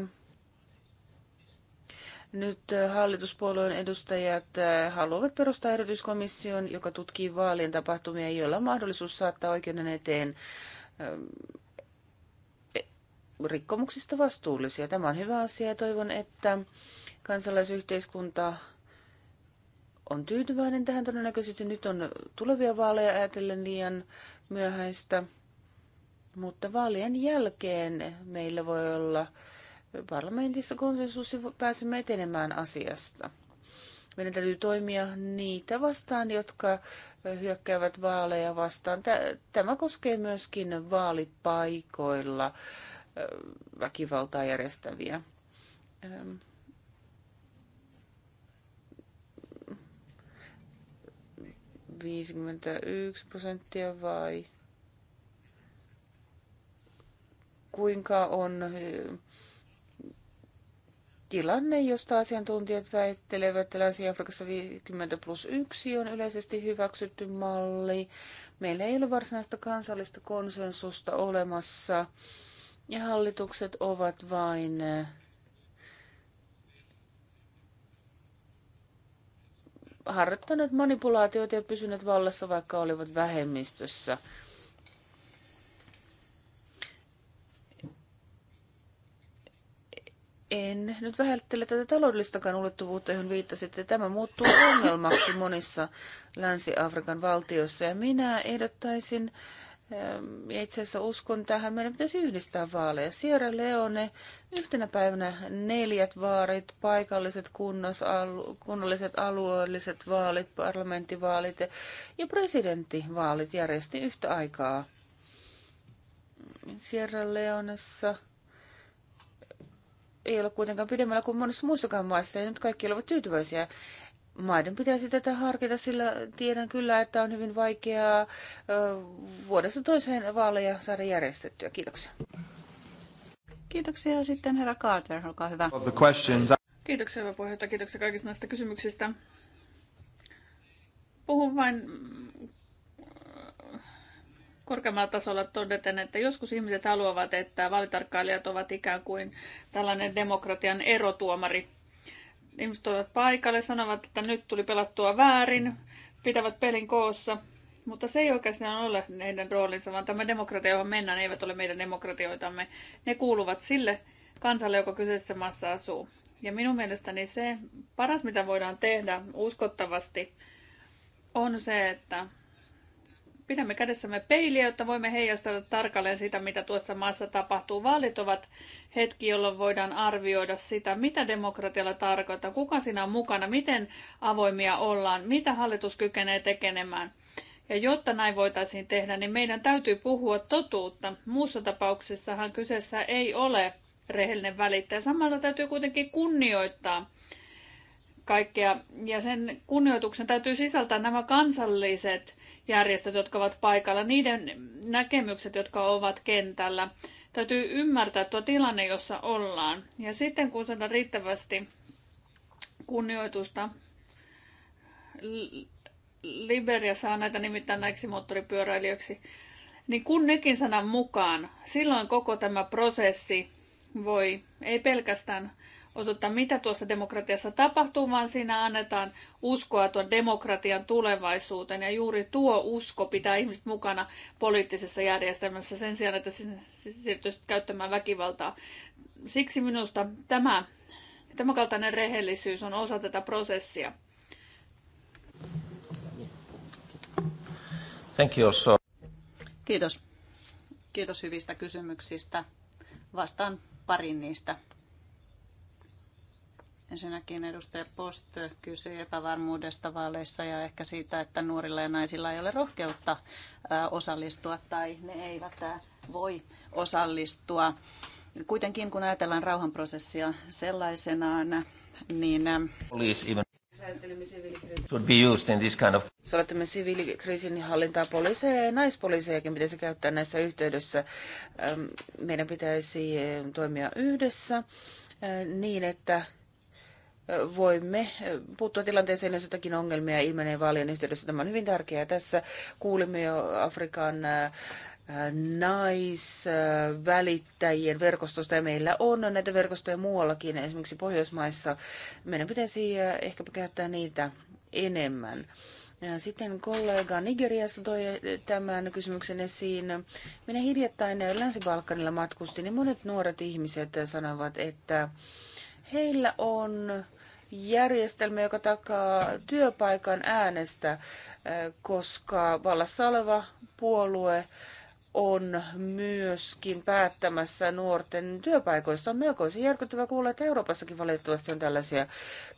Speaker 1: nyt hallituspuolueen edustajat haluavat perustaa erityiskomission, joka tutkii vaalien tapahtumia, joilla on mahdollisuus saattaa oikeuden eteen ähm, rikkomuksista vastuullisia. Tämä on hyvä asia ja toivon, että kansalaisyhteiskunta on tyytyväinen tähän todennäköisesti. Nyt on tulevia vaaleja ajatellen liian myöhäistä, mutta vaalien jälkeen meillä voi olla parlamentissa konsensus ja pääsemme etenemään asiasta. Meidän täytyy toimia niitä vastaan, jotka hyökkäävät vaaleja vastaan. Tämä koskee myöskin vaalipaikoilla väkivaltaa järjestäviä. yksi prosenttia vai kuinka on tilanne, josta asiantuntijat väittelevät, että Länsi-Afrikassa 50 plus 1 on yleisesti hyväksytty malli. Meillä ei ole varsinaista kansallista konsensusta olemassa ja hallitukset ovat vain eh, harjoittaneet manipulaatioita ja pysyneet vallassa, vaikka olivat vähemmistössä. En nyt vähättele tätä taloudellistakaan ulottuvuutta, johon viittasitte. Tämä muuttuu ongelmaksi monissa Länsi-Afrikan valtioissa. Ja minä ehdottaisin, ähm, ja itse asiassa uskon tähän, meidän pitäisi yhdistää vaaleja. Sierra Leone, yhtenä päivänä neljät vaarit, paikalliset kunnas, kunnalliset alueelliset vaalit, parlamenttivaalit ja presidenttivaalit järjesti yhtä aikaa. Sierra Leonessa ei ole kuitenkaan pidemmällä kuin monissa muissakaan maissa, ja nyt kaikki ovat tyytyväisiä. Maiden pitäisi tätä harkita, sillä tiedän kyllä, että on hyvin vaikeaa vuodessa toiseen vaaleja saada järjestettyä. Kiitoksia. Kiitoksia. Sitten herra
Speaker 2: Carter, olkaa hyvä.
Speaker 3: Kiitoksia, hyvä puheenjohtaja. Kiitoksia kaikista näistä kysymyksistä. Puhun vain korkeammalla tasolla todeten, että joskus ihmiset haluavat, että vaalitarkkailijat ovat ikään kuin tällainen demokratian erotuomari. Ihmiset tulevat paikalle, sanovat, että nyt tuli pelattua väärin, pitävät pelin koossa, mutta se ei oikeastaan ole heidän roolinsa, vaan tämä demokratia, johon mennään, eivät ole meidän demokratioitamme. Ne kuuluvat sille kansalle, joka kyseisessä maassa asuu. Ja minun mielestäni se paras, mitä voidaan tehdä uskottavasti, on se, että Pidämme kädessämme peiliä, jotta voimme heijastella tarkalleen sitä, mitä tuossa maassa tapahtuu. Vaalit ovat hetki, jolloin voidaan arvioida sitä, mitä demokratialla tarkoittaa, kuka siinä on mukana, miten avoimia ollaan, mitä hallitus kykenee tekemään. Ja jotta näin voitaisiin tehdä, niin meidän täytyy puhua totuutta. Muussa tapauksessahan kyseessä ei ole rehellinen välittäjä. Samalla täytyy kuitenkin kunnioittaa kaikkea. Ja sen kunnioituksen täytyy sisältää nämä kansalliset järjestöt, jotka ovat paikalla, niiden näkemykset, jotka ovat kentällä. Täytyy ymmärtää tuo tilanne, jossa ollaan. Ja sitten kun saadaan riittävästi kunnioitusta, Liberia saa näitä nimittäin näiksi moottoripyöräilijöiksi, niin kun nekin sanan mukaan, silloin koko tämä prosessi voi ei pelkästään osoittaa, mitä tuossa demokratiassa tapahtuu, vaan siinä annetaan uskoa tuon demokratian tulevaisuuteen. Ja juuri tuo usko pitää ihmiset mukana poliittisessa järjestelmässä sen sijaan, että siirtyisi käyttämään väkivaltaa. Siksi minusta tämä, tämä kaltainen rehellisyys on osa tätä prosessia.
Speaker 2: Thank you also. Kiitos. Kiitos hyvistä kysymyksistä. Vastaan parin niistä Ensinnäkin edustaja Post kysyi epävarmuudesta vaaleissa ja ehkä siitä, että nuorilla ja naisilla ei ole rohkeutta osallistua tai ne eivät voi osallistua. Kuitenkin kun ajatellaan rauhanprosessia sellaisenaan, niin
Speaker 3: would be used
Speaker 1: hallintaa siviilikriisinhallintaa poliiseja ja naispoliisejakin pitäisi käyttää näissä yhteydessä. Meidän pitäisi toimia yhdessä niin, että voimme puuttua tilanteeseen, jos jotakin ongelmia ilmenee vaalien yhteydessä. Tämä on hyvin tärkeää. Tässä kuulimme jo Afrikan äh, naisvälittäjien verkostosta ja meillä on näitä verkostoja muuallakin, esimerkiksi Pohjoismaissa. Meidän pitäisi äh, ehkä käyttää niitä enemmän. Sitten kollega Nigeriasta toi tämän kysymyksen esiin. Minä hiljattain Länsi-Balkanilla matkustin, niin monet nuoret ihmiset sanovat, että heillä on järjestelmä, joka takaa työpaikan äänestä, äh, koska vallassa oleva puolue on myöskin päättämässä nuorten työpaikoista. On melkoisen järkyttävä kuulla, että Euroopassakin valitettavasti on tällaisia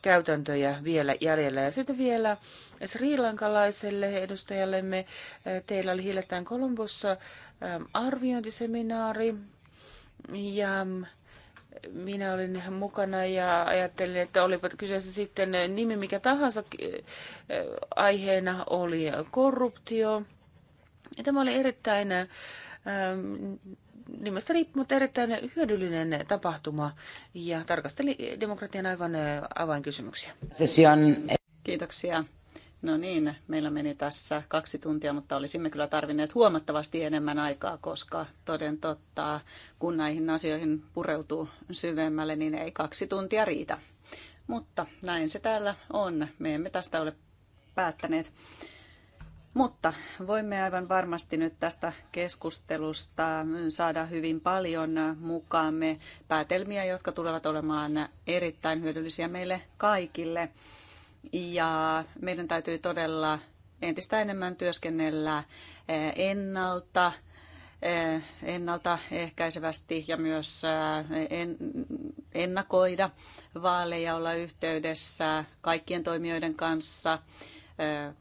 Speaker 1: käytäntöjä vielä jäljellä. Ja sitten vielä Sri Lankalaiselle edustajallemme. Äh, teillä oli hiljattain Kolumbussa ähm, arviointiseminaari ja mm, minä olin mukana ja ajattelin, että olipa kyseessä sitten nimi mikä tahansa, äh, aiheena oli korruptio. Ja tämä oli erittäin äh, nimestä riippumatta erittäin hyödyllinen tapahtuma ja tarkasteli demokratian aivan äh, avainkysymyksiä. Kiitoksia
Speaker 2: No niin, meillä meni tässä kaksi tuntia, mutta olisimme kyllä tarvinneet huomattavasti enemmän aikaa, koska toden totta, kun näihin asioihin pureutuu syvemmälle, niin ei kaksi tuntia riitä. Mutta näin se täällä on. Me emme tästä ole päättäneet. Mutta voimme aivan varmasti nyt tästä keskustelusta saada hyvin paljon mukaamme päätelmiä, jotka tulevat olemaan erittäin hyödyllisiä meille kaikille ja meidän täytyy todella entistä enemmän työskennellä eh, ennalta, eh, ennaltaehkäisevästi ja myös eh, ennakoida vaaleja, olla yhteydessä kaikkien toimijoiden kanssa,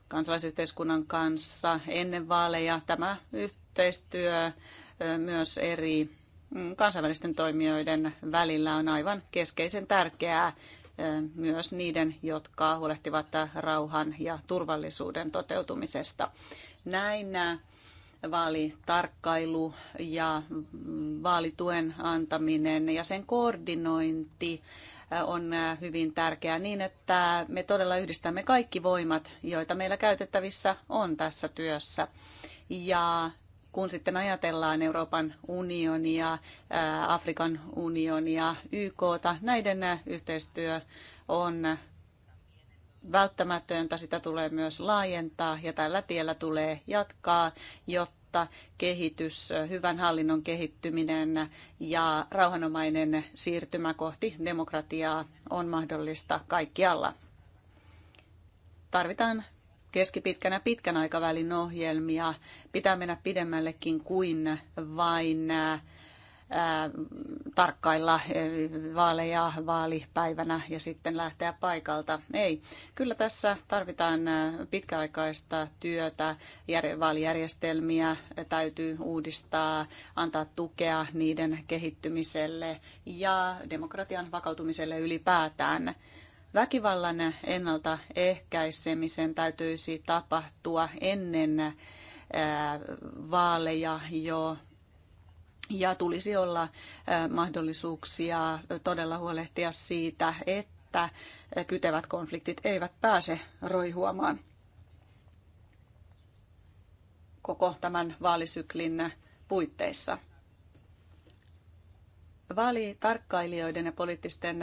Speaker 2: kansalaisyhteiskunnan kanssa ennen vaaleja. Tämä yhteistyö myös eri mm, kansainvälisten toimijoiden välillä on aivan keskeisen tärkeää myös niiden, jotka huolehtivat rauhan ja turvallisuuden toteutumisesta. Näin vaalitarkkailu ja vaalituen antaminen ja sen koordinointi on hyvin tärkeää niin, että me todella yhdistämme kaikki voimat, joita meillä käytettävissä on tässä työssä. Ja kun sitten ajatellaan Euroopan unionia, Afrikan unionia, YKta, näiden yhteistyö on välttämätöntä, sitä tulee myös laajentaa ja tällä tiellä tulee jatkaa, jotta kehitys, hyvän hallinnon kehittyminen ja rauhanomainen siirtymä kohti demokratiaa on mahdollista kaikkialla. Tarvitaan keskipitkänä pitkän aikavälin ohjelmia. Pitää mennä pidemmällekin kuin vain ää, tarkkailla vaaleja vaalipäivänä ja sitten lähteä paikalta. Ei, kyllä tässä tarvitaan pitkäaikaista työtä, vaalijärjestelmiä täytyy uudistaa, antaa tukea niiden kehittymiselle ja demokratian vakautumiselle ylipäätään. Väkivallan ennaltaehkäisemisen täytyisi tapahtua ennen vaaleja jo ja tulisi olla mahdollisuuksia todella huolehtia siitä, että kytevät konfliktit eivät pääse roihuamaan koko tämän vaalisyklin puitteissa vaalitarkkailijoiden ja poliittisten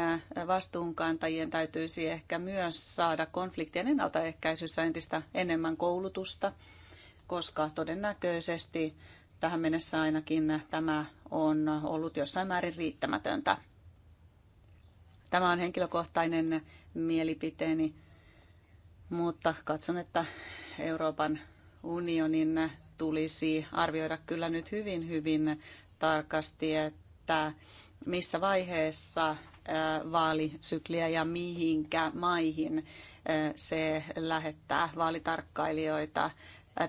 Speaker 2: vastuunkantajien täytyisi ehkä myös saada konfliktien ennaltaehkäisyssä entistä enemmän koulutusta, koska todennäköisesti tähän mennessä ainakin tämä on ollut jossain määrin riittämätöntä. Tämä on henkilökohtainen mielipiteeni, mutta katson, että Euroopan unionin tulisi arvioida kyllä nyt hyvin, hyvin tarkasti, että että missä vaiheessa vaalisykliä ja mihinkä maihin se lähettää vaalitarkkailijoita.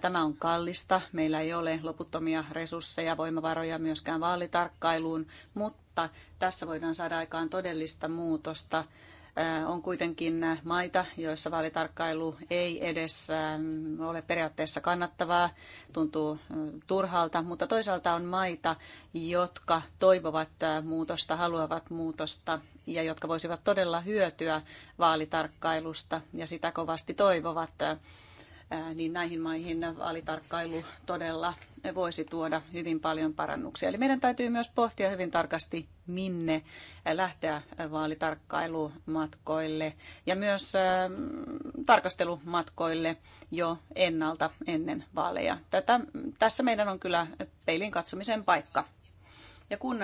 Speaker 2: Tämä on kallista. Meillä ei ole loputtomia resursseja, voimavaroja myöskään vaalitarkkailuun, mutta tässä voidaan saada aikaan todellista muutosta Äh, on kuitenkin maita, joissa vaalitarkkailu ei edes ähm, ole periaatteessa kannattavaa, tuntuu äh, turhalta, mutta toisaalta on maita, jotka toivovat äh, muutosta, haluavat muutosta ja jotka voisivat todella hyötyä vaalitarkkailusta ja sitä kovasti toivovat niin näihin maihin vaalitarkkailu todella voisi tuoda hyvin paljon parannuksia. Eli meidän täytyy myös pohtia hyvin tarkasti, minne lähteä vaalitarkkailumatkoille ja myös tarkastelumatkoille jo ennalta ennen vaaleja. Tätä, tässä meidän on kyllä peilin katsomisen paikka. Ja kun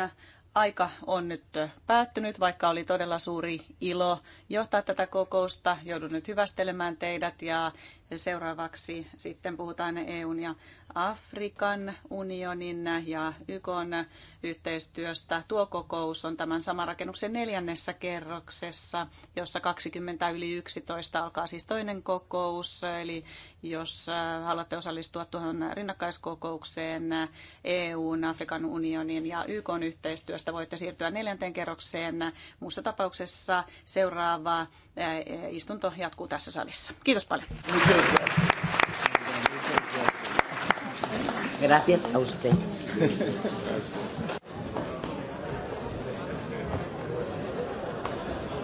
Speaker 2: aika on nyt päättynyt, vaikka oli todella suuri ilo johtaa tätä kokousta. Joudun nyt hyvästelemään teidät ja seuraavaksi sitten puhutaan EUn ja Afrikan unionin ja YKn yhteistyöstä. Tuo kokous on tämän saman rakennuksen neljännessä kerroksessa, jossa 20 yli 11 alkaa siis toinen kokous. Eli jos äh, haluatte osallistua tuohon rinnakkaiskokoukseen EUn, Afrikan unionin ja YKn yhteistyöstä, voitte siirtyä neljänteen kerrokseen. Muussa tapauksessa seuraava äh, istunto jatkuu tässä salissa. Kiitos paljon. Kiitos.
Speaker 1: Gracias a usted.